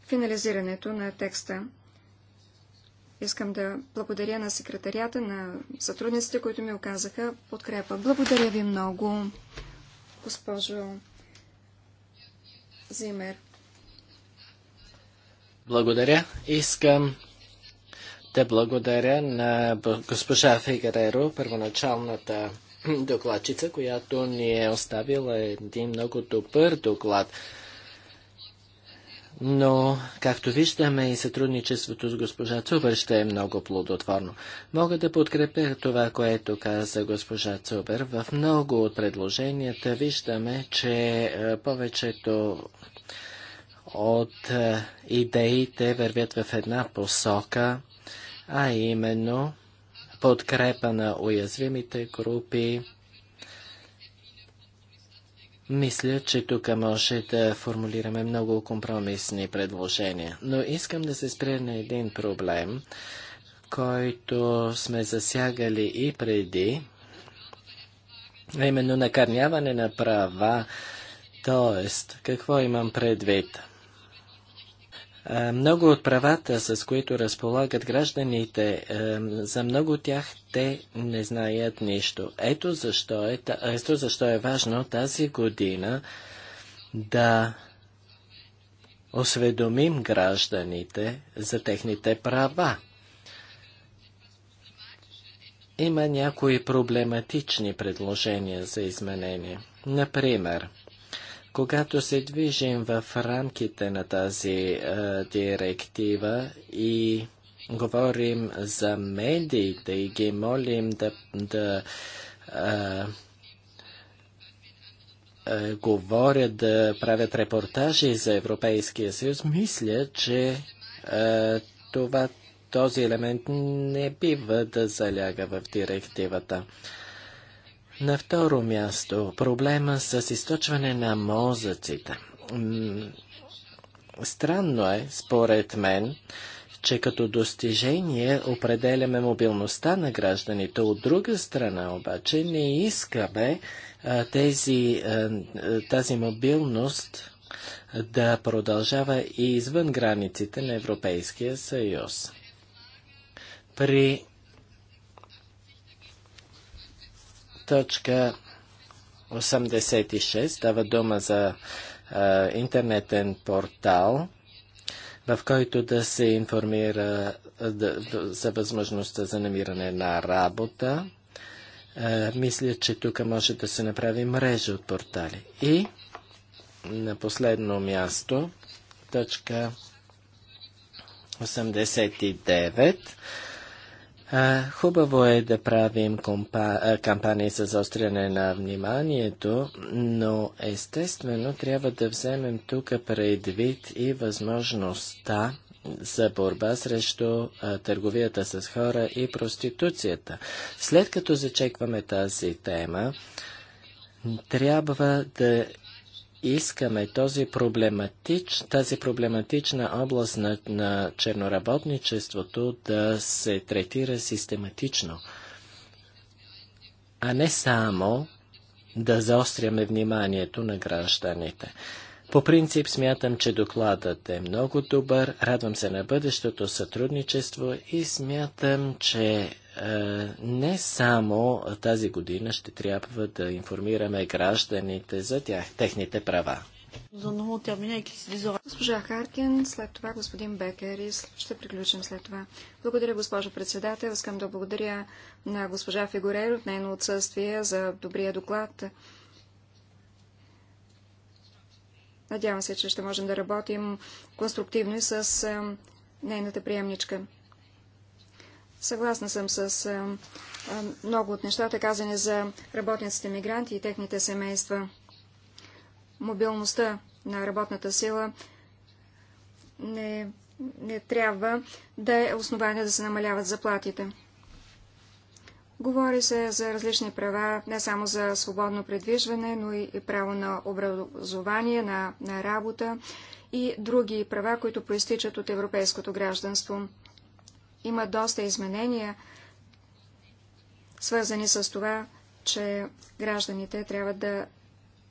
финализирането на текста. Искам да благодаря на секретарията, на сътрудниците, които ми оказаха подкрепа. Благодаря ви много, госпожо Зимер. Благодаря. Искам да благодаря на госпожа Фигареро, първоначалната докладчица, която ни е оставила един много добър доклад. Но, както виждаме, и сътрудничеството с госпожа Цубер ще е много плодотворно. Мога да подкрепя това, което каза госпожа Цубер. В много от предложенията виждаме, че е, повечето от е, идеите вървят в една посока, а именно подкрепа на уязвимите групи. Мисля, че тук може да формулираме много компромисни предложения, но искам да се спря на един проблем, който сме засягали и преди, а именно накърняване на права. Тоест, какво имам предвид? Е, много от правата, с които разполагат гражданите, е, за много от тях те не знаят нищо. Ето защо е, ето защо е важно тази година да осведомим гражданите за техните права. Има някои проблематични предложения за изменение. Например, когато се движим в рамките на тази а, е, директива и говорим за медиите и ги молим да, да а, е, е, говорят, да правят репортажи за Европейския съюз, мисля, че а, това, този елемент не бива да заляга в директивата. На второ място, проблема с източване на мозъците. Странно е, според мен, че като достижение определяме мобилността на гражданите. От друга страна обаче не искаме тези, тази мобилност да продължава и извън границите на Европейския съюз. При точка 86 става дума за а, интернетен портал, в който да се информира да, за възможността за намиране на работа. А, мисля, че тук може да се направи мрежа от портали. И на последно място, точка 89 а, хубаво е да правим компа... кампании за заостряне на вниманието, но естествено трябва да вземем тук предвид и възможността за борба срещу а, търговията с хора и проституцията. След като зачекваме тази тема, трябва да искаме този проблематич, тази проблематична област на, на черноработничеството да се третира систематично, а не само да заостряме вниманието на гражданите. По принцип смятам, че докладът е много добър, радвам се на бъдещото сътрудничество и смятам, че е, не само тази година ще трябва да информираме гражданите за тях, техните права. Госпожа Харкин, след това господин Бекер и ще приключим след това. Благодаря, госпожо председател. Искам да благодаря на госпожа Фигурер от нейно отсъствие за добрия доклад. Надявам се, че ще можем да работим конструктивно и с е, нейната приемничка. Съгласна съм с много от нещата, казани за работниците мигранти и техните семейства. Мобилността на работната сила не, не трябва да е основание да се намаляват заплатите. Говори се за различни права, не само за свободно предвижване, но и право на образование, на, на работа и други права, които проистичат от европейското гражданство. Има доста изменения, свързани с това, че гражданите трябва да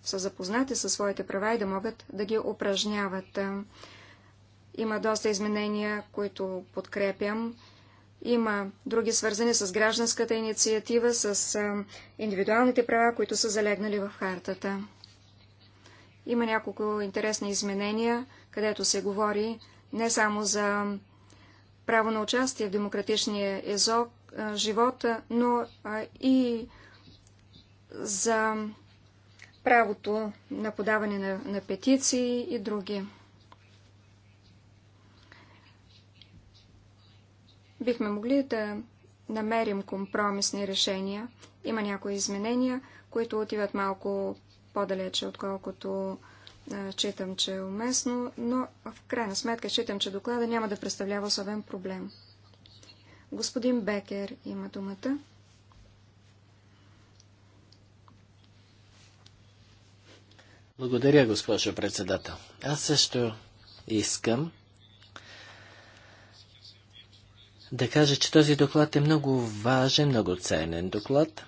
са запознати със своите права и да могат да ги упражняват. Има доста изменения, които подкрепям. Има други свързани с гражданската инициатива, с индивидуалните права, които са залегнали в хартата. Има няколко интересни изменения, където се говори не само за право на участие в демократичния езок, живота, но и за правото на подаване на, на петиции и други. Бихме могли да намерим компромисни решения. Има някои изменения, които отиват малко по-далече, отколкото читам, че е уместно, но в крайна сметка читам, че доклада няма да представлява особен проблем. Господин Бекер има думата. Благодаря, госпожо председател. Аз също искам да кажа, че този доклад е много важен, много ценен доклад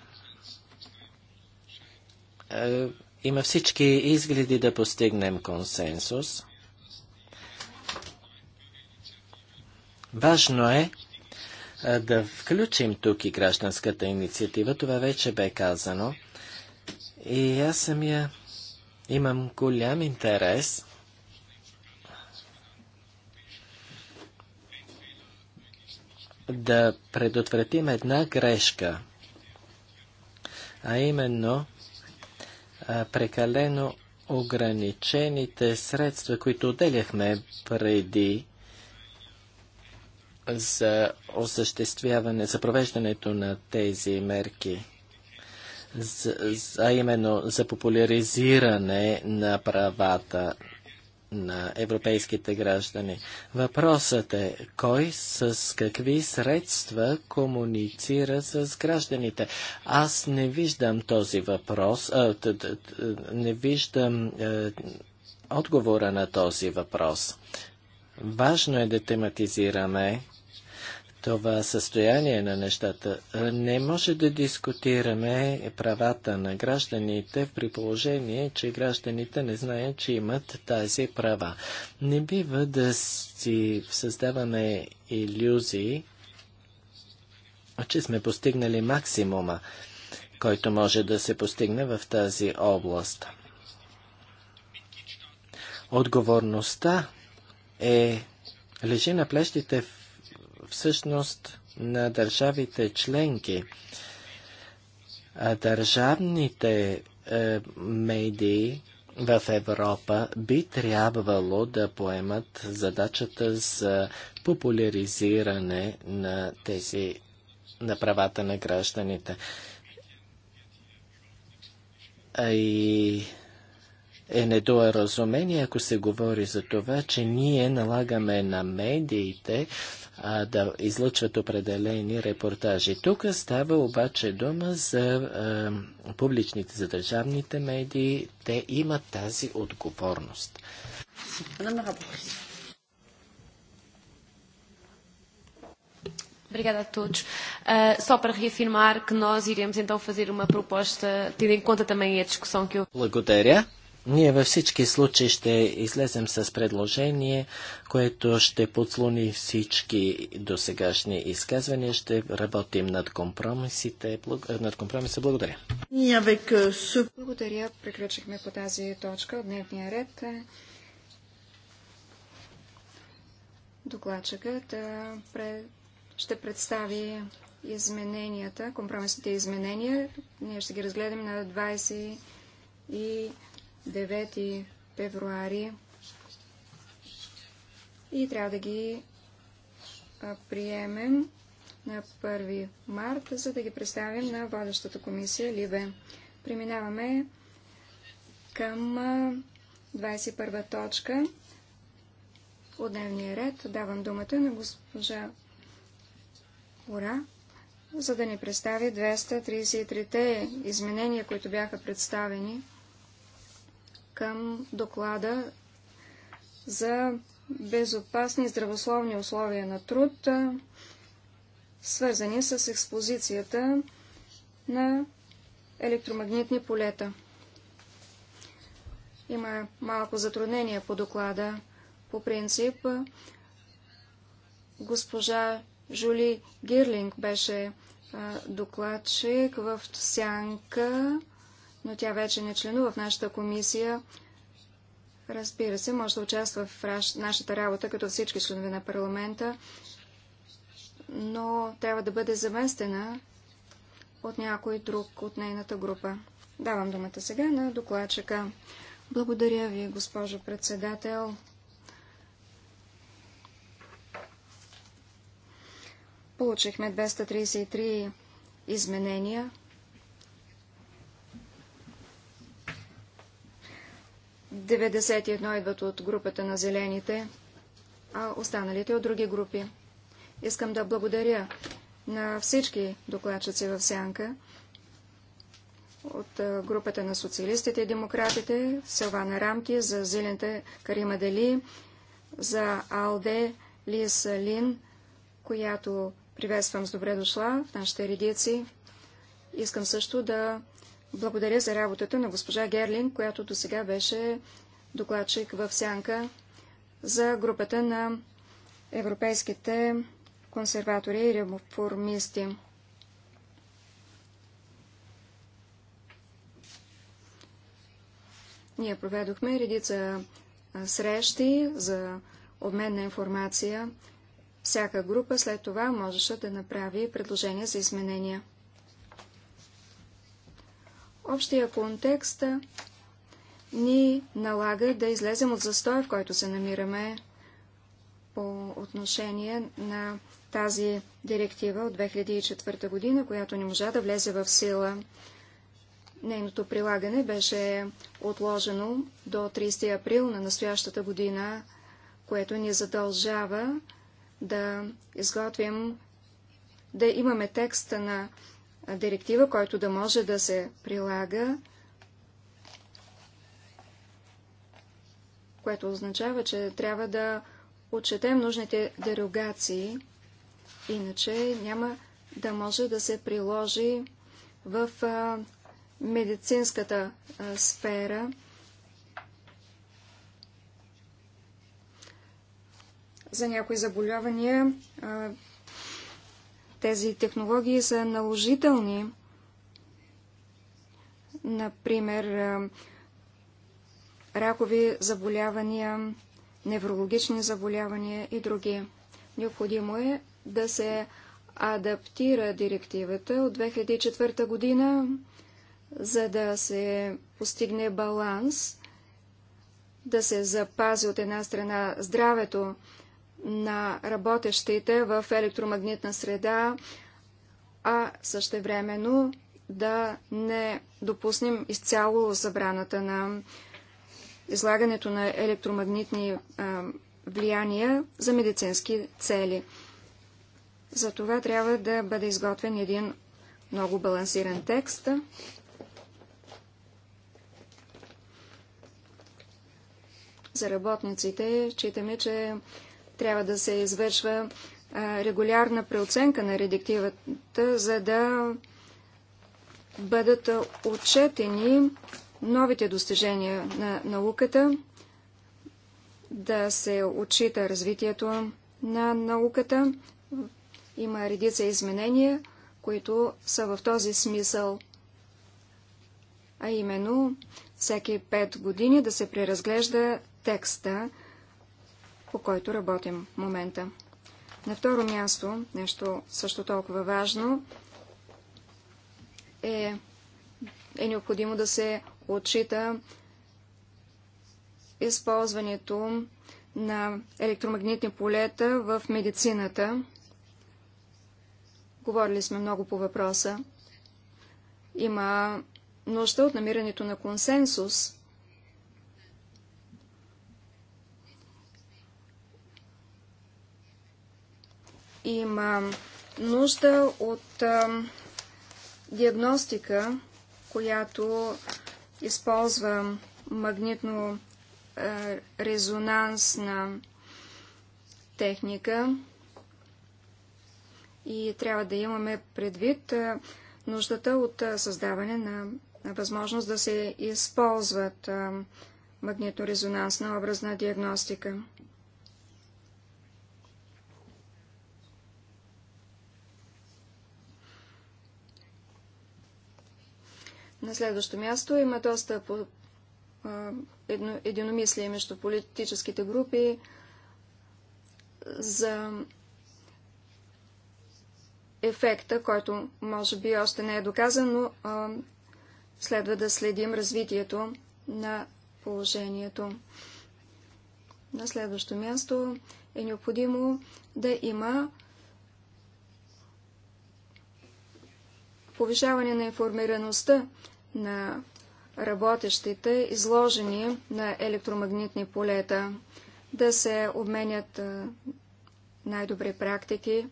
е, има всички изгледи да постигнем консенсус. Важно е да включим тук и гражданската инициатива. Това вече бе казано. И аз самия имам голям интерес да предотвратим една грешка, а именно прекалено ограничените средства, които отделяхме преди за осъществяване, за провеждането на тези мерки, за, а именно за популяризиране на правата на европейските граждани. Въпросът е кой с какви средства комуницира с гражданите. Аз не виждам този въпрос, а, т, т, т, не виждам е, отговора на този въпрос. Важно е да тематизираме това състояние на нещата. Не може да дискутираме правата на гражданите при положение, че гражданите не знаят, че имат тази права. Не бива да си създаваме иллюзии, че сме постигнали максимума, който може да се постигне в тази област. Отговорността е лежи на плещите в всъщност на държавите членки. А държавните е, медии в Европа би трябвало да поемат задачата за популяризиране на тези на правата на гражданите. А и е недоразумение, ако се говори за това, че ние налагаме на медиите а, да излъчват определени репортажи. Тук става обаче дума за а, публичните, за държавните медии. Те имат тази отговорност. Obrigada a todos. Uh, só para reafirmar que nós iremos então fazer uma proposta, tendo em conta também a discussão que eu. Благодаря. Ние във всички случаи ще излезем с предложение, което ще подслони всички досегашни изказвания. Ще работим над компромисите. Над компромиса. Благодаря. Е, Благодаря. Приключихме по тази точка от дневния ред. Докладчикът е, ще представи измененията, компромисните изменения. Ние ще ги разгледаме на 20 и 9 февруари и трябва да ги приемем на 1 март, за да ги представим на водещата комисия Либе. Преминаваме към 21 точка от дневния ред. Давам думата на госпожа Ура, за да ни представи 233-те изменения, които бяха представени към доклада за безопасни и здравословни условия на труд, свързани с експозицията на електромагнитни полета. Има малко затруднение по доклада. По принцип, госпожа Жули Гирлинг беше докладчик в сянка но тя вече не членува в нашата комисия. Разбира се, може да участва в нашата работа, като всички членове на парламента, но трябва да бъде заместена от някой друг от нейната група. Давам думата сега на докладчика. Благодаря ви, госпожо председател. Получихме 233 изменения 91 идват от групата на зелените, а останалите от други групи. Искам да благодаря на всички докладчици в Сянка от групата на социалистите и демократите, Силвана Рамки, за зелените Карима Дели, за Алде Лис Лин, която приветствам с добре дошла в нашите редици. Искам също да благодаря за работата на госпожа Герлин, която до сега беше докладчик в сянка за групата на европейските консерватори и реформисти. Ние проведохме редица срещи за обмен на информация. Всяка група след това можеше да направи предложения за изменения. Общия контекст ни налага да излезем от застоя, в който се намираме по отношение на тази директива от 2004 година, която не можа да влезе в сила. Нейното прилагане беше отложено до 30 април на настоящата година, което ни задължава да изготвим, да имаме текста на директива, който да може да се прилага, което означава, че трябва да отчетем нужните дерогации, иначе няма да може да се приложи в а, медицинската а, сфера. За някои заболявания а, тези технологии са наложителни. Например, ракови заболявания, неврологични заболявания и други. Необходимо е да се адаптира директивата от 2004 година, за да се постигне баланс, да се запази от една страна здравето на работещите в електромагнитна среда, а същевременно да не допуснем изцяло забраната на излагането на електромагнитни влияния за медицински цели. За това трябва да бъде изготвен един много балансиран текст. За работниците читаме, че трябва да се извършва регулярна преоценка на редиктивата, за да бъдат отчетени новите достижения на науката, да се отчита развитието на науката. Има редица изменения, които са в този смисъл, а именно всеки пет години да се преразглежда текста по който работим в момента. На второ място, нещо също толкова важно, е, е необходимо да се отчита използването на електромагнитни полета в медицината. Говорили сме много по въпроса. Има нужда от намирането на консенсус Има нужда от диагностика, която използва магнитно резонансна техника и трябва да имаме предвид нуждата от създаване на възможност да се използват магнитно-резонансна образна диагностика. На следващо място има доста по, а, едно, единомислие между политическите групи за ефекта, който може би още не е доказан, но а, следва да следим развитието на положението. На следващо място е необходимо да има повишаване на информираността на работещите, изложени на електромагнитни полета, да се обменят най-добри практики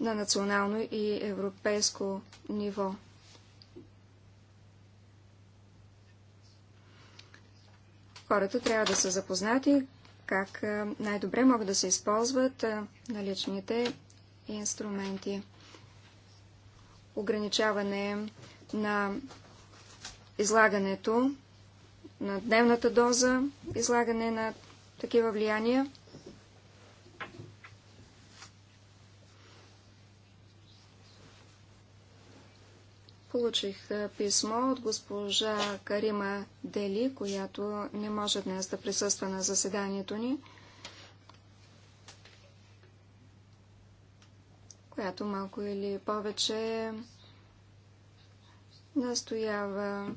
на национално и европейско ниво. Хората трябва да са запознати как най-добре могат да се използват наличните инструменти ограничаване на излагането, на дневната доза, излагане на такива влияния. Получих писмо от госпожа Карима Дели, която не може днес да присъства на заседанието ни. която малко или повече настоява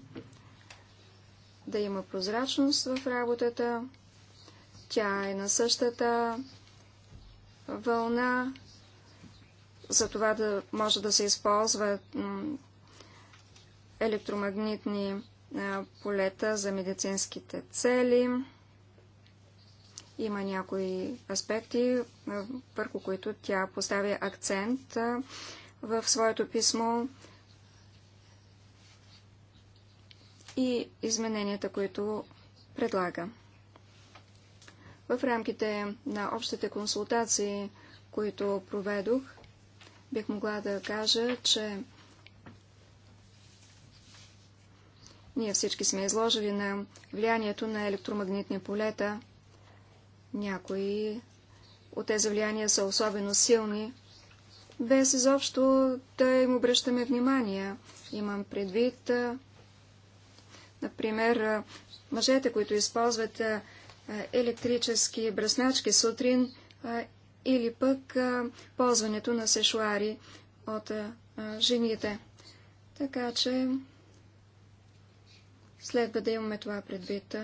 да има прозрачност в работата. Тя е на същата вълна, за това да може да се използват електромагнитни полета за медицинските цели. Има някои аспекти, е, върху които тя поставя акцент е, в своето писмо и измененията, които предлага. В рамките на общите консултации, които проведох, бих могла да кажа, че ние всички сме изложили на влиянието на електромагнитни полета – някои от тези влияния са особено силни, без изобщо да им обръщаме внимание. Имам предвид, например, мъжете, които използват електрически бръсначки сутрин или пък ползването на сешуари от жените. Така че следва да имаме това предвид.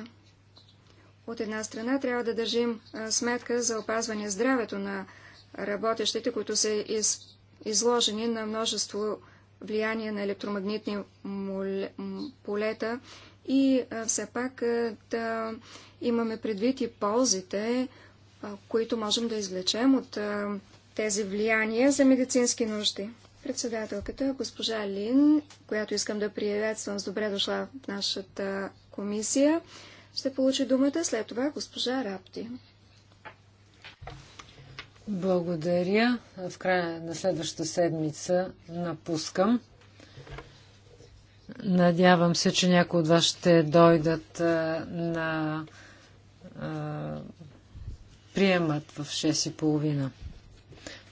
От една страна трябва да държим сметка за опазване здравето на работещите, които са из, изложени на множество влияния на електромагнитни полета и все пак да имаме предвид и ползите, които можем да извлечем от тези влияния за медицински нужди. Председателката, госпожа Лин, която искам да приветствам с добре дошла в нашата комисия ще получи думата след това госпожа Рапти. Благодаря. В края на следващата седмица напускам. Надявам се, че някои от вас ще дойдат на а, приемат в 6.30.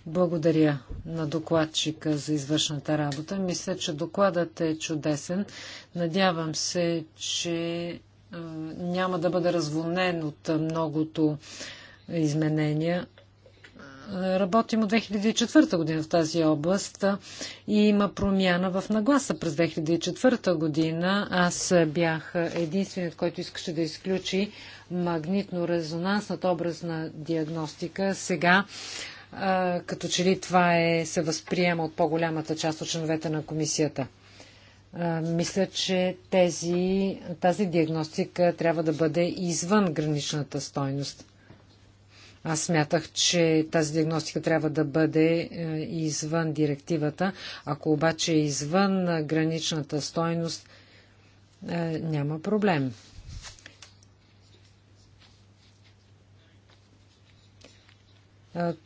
Благодаря на докладчика за извършната работа. Мисля, че докладът е чудесен. Надявам се, че няма да бъде развонен от многото изменения. Работим от 2004 година в тази област и има промяна в нагласа през 2004 година. Аз бях единственият, който искаше да изключи магнитно-резонансната образна диагностика. Сега като че ли това е, се възприема от по-голямата част от членовете на комисията мисля, че тези, тази диагностика трябва да бъде извън граничната стойност. Аз смятах, че тази диагностика трябва да бъде е, извън директивата. Ако обаче е извън граничната стойност, е, няма проблем.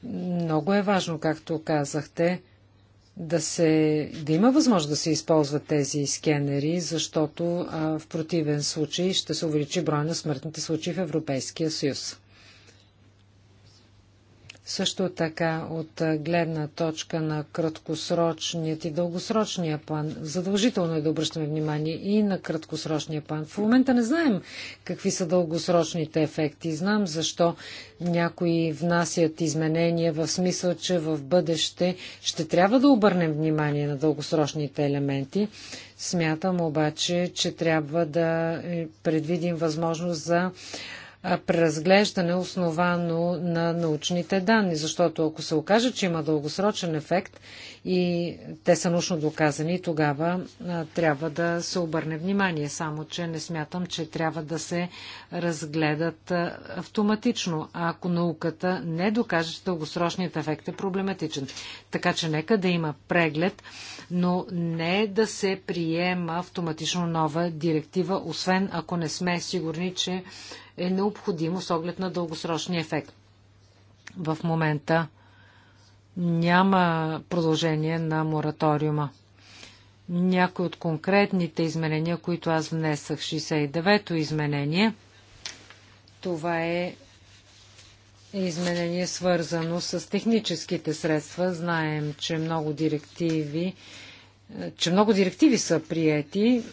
Много е важно, както казахте, да, се, да има възможност да се използват тези скенери, защото а, в противен случай ще се увеличи броя на смъртните случаи в Европейския съюз. Също така от гледна точка на краткосрочният и дългосрочния план, задължително е да обръщаме внимание и на краткосрочния план. В момента не знаем какви са дългосрочните ефекти. Знам защо някои внасят изменения в смисъл, че в бъдеще ще трябва да обърнем внимание на дългосрочните елементи. Смятам обаче, че трябва да е, предвидим възможност за преразглеждане, основано на научните данни, защото ако се окаже, че има дългосрочен ефект и те са научно доказани, тогава а, трябва да се обърне внимание. Само, че не смятам, че трябва да се разгледат а, автоматично. А ако науката не докаже, че дългосрочният ефект е проблематичен. Така че нека да има преглед, но не да се приема автоматично нова директива, освен ако не сме сигурни, че е необходимо с оглед на дългосрочния ефект. В момента няма продължение на мораториума. Някои от конкретните изменения, които аз внесах, 69-то изменение, това е изменение свързано с техническите средства. Знаем, че много директиви, че много директиви са приети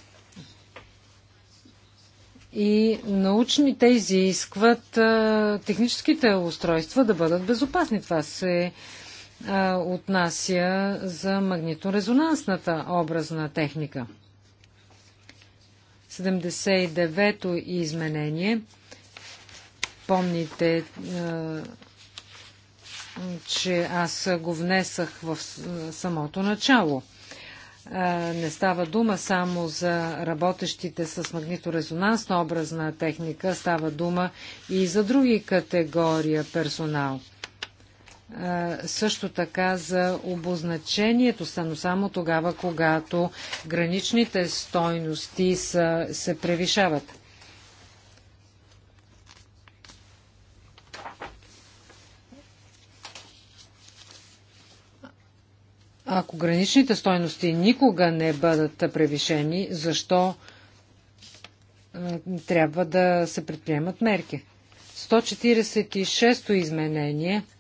и научните изискват техническите устройства да бъдат безопасни. Това се а, отнася за магниторезонансната образна техника. 79-то изменение. Помните, а, че аз го внесах в самото начало. не става дума само за работещите с магниторезонансна образна техника, става дума и за други категория персонал – също така за обозначението са, но само тогава, когато граничните стойности са, се превишават. Ако граничните стойности никога не бъдат превишени, защо трябва да се предприемат мерки? 146-то изменение –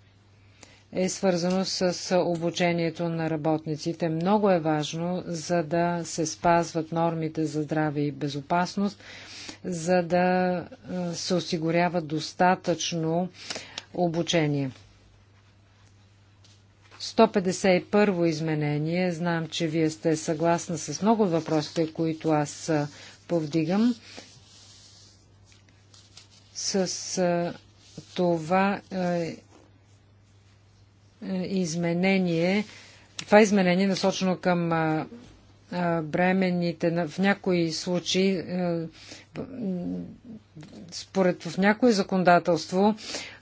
е свързано с обучението на работниците. Много е важно, за да се спазват нормите за здраве и безопасност, за да се осигурява достатъчно обучение. 151 изменение. Знам, че вие сте съгласна с много от въпросите, които аз повдигам. С това е, е, изменение, това е изменение е насочено към бременните в някои случаи, е, според в някои законодателство,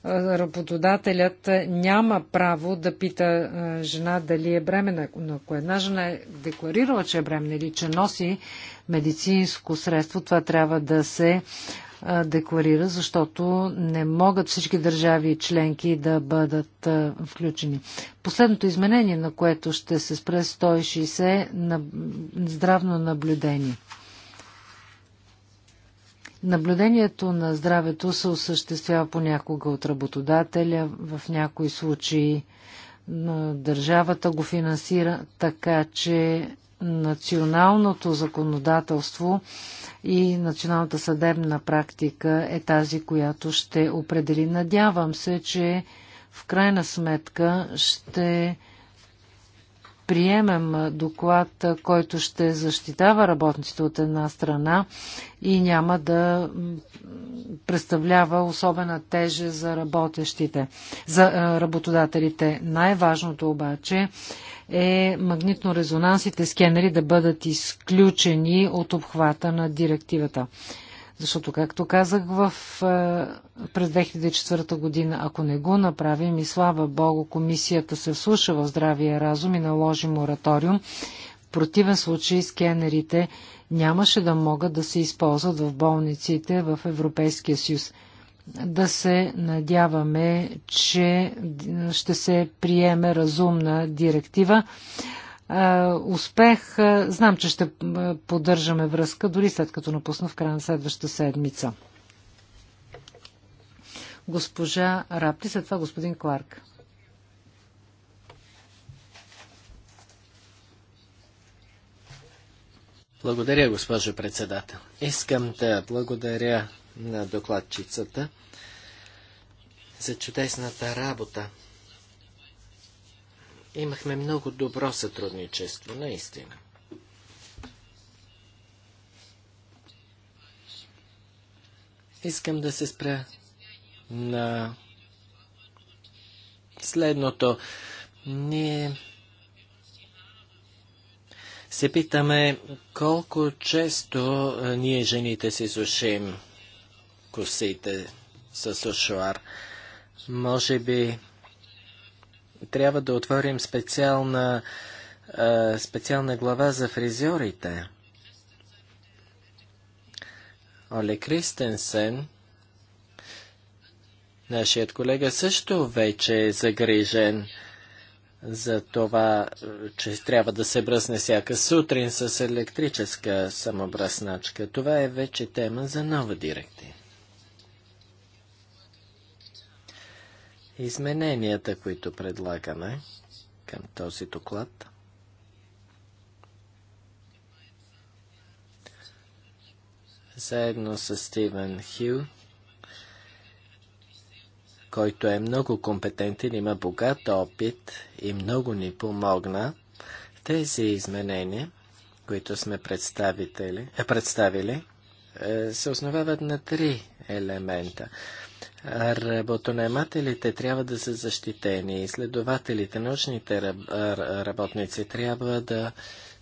работодателят няма право да пита жена дали е бремена. Но ако една жена е декларирала, че е бремена или че носи медицинско средство, това трябва да се декларира, защото не могат всички държави и членки да бъдат включени. Последното изменение, на което ще се спре 160 е на здравно наблюдение. Наблюдението на здравето се осъществява понякога от работодателя, в някои случаи държавата го финансира, така че националното законодателство и националната съдебна практика е тази, която ще определи. Надявам се, че в крайна сметка ще приемем доклад, който ще защитава работниците от една страна и няма да представлява особена теже за работещите, за работодателите. Най-важното обаче е магнитно-резонансите скенери да бъдат изключени от обхвата на директивата. Защото, както казах, в, е, през 2004 година, ако не го направим и слава Богу, комисията се слуша в здравия разум и наложи мораториум, в противен случай скенерите нямаше да могат да се използват в болниците в Европейския съюз. Да се надяваме, че ще се приеме разумна директива. Успех. Знам, че ще поддържаме връзка, дори след като напусна в края на следващата седмица. Госпожа Рапти, след това господин Кларк. Благодаря, госпожо председател. Искам да благодаря на докладчицата за чудесната работа. Имахме много добро сътрудничество, наистина. Искам да се спра на следното. Ние се питаме колко често ние жените се сушим косите с ушуар. Може би трябва да отворим специална, специална глава за фризьорите. Оле Кристенсен, нашият колега, също вече е загрижен за това, че трябва да се бръсне всяка сутрин с електрическа самобръсначка. Това е вече тема за нова директива. измененията, които предлагаме към този доклад. Заедно с Стивен Хил, който е много компетентен, има богат опит и много ни помогна. Тези изменения, които сме е, представили, е, представили се основават на три елемента. Работонаемателите трябва да са защитени, изследователите, научните работници трябва да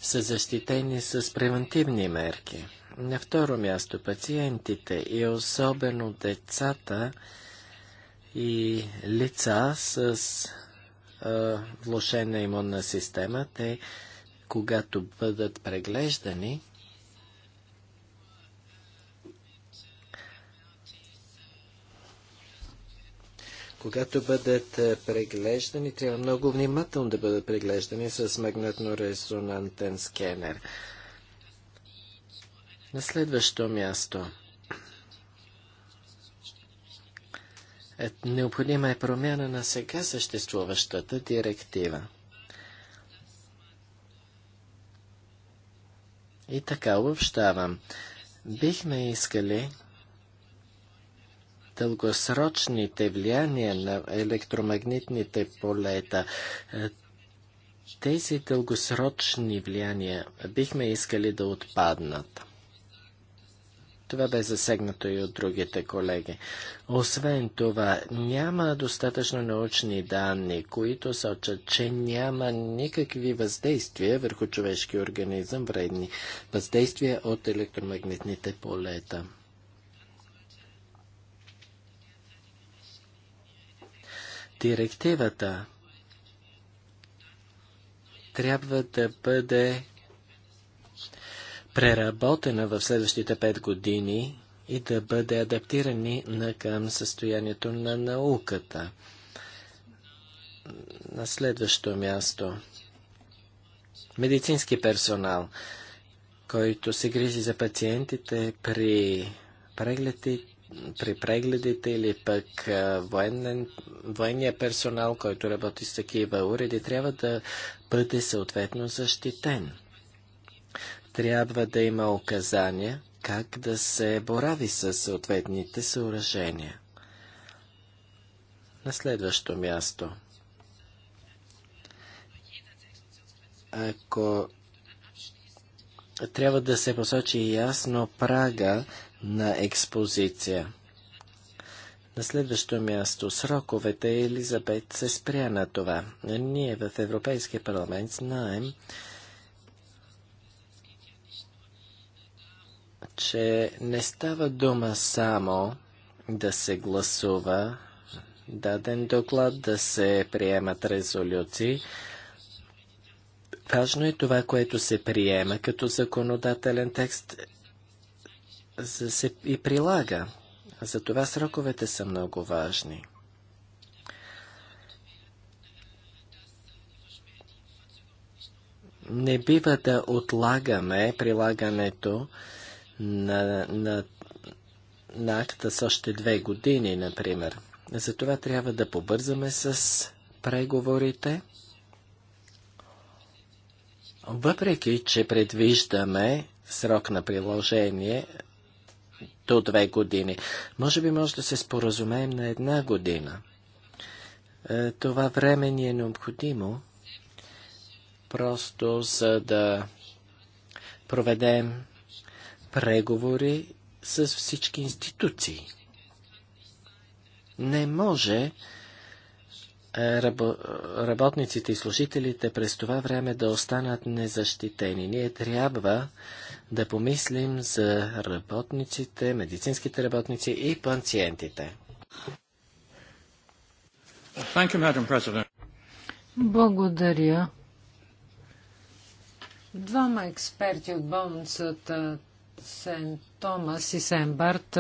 са защитени с превентивни мерки. На второ място пациентите и особено децата и лица с а, влошена имунна система, те когато бъдат преглеждани, когато бъдат е, преглеждани, трябва много внимателно да бъдат преглеждани с магнетно-резонантен скенер. На следващо място. Е, необходима е промяна на сега съществуващата директива. И така обобщавам. Бихме искали дългосрочните влияния на електромагнитните полета. Е, тези дългосрочни влияния бихме искали да отпаднат. Това бе засегнато и от другите колеги. Освен това, няма достатъчно научни данни, които сочат, че няма никакви въздействия върху човешки организъм, вредни въздействия от електромагнитните полета. Директивата трябва да бъде преработена в следващите пет години и да бъде адаптирани на към състоянието на науката. На следващо място. Медицински персонал, който се грижи за пациентите при прегледите при прегледите или пък военен, военния персонал, който работи с такива уреди, трябва да бъде съответно защитен. Трябва да има указания как да се борави с съответните съоръжения. На следващо място. Ако трябва да се посочи ясно прага на експозиция. На следващо място, сроковете Елизабет се спря на това. Ние в Европейския парламент знаем, че не става дума само да се гласува даден доклад, да се приемат резолюции. Важно е това, което се приема като законодателен текст се и прилага. Затова сроковете са много важни. Не бива да отлагаме прилагането на, на, на акта с още две години, например. Затова трябва да побързаме с преговорите. Въпреки, че предвиждаме срок на приложение до две години. Може би може да се споразумеем на една година. Е, това време ни е необходимо, просто за да проведем преговори с всички институции. Не може е, работниците и служителите през това време да останат незащитени. Ние трябва да помислим за работниците, медицинските работници и пациентите. Благодаря. Двама експерти от болницата Сен Томас и Сен Барт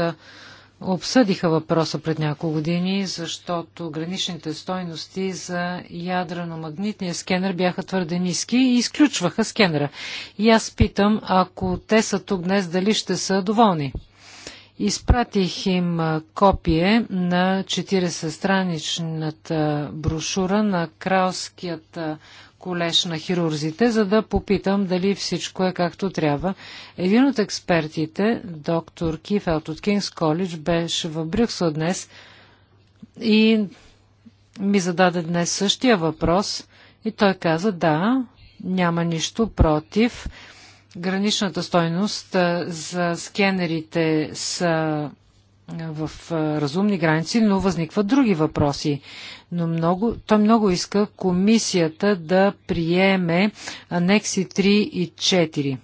обсъдиха въпроса пред няколко години, защото граничните стойности за ядрено-магнитния скенер бяха твърде ниски и изключваха скенера. И аз питам, ако те са тук днес, дали ще са доволни? Изпратих им копие на 40-страничната брошура на Кралският колеж на хирурзите, за да попитам дали всичко е както трябва. Един от експертите, доктор Кифелт от Кингс Коледж, беше в Брюксел днес и ми зададе днес същия въпрос и той каза да, няма нищо против. Граничната стойност за скенерите са в разумни граници, но възникват други въпроси. Но много, той много иска комисията да приеме анекси 3 и 4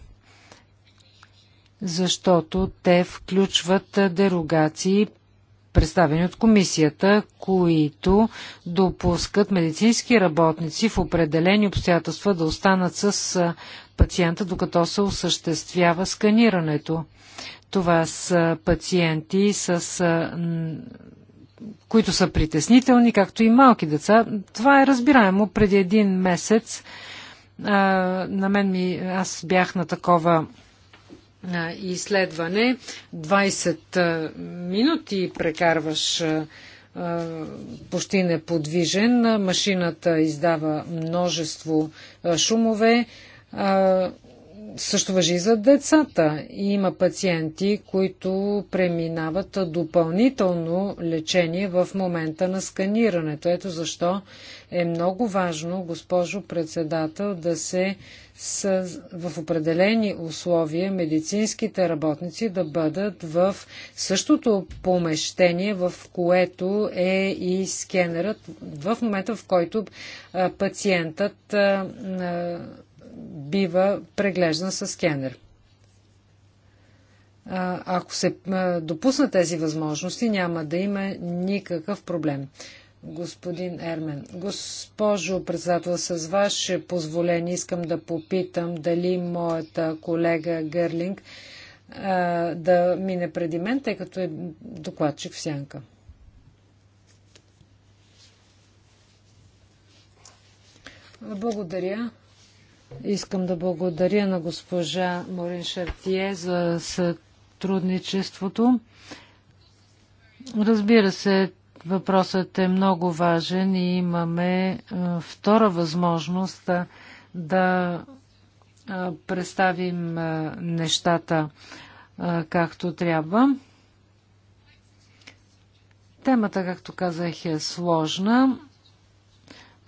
защото те включват дерогации, представени от комисията, които допускат медицински работници в определени обстоятелства да останат с пациента, докато се осъществява сканирането. Това са пациенти, с, които са притеснителни, както и малки деца. Това е разбираемо. Преди един месец а, на мен ми, аз бях на такова а, изследване. 20 а, минути прекарваш а, почти неподвижен. Машината издава множество шумове. Също въжи и за децата. Има пациенти, които преминават допълнително лечение в момента на сканирането. Ето защо е много важно, госпожо председател, да се с, в определени условия медицинските работници да бъдат в същото помещение, в което е и скенерът, в момента в който а, пациентът а, бива преглеждан с скенер. Ако се допуснат тези възможности, няма да има никакъв проблем. Господин Ермен, госпожо председател, с ваше позволение искам да попитам дали моята колега Гърлинг да мине преди мен, тъй като е докладчик в сянка. Благодаря. Искам да благодаря на госпожа Морин Шартие за сътрудничеството. Разбира се, въпросът е много важен и имаме е, втора възможност е, да е, представим нещата както трябва. Темата, както казах, е сложна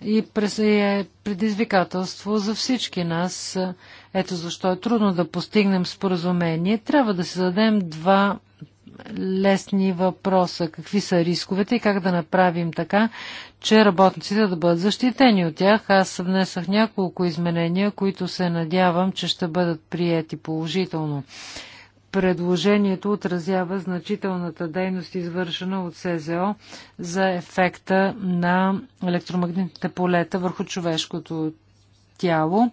и е предизвикателство за всички нас. Ето защо е трудно да постигнем споразумение. Трябва да се зададем два лесни въпроса. Какви са рисковете и как да направим така, че работниците да бъдат защитени от тях. Аз внесах няколко изменения, които се надявам, че ще бъдат приети положително. Предложението отразява значителната дейност, извършена от СЗО за ефекта на електромагнитните полета върху човешкото тяло.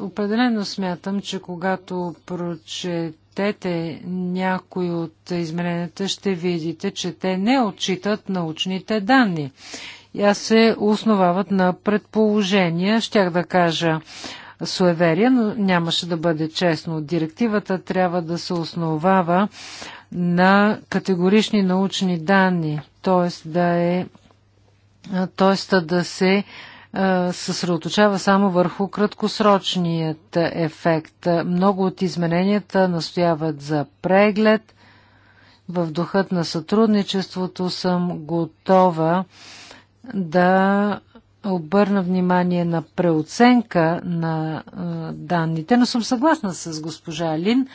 Определено смятам, че когато прочетете някои от измененията, ще видите, че те не отчитат научните данни се основават на предположения. Щях да кажа суеверия, но нямаше да бъде честно. Директивата трябва да се основава на категорични научни данни, т.е. да е т.е. да се съсредоточава само върху краткосрочният ефект. Много от измененията настояват за преглед. В духът на сътрудничеството съм готова да обърна внимание на преоценка на данните, но съм съгласна с госпожа Алин,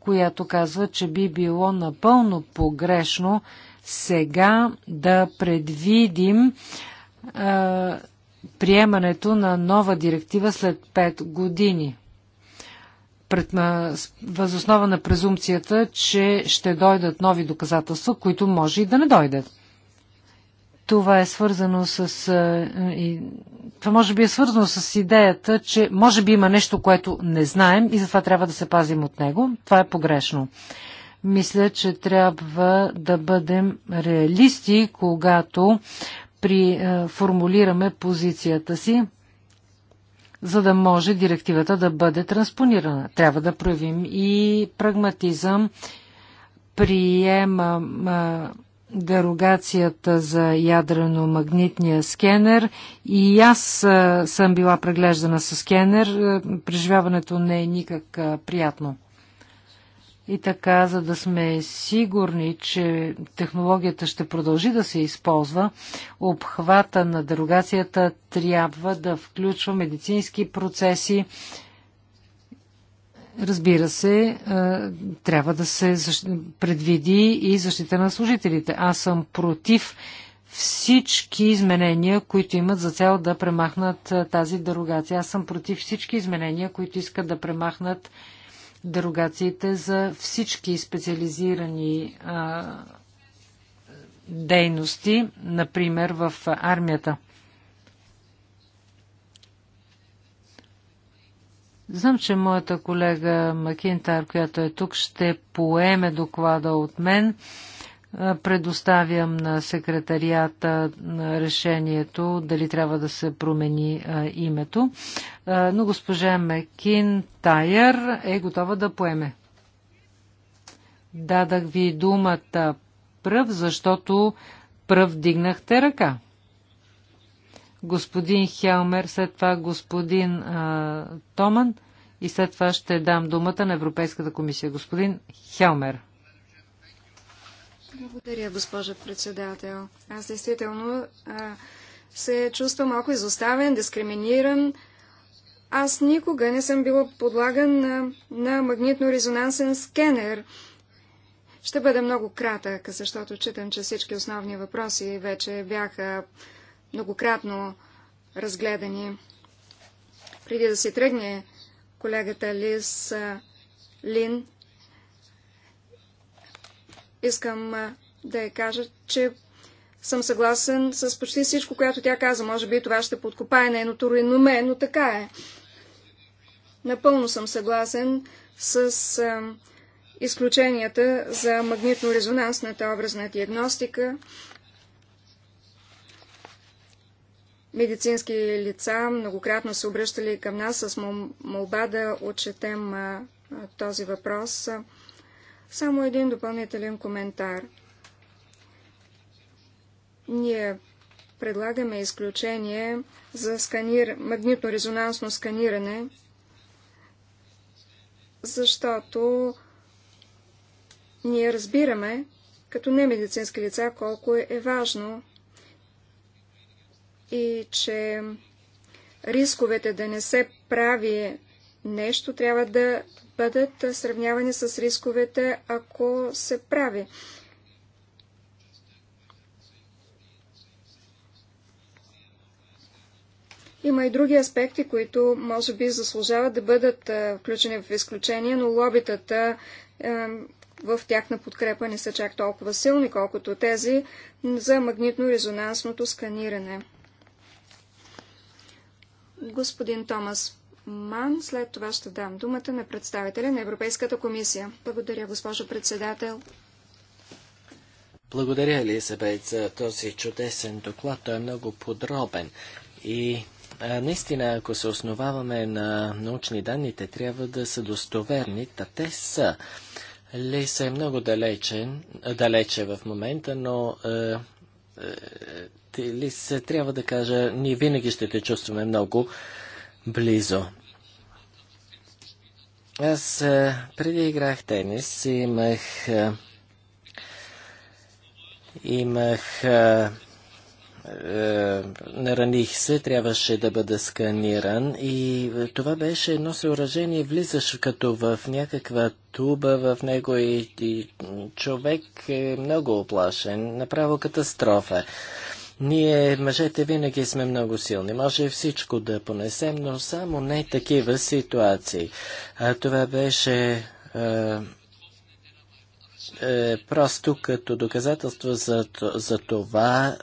която казва, че би било напълно погрешно сега да предвидим е, приемането на нова директива след 5 години. Пред, възоснова на презумцията, че ще дойдат нови доказателства, които може и да не дойдат. Това е свързано с. това може би е свързано с идеята, че може би има нещо, което не знаем и затова трябва да се пазим от него. Това е погрешно. Мисля, че трябва да бъдем реалисти, когато при, е, формулираме позицията си, за да може директивата да бъде транспонирана. Трябва да проявим и прагматизъм, приемам. Е, дерогацията за ядрено-магнитния скенер и аз съм била преглеждана с скенер. Преживяването не е никак приятно. И така, за да сме сигурни, че технологията ще продължи да се използва, обхвата на дерогацията трябва да включва медицински процеси, Разбира се, е, трябва да се предвиди и защита на служителите. Аз съм против всички изменения, които имат за цел да премахнат е, тази дерогация. Аз съм против всички изменения, които искат да премахнат дерогациите за всички специализирани а, е, дейности, например в армията. Знам, че моята колега Макинтар, която е тук, ще поеме доклада от мен. Предоставям на секретарията решението дали трябва да се промени името. Но госпожа Макин Тайер е готова да поеме. Дадах ви думата пръв, защото пръв дигнахте ръка господин Хелмер, след това господин а, Томан и след това ще дам думата на Европейската комисия. Господин Хелмер. Благодаря, госпожа председател. Аз действително а, се чувствам малко изоставен, дискриминиран. Аз никога не съм била подлаган на, на магнитно-резонансен скенер. Ще бъда много кратък, защото читам, че всички основни въпроси вече бяха многократно разгледани. Преди да се тръгне колегата Лис Лин, искам да я кажа, че съм съгласен с почти всичко, което тя каза. Може би това ще подкопае нейното реноме, но така е. Напълно съм съгласен с а, изключенията за магнитно-резонансната образна диагностика, медицински лица многократно се обръщали към нас с молба да отчетем този въпрос. Само един допълнителен коментар. Ние предлагаме изключение за сканир... магнитно-резонансно сканиране, защото ние разбираме като немедицински лица колко е важно и че рисковете да не се прави нещо трябва да бъдат сравнявани с рисковете, ако се прави. Има и други аспекти, които може би заслужават да бъдат включени в изключение, но лобитата в тяхна подкрепа не са чак толкова силни, колкото тези за магнитно-резонансното сканиране господин Томас Ман. След това ще дам думата на представителя на Европейската комисия. Благодаря, госпожо председател. Благодаря, Елизабет, за този чудесен доклад. Той е много подробен. И а, наистина, ако се основаваме на научни данни, те трябва да са достоверни, та те са. Лиса е много далечен, далече в момента, но се е, е, е, трябва да кажа, ние винаги ще те чувстваме много близо. Аз преди играх тенис и имах имах е, нараних се, трябваше да бъда сканиран и е, това беше едно съоръжение, влизаш като в някаква туба в него и, и човек е много оплашен, направо катастрофа. Ние, мъжете, винаги сме много силни. Може всичко да понесем, но само не такива ситуации. А това беше а, е, е, просто като доказателство за, за това,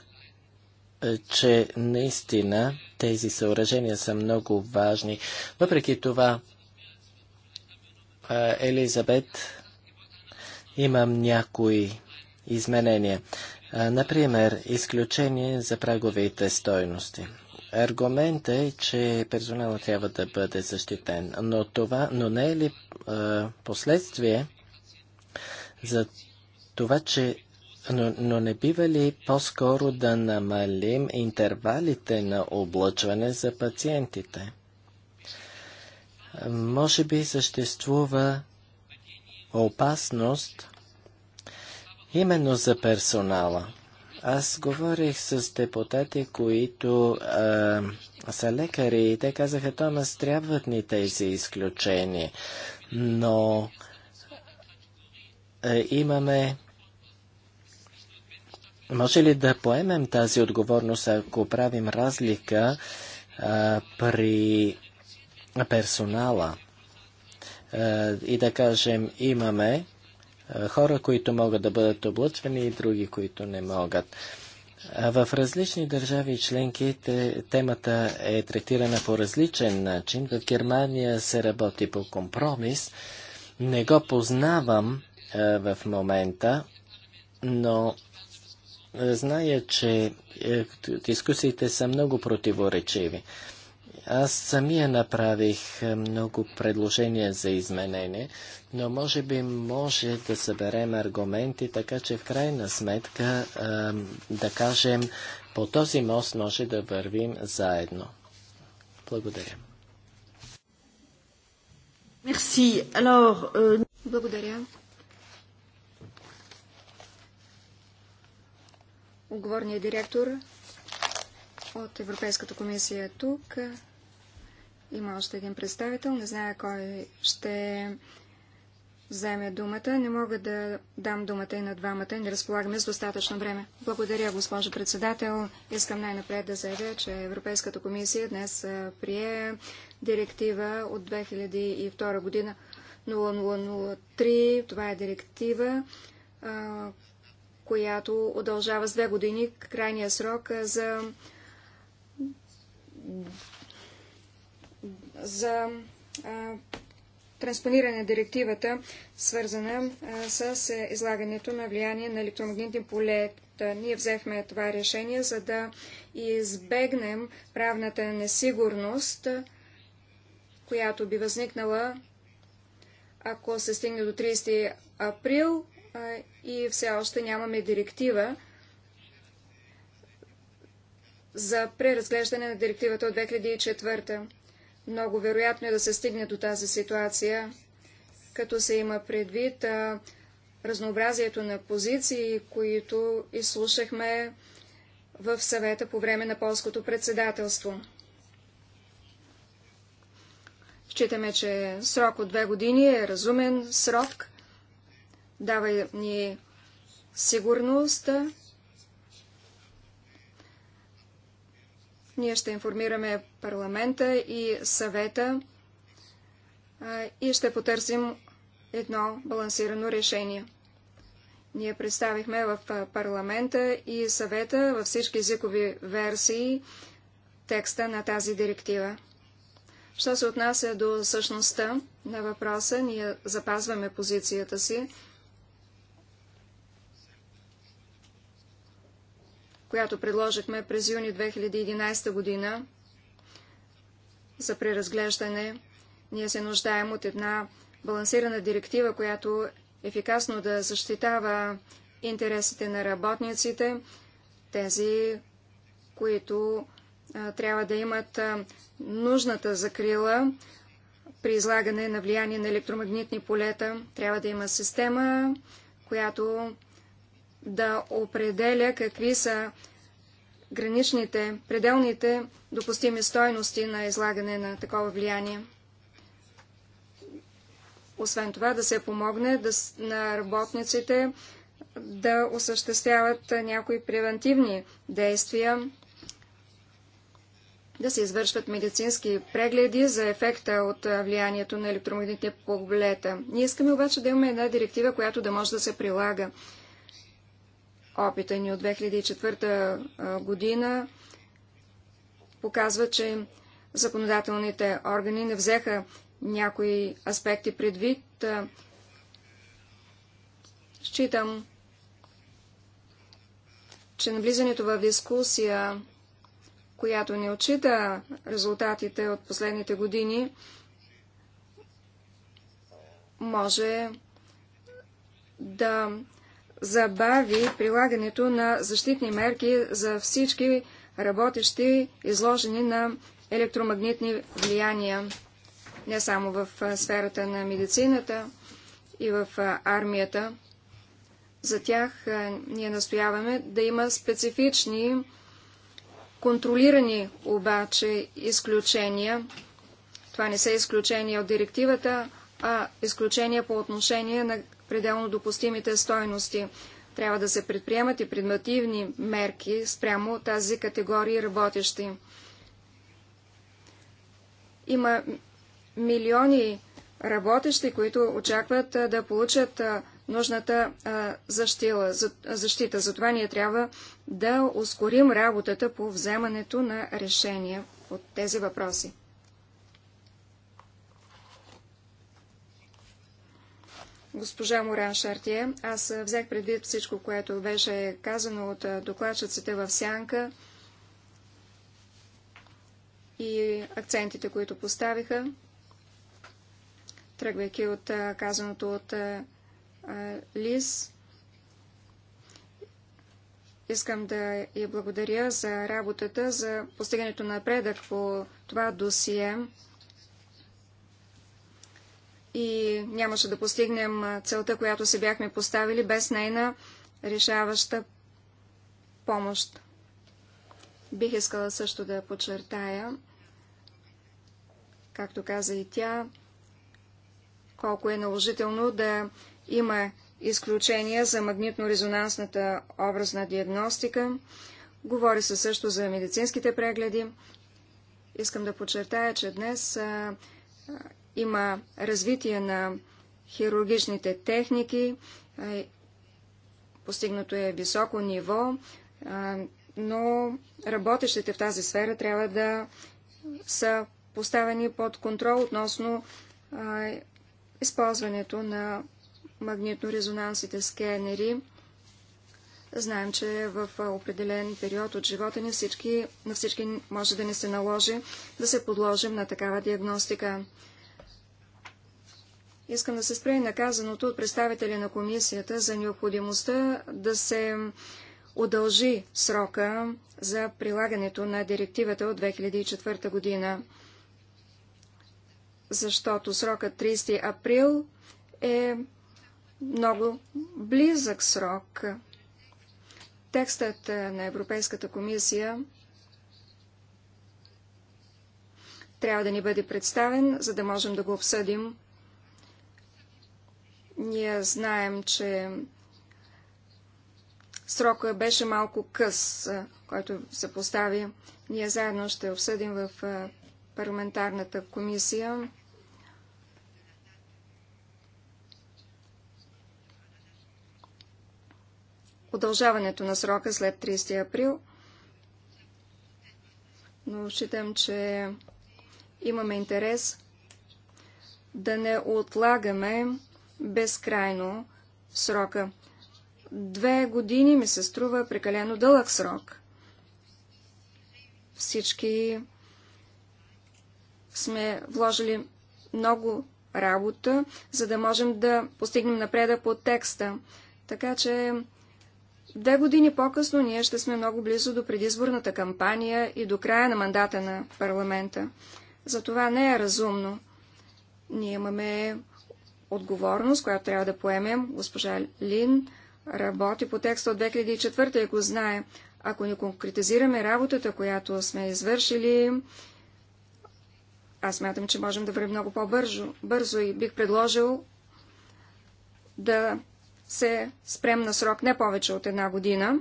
е, че наистина тези съоръжения са много важни. Въпреки това, е, Елизабет, имам някои изменения. Е, например, изключение за праговите стойности. Аргумент е, че персонала трябва да бъде защитен, но, това, но не е ли е, последствие за това, че но, но не бива ли по-скоро да намалим интервалите на облъчване за пациентите? Може би съществува опасност именно за персонала. Аз говорих с депутати, които а, са лекари и те казаха, Томас, трябват ни тези изключения, но а, имаме може ли да поемем тази отговорност, ако правим разлика а, при персонала а, и да кажем имаме хора, които могат да бъдат облъчвани и други, които не могат? В различни държави и членки темата е третирана по различен начин. В Германия се работи по компромис. Не го познавам а, в момента, но Зная, че е, дискусиите са много противоречиви. Аз самия направих е, много предложения за изменение, но може би може да съберем аргументи, така че в крайна сметка е, да кажем по този мост може да вървим заедно. Благодаря. Merci. Alors, euh... Благодаря. Отговорният директор от Европейската комисия е тук. Има още един представител. Не знае кой ще вземе думата. Не мога да дам думата и на двамата. Не разполагаме с достатъчно време. Благодаря, госпожо председател. Искам най-напред да заявя, че Европейската комисия днес прие директива от 2002 година 0003. Това е директива, която удължава с две години крайния срок за, за а, транспониране на директивата, свързана а, с излагането на влияние на електромагнитни полета. Ние взехме това решение, за да избегнем правната несигурност, която би възникнала ако се стигне до 30 април и все още нямаме директива за преразглеждане на директивата от 2004. Много вероятно е да се стигне до тази ситуация, като се има предвид а, разнообразието на позиции, които изслушахме в съвета по време на полското председателство. Считаме, че срок от две години е разумен срок дава ни сигурност. Ние ще информираме парламента и съвета и ще потърсим едно балансирано решение. Ние представихме в парламента и съвета във всички езикови версии текста на тази директива. Що се отнася до същността на въпроса, ние запазваме позицията си. която предложихме през юни 2011 година за преразглеждане. Ние се нуждаем от една балансирана директива, която ефикасно да защитава интересите на работниците, тези, които а, трябва да имат а, нужната закрила при излагане на влияние на електромагнитни полета. Трябва да има система, която да определя какви са граничните, пределните допустими стойности на излагане на такова влияние. Освен това да се помогне да, на работниците да осъществяват някои превентивни действия, да се извършват медицински прегледи за ефекта от влиянието на електромагнитните полета. Ние искаме обаче да имаме една директива, която да може да се прилага. Опита ни от 2004 година показва, че законодателните органи не взеха някои аспекти предвид. Считам, че навлизането в дискусия, която не отчита резултатите от последните години, може да забави прилагането на защитни мерки за всички работещи, изложени на електромагнитни влияния, не само в сферата на медицината и в армията. За тях ние настояваме да има специфични, контролирани обаче изключения. Това не са изключения от директивата, а изключения по отношение на пределно допустимите стойности. Трябва да се предприемат и предмативни мерки спрямо тази категория работещи. Има милиони работещи, които очакват да получат нужната защита. Затова ние трябва да ускорим работата по вземането на решения от тези въпроси. госпожа Моран Шартие. Аз взех предвид всичко, което беше казано от докладчиците в Сянка и акцентите, които поставиха, тръгвайки от казаното от Лис. Искам да я благодаря за работата, за постигането на напредък по това досие и нямаше да постигнем целта, която се бяхме поставили без нейна решаваща помощ. Бих искала също да подчертая, както каза и тя, колко е наложително да има изключения за магнитно-резонансната образна диагностика. Говори се също за медицинските прегледи. Искам да подчертая, че днес има развитие на хирургичните техники, постигнато е високо ниво, но работещите в тази сфера трябва да са поставени под контрол относно използването на магнитно-резонансите скенери. Знаем, че в определен период от живота ни всички, на всички може да не се наложи да се подложим на такава диагностика. Искам да се спре наказаното от представителя на комисията за необходимостта да се удължи срока за прилагането на директивата от 2004 година, защото срокът 30 април е много близък срок. Текстът е, на Европейската комисия трябва да ни бъде представен, за да можем да го обсъдим ние знаем, че срока беше малко къс, който се постави. Ние заедно ще обсъдим в парламентарната комисия. Удължаването на срока след 30 април. Но считам, че имаме интерес да не отлагаме безкрайно срока. Две години ми се струва прекалено дълъг срок. Всички сме вложили много работа, за да можем да постигнем напреда по текста. Така че две години по-късно ние ще сме много близо до предизборната кампания и до края на мандата на парламента. Затова не е разумно. Ние имаме отговорност, която трябва да поемем. Госпожа Лин работи по текста от 2004 и го знае. Ако не конкретизираме работата, която сме извършили, аз мятам, че можем да вървим много по-бързо бързо и бих предложил да се спрем на срок не повече от една година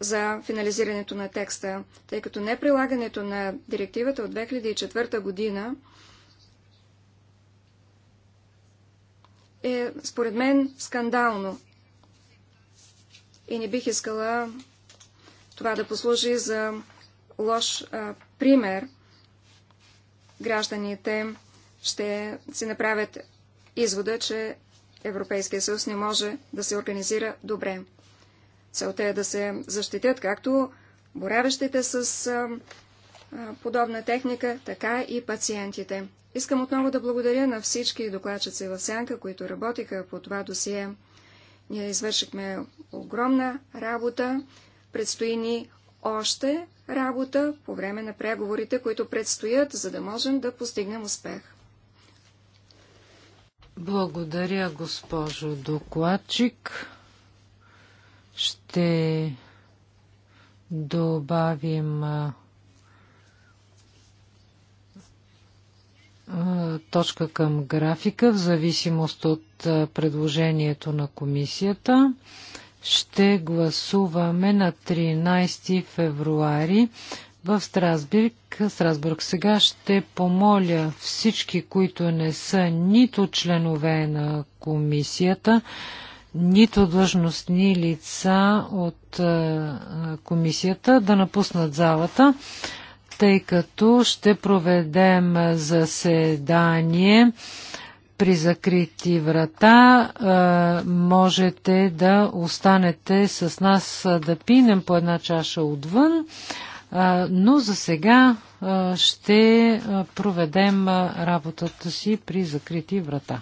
за финализирането на текста, тъй като неприлагането на директивата от 2004 година е, според мен, скандално. И не бих искала това да послужи за лош а, пример. Гражданите ще си направят извода, че Европейския съюз не може да се организира добре. Целта е да се защитят както боравещите с а, подобна техника, така и пациентите. Искам отново да благодаря на всички докладчици в Сянка, които работиха по това досие. Ние извършихме огромна работа, предстои ни още работа по време на преговорите, които предстоят, за да можем да постигнем успех. Благодаря, госпожо докладчик. Ще добавим точка към графика, в зависимост от предложението на комисията. Ще гласуваме на 13 февруари в Страсбург. Страсбург сега ще помоля всички, които не са нито членове на комисията, нито длъжностни лица от комисията да напуснат залата тъй като ще проведем заседание при закрити врата. Можете да останете с нас да пинем по една чаша отвън, но за сега ще проведем работата си при закрити врата.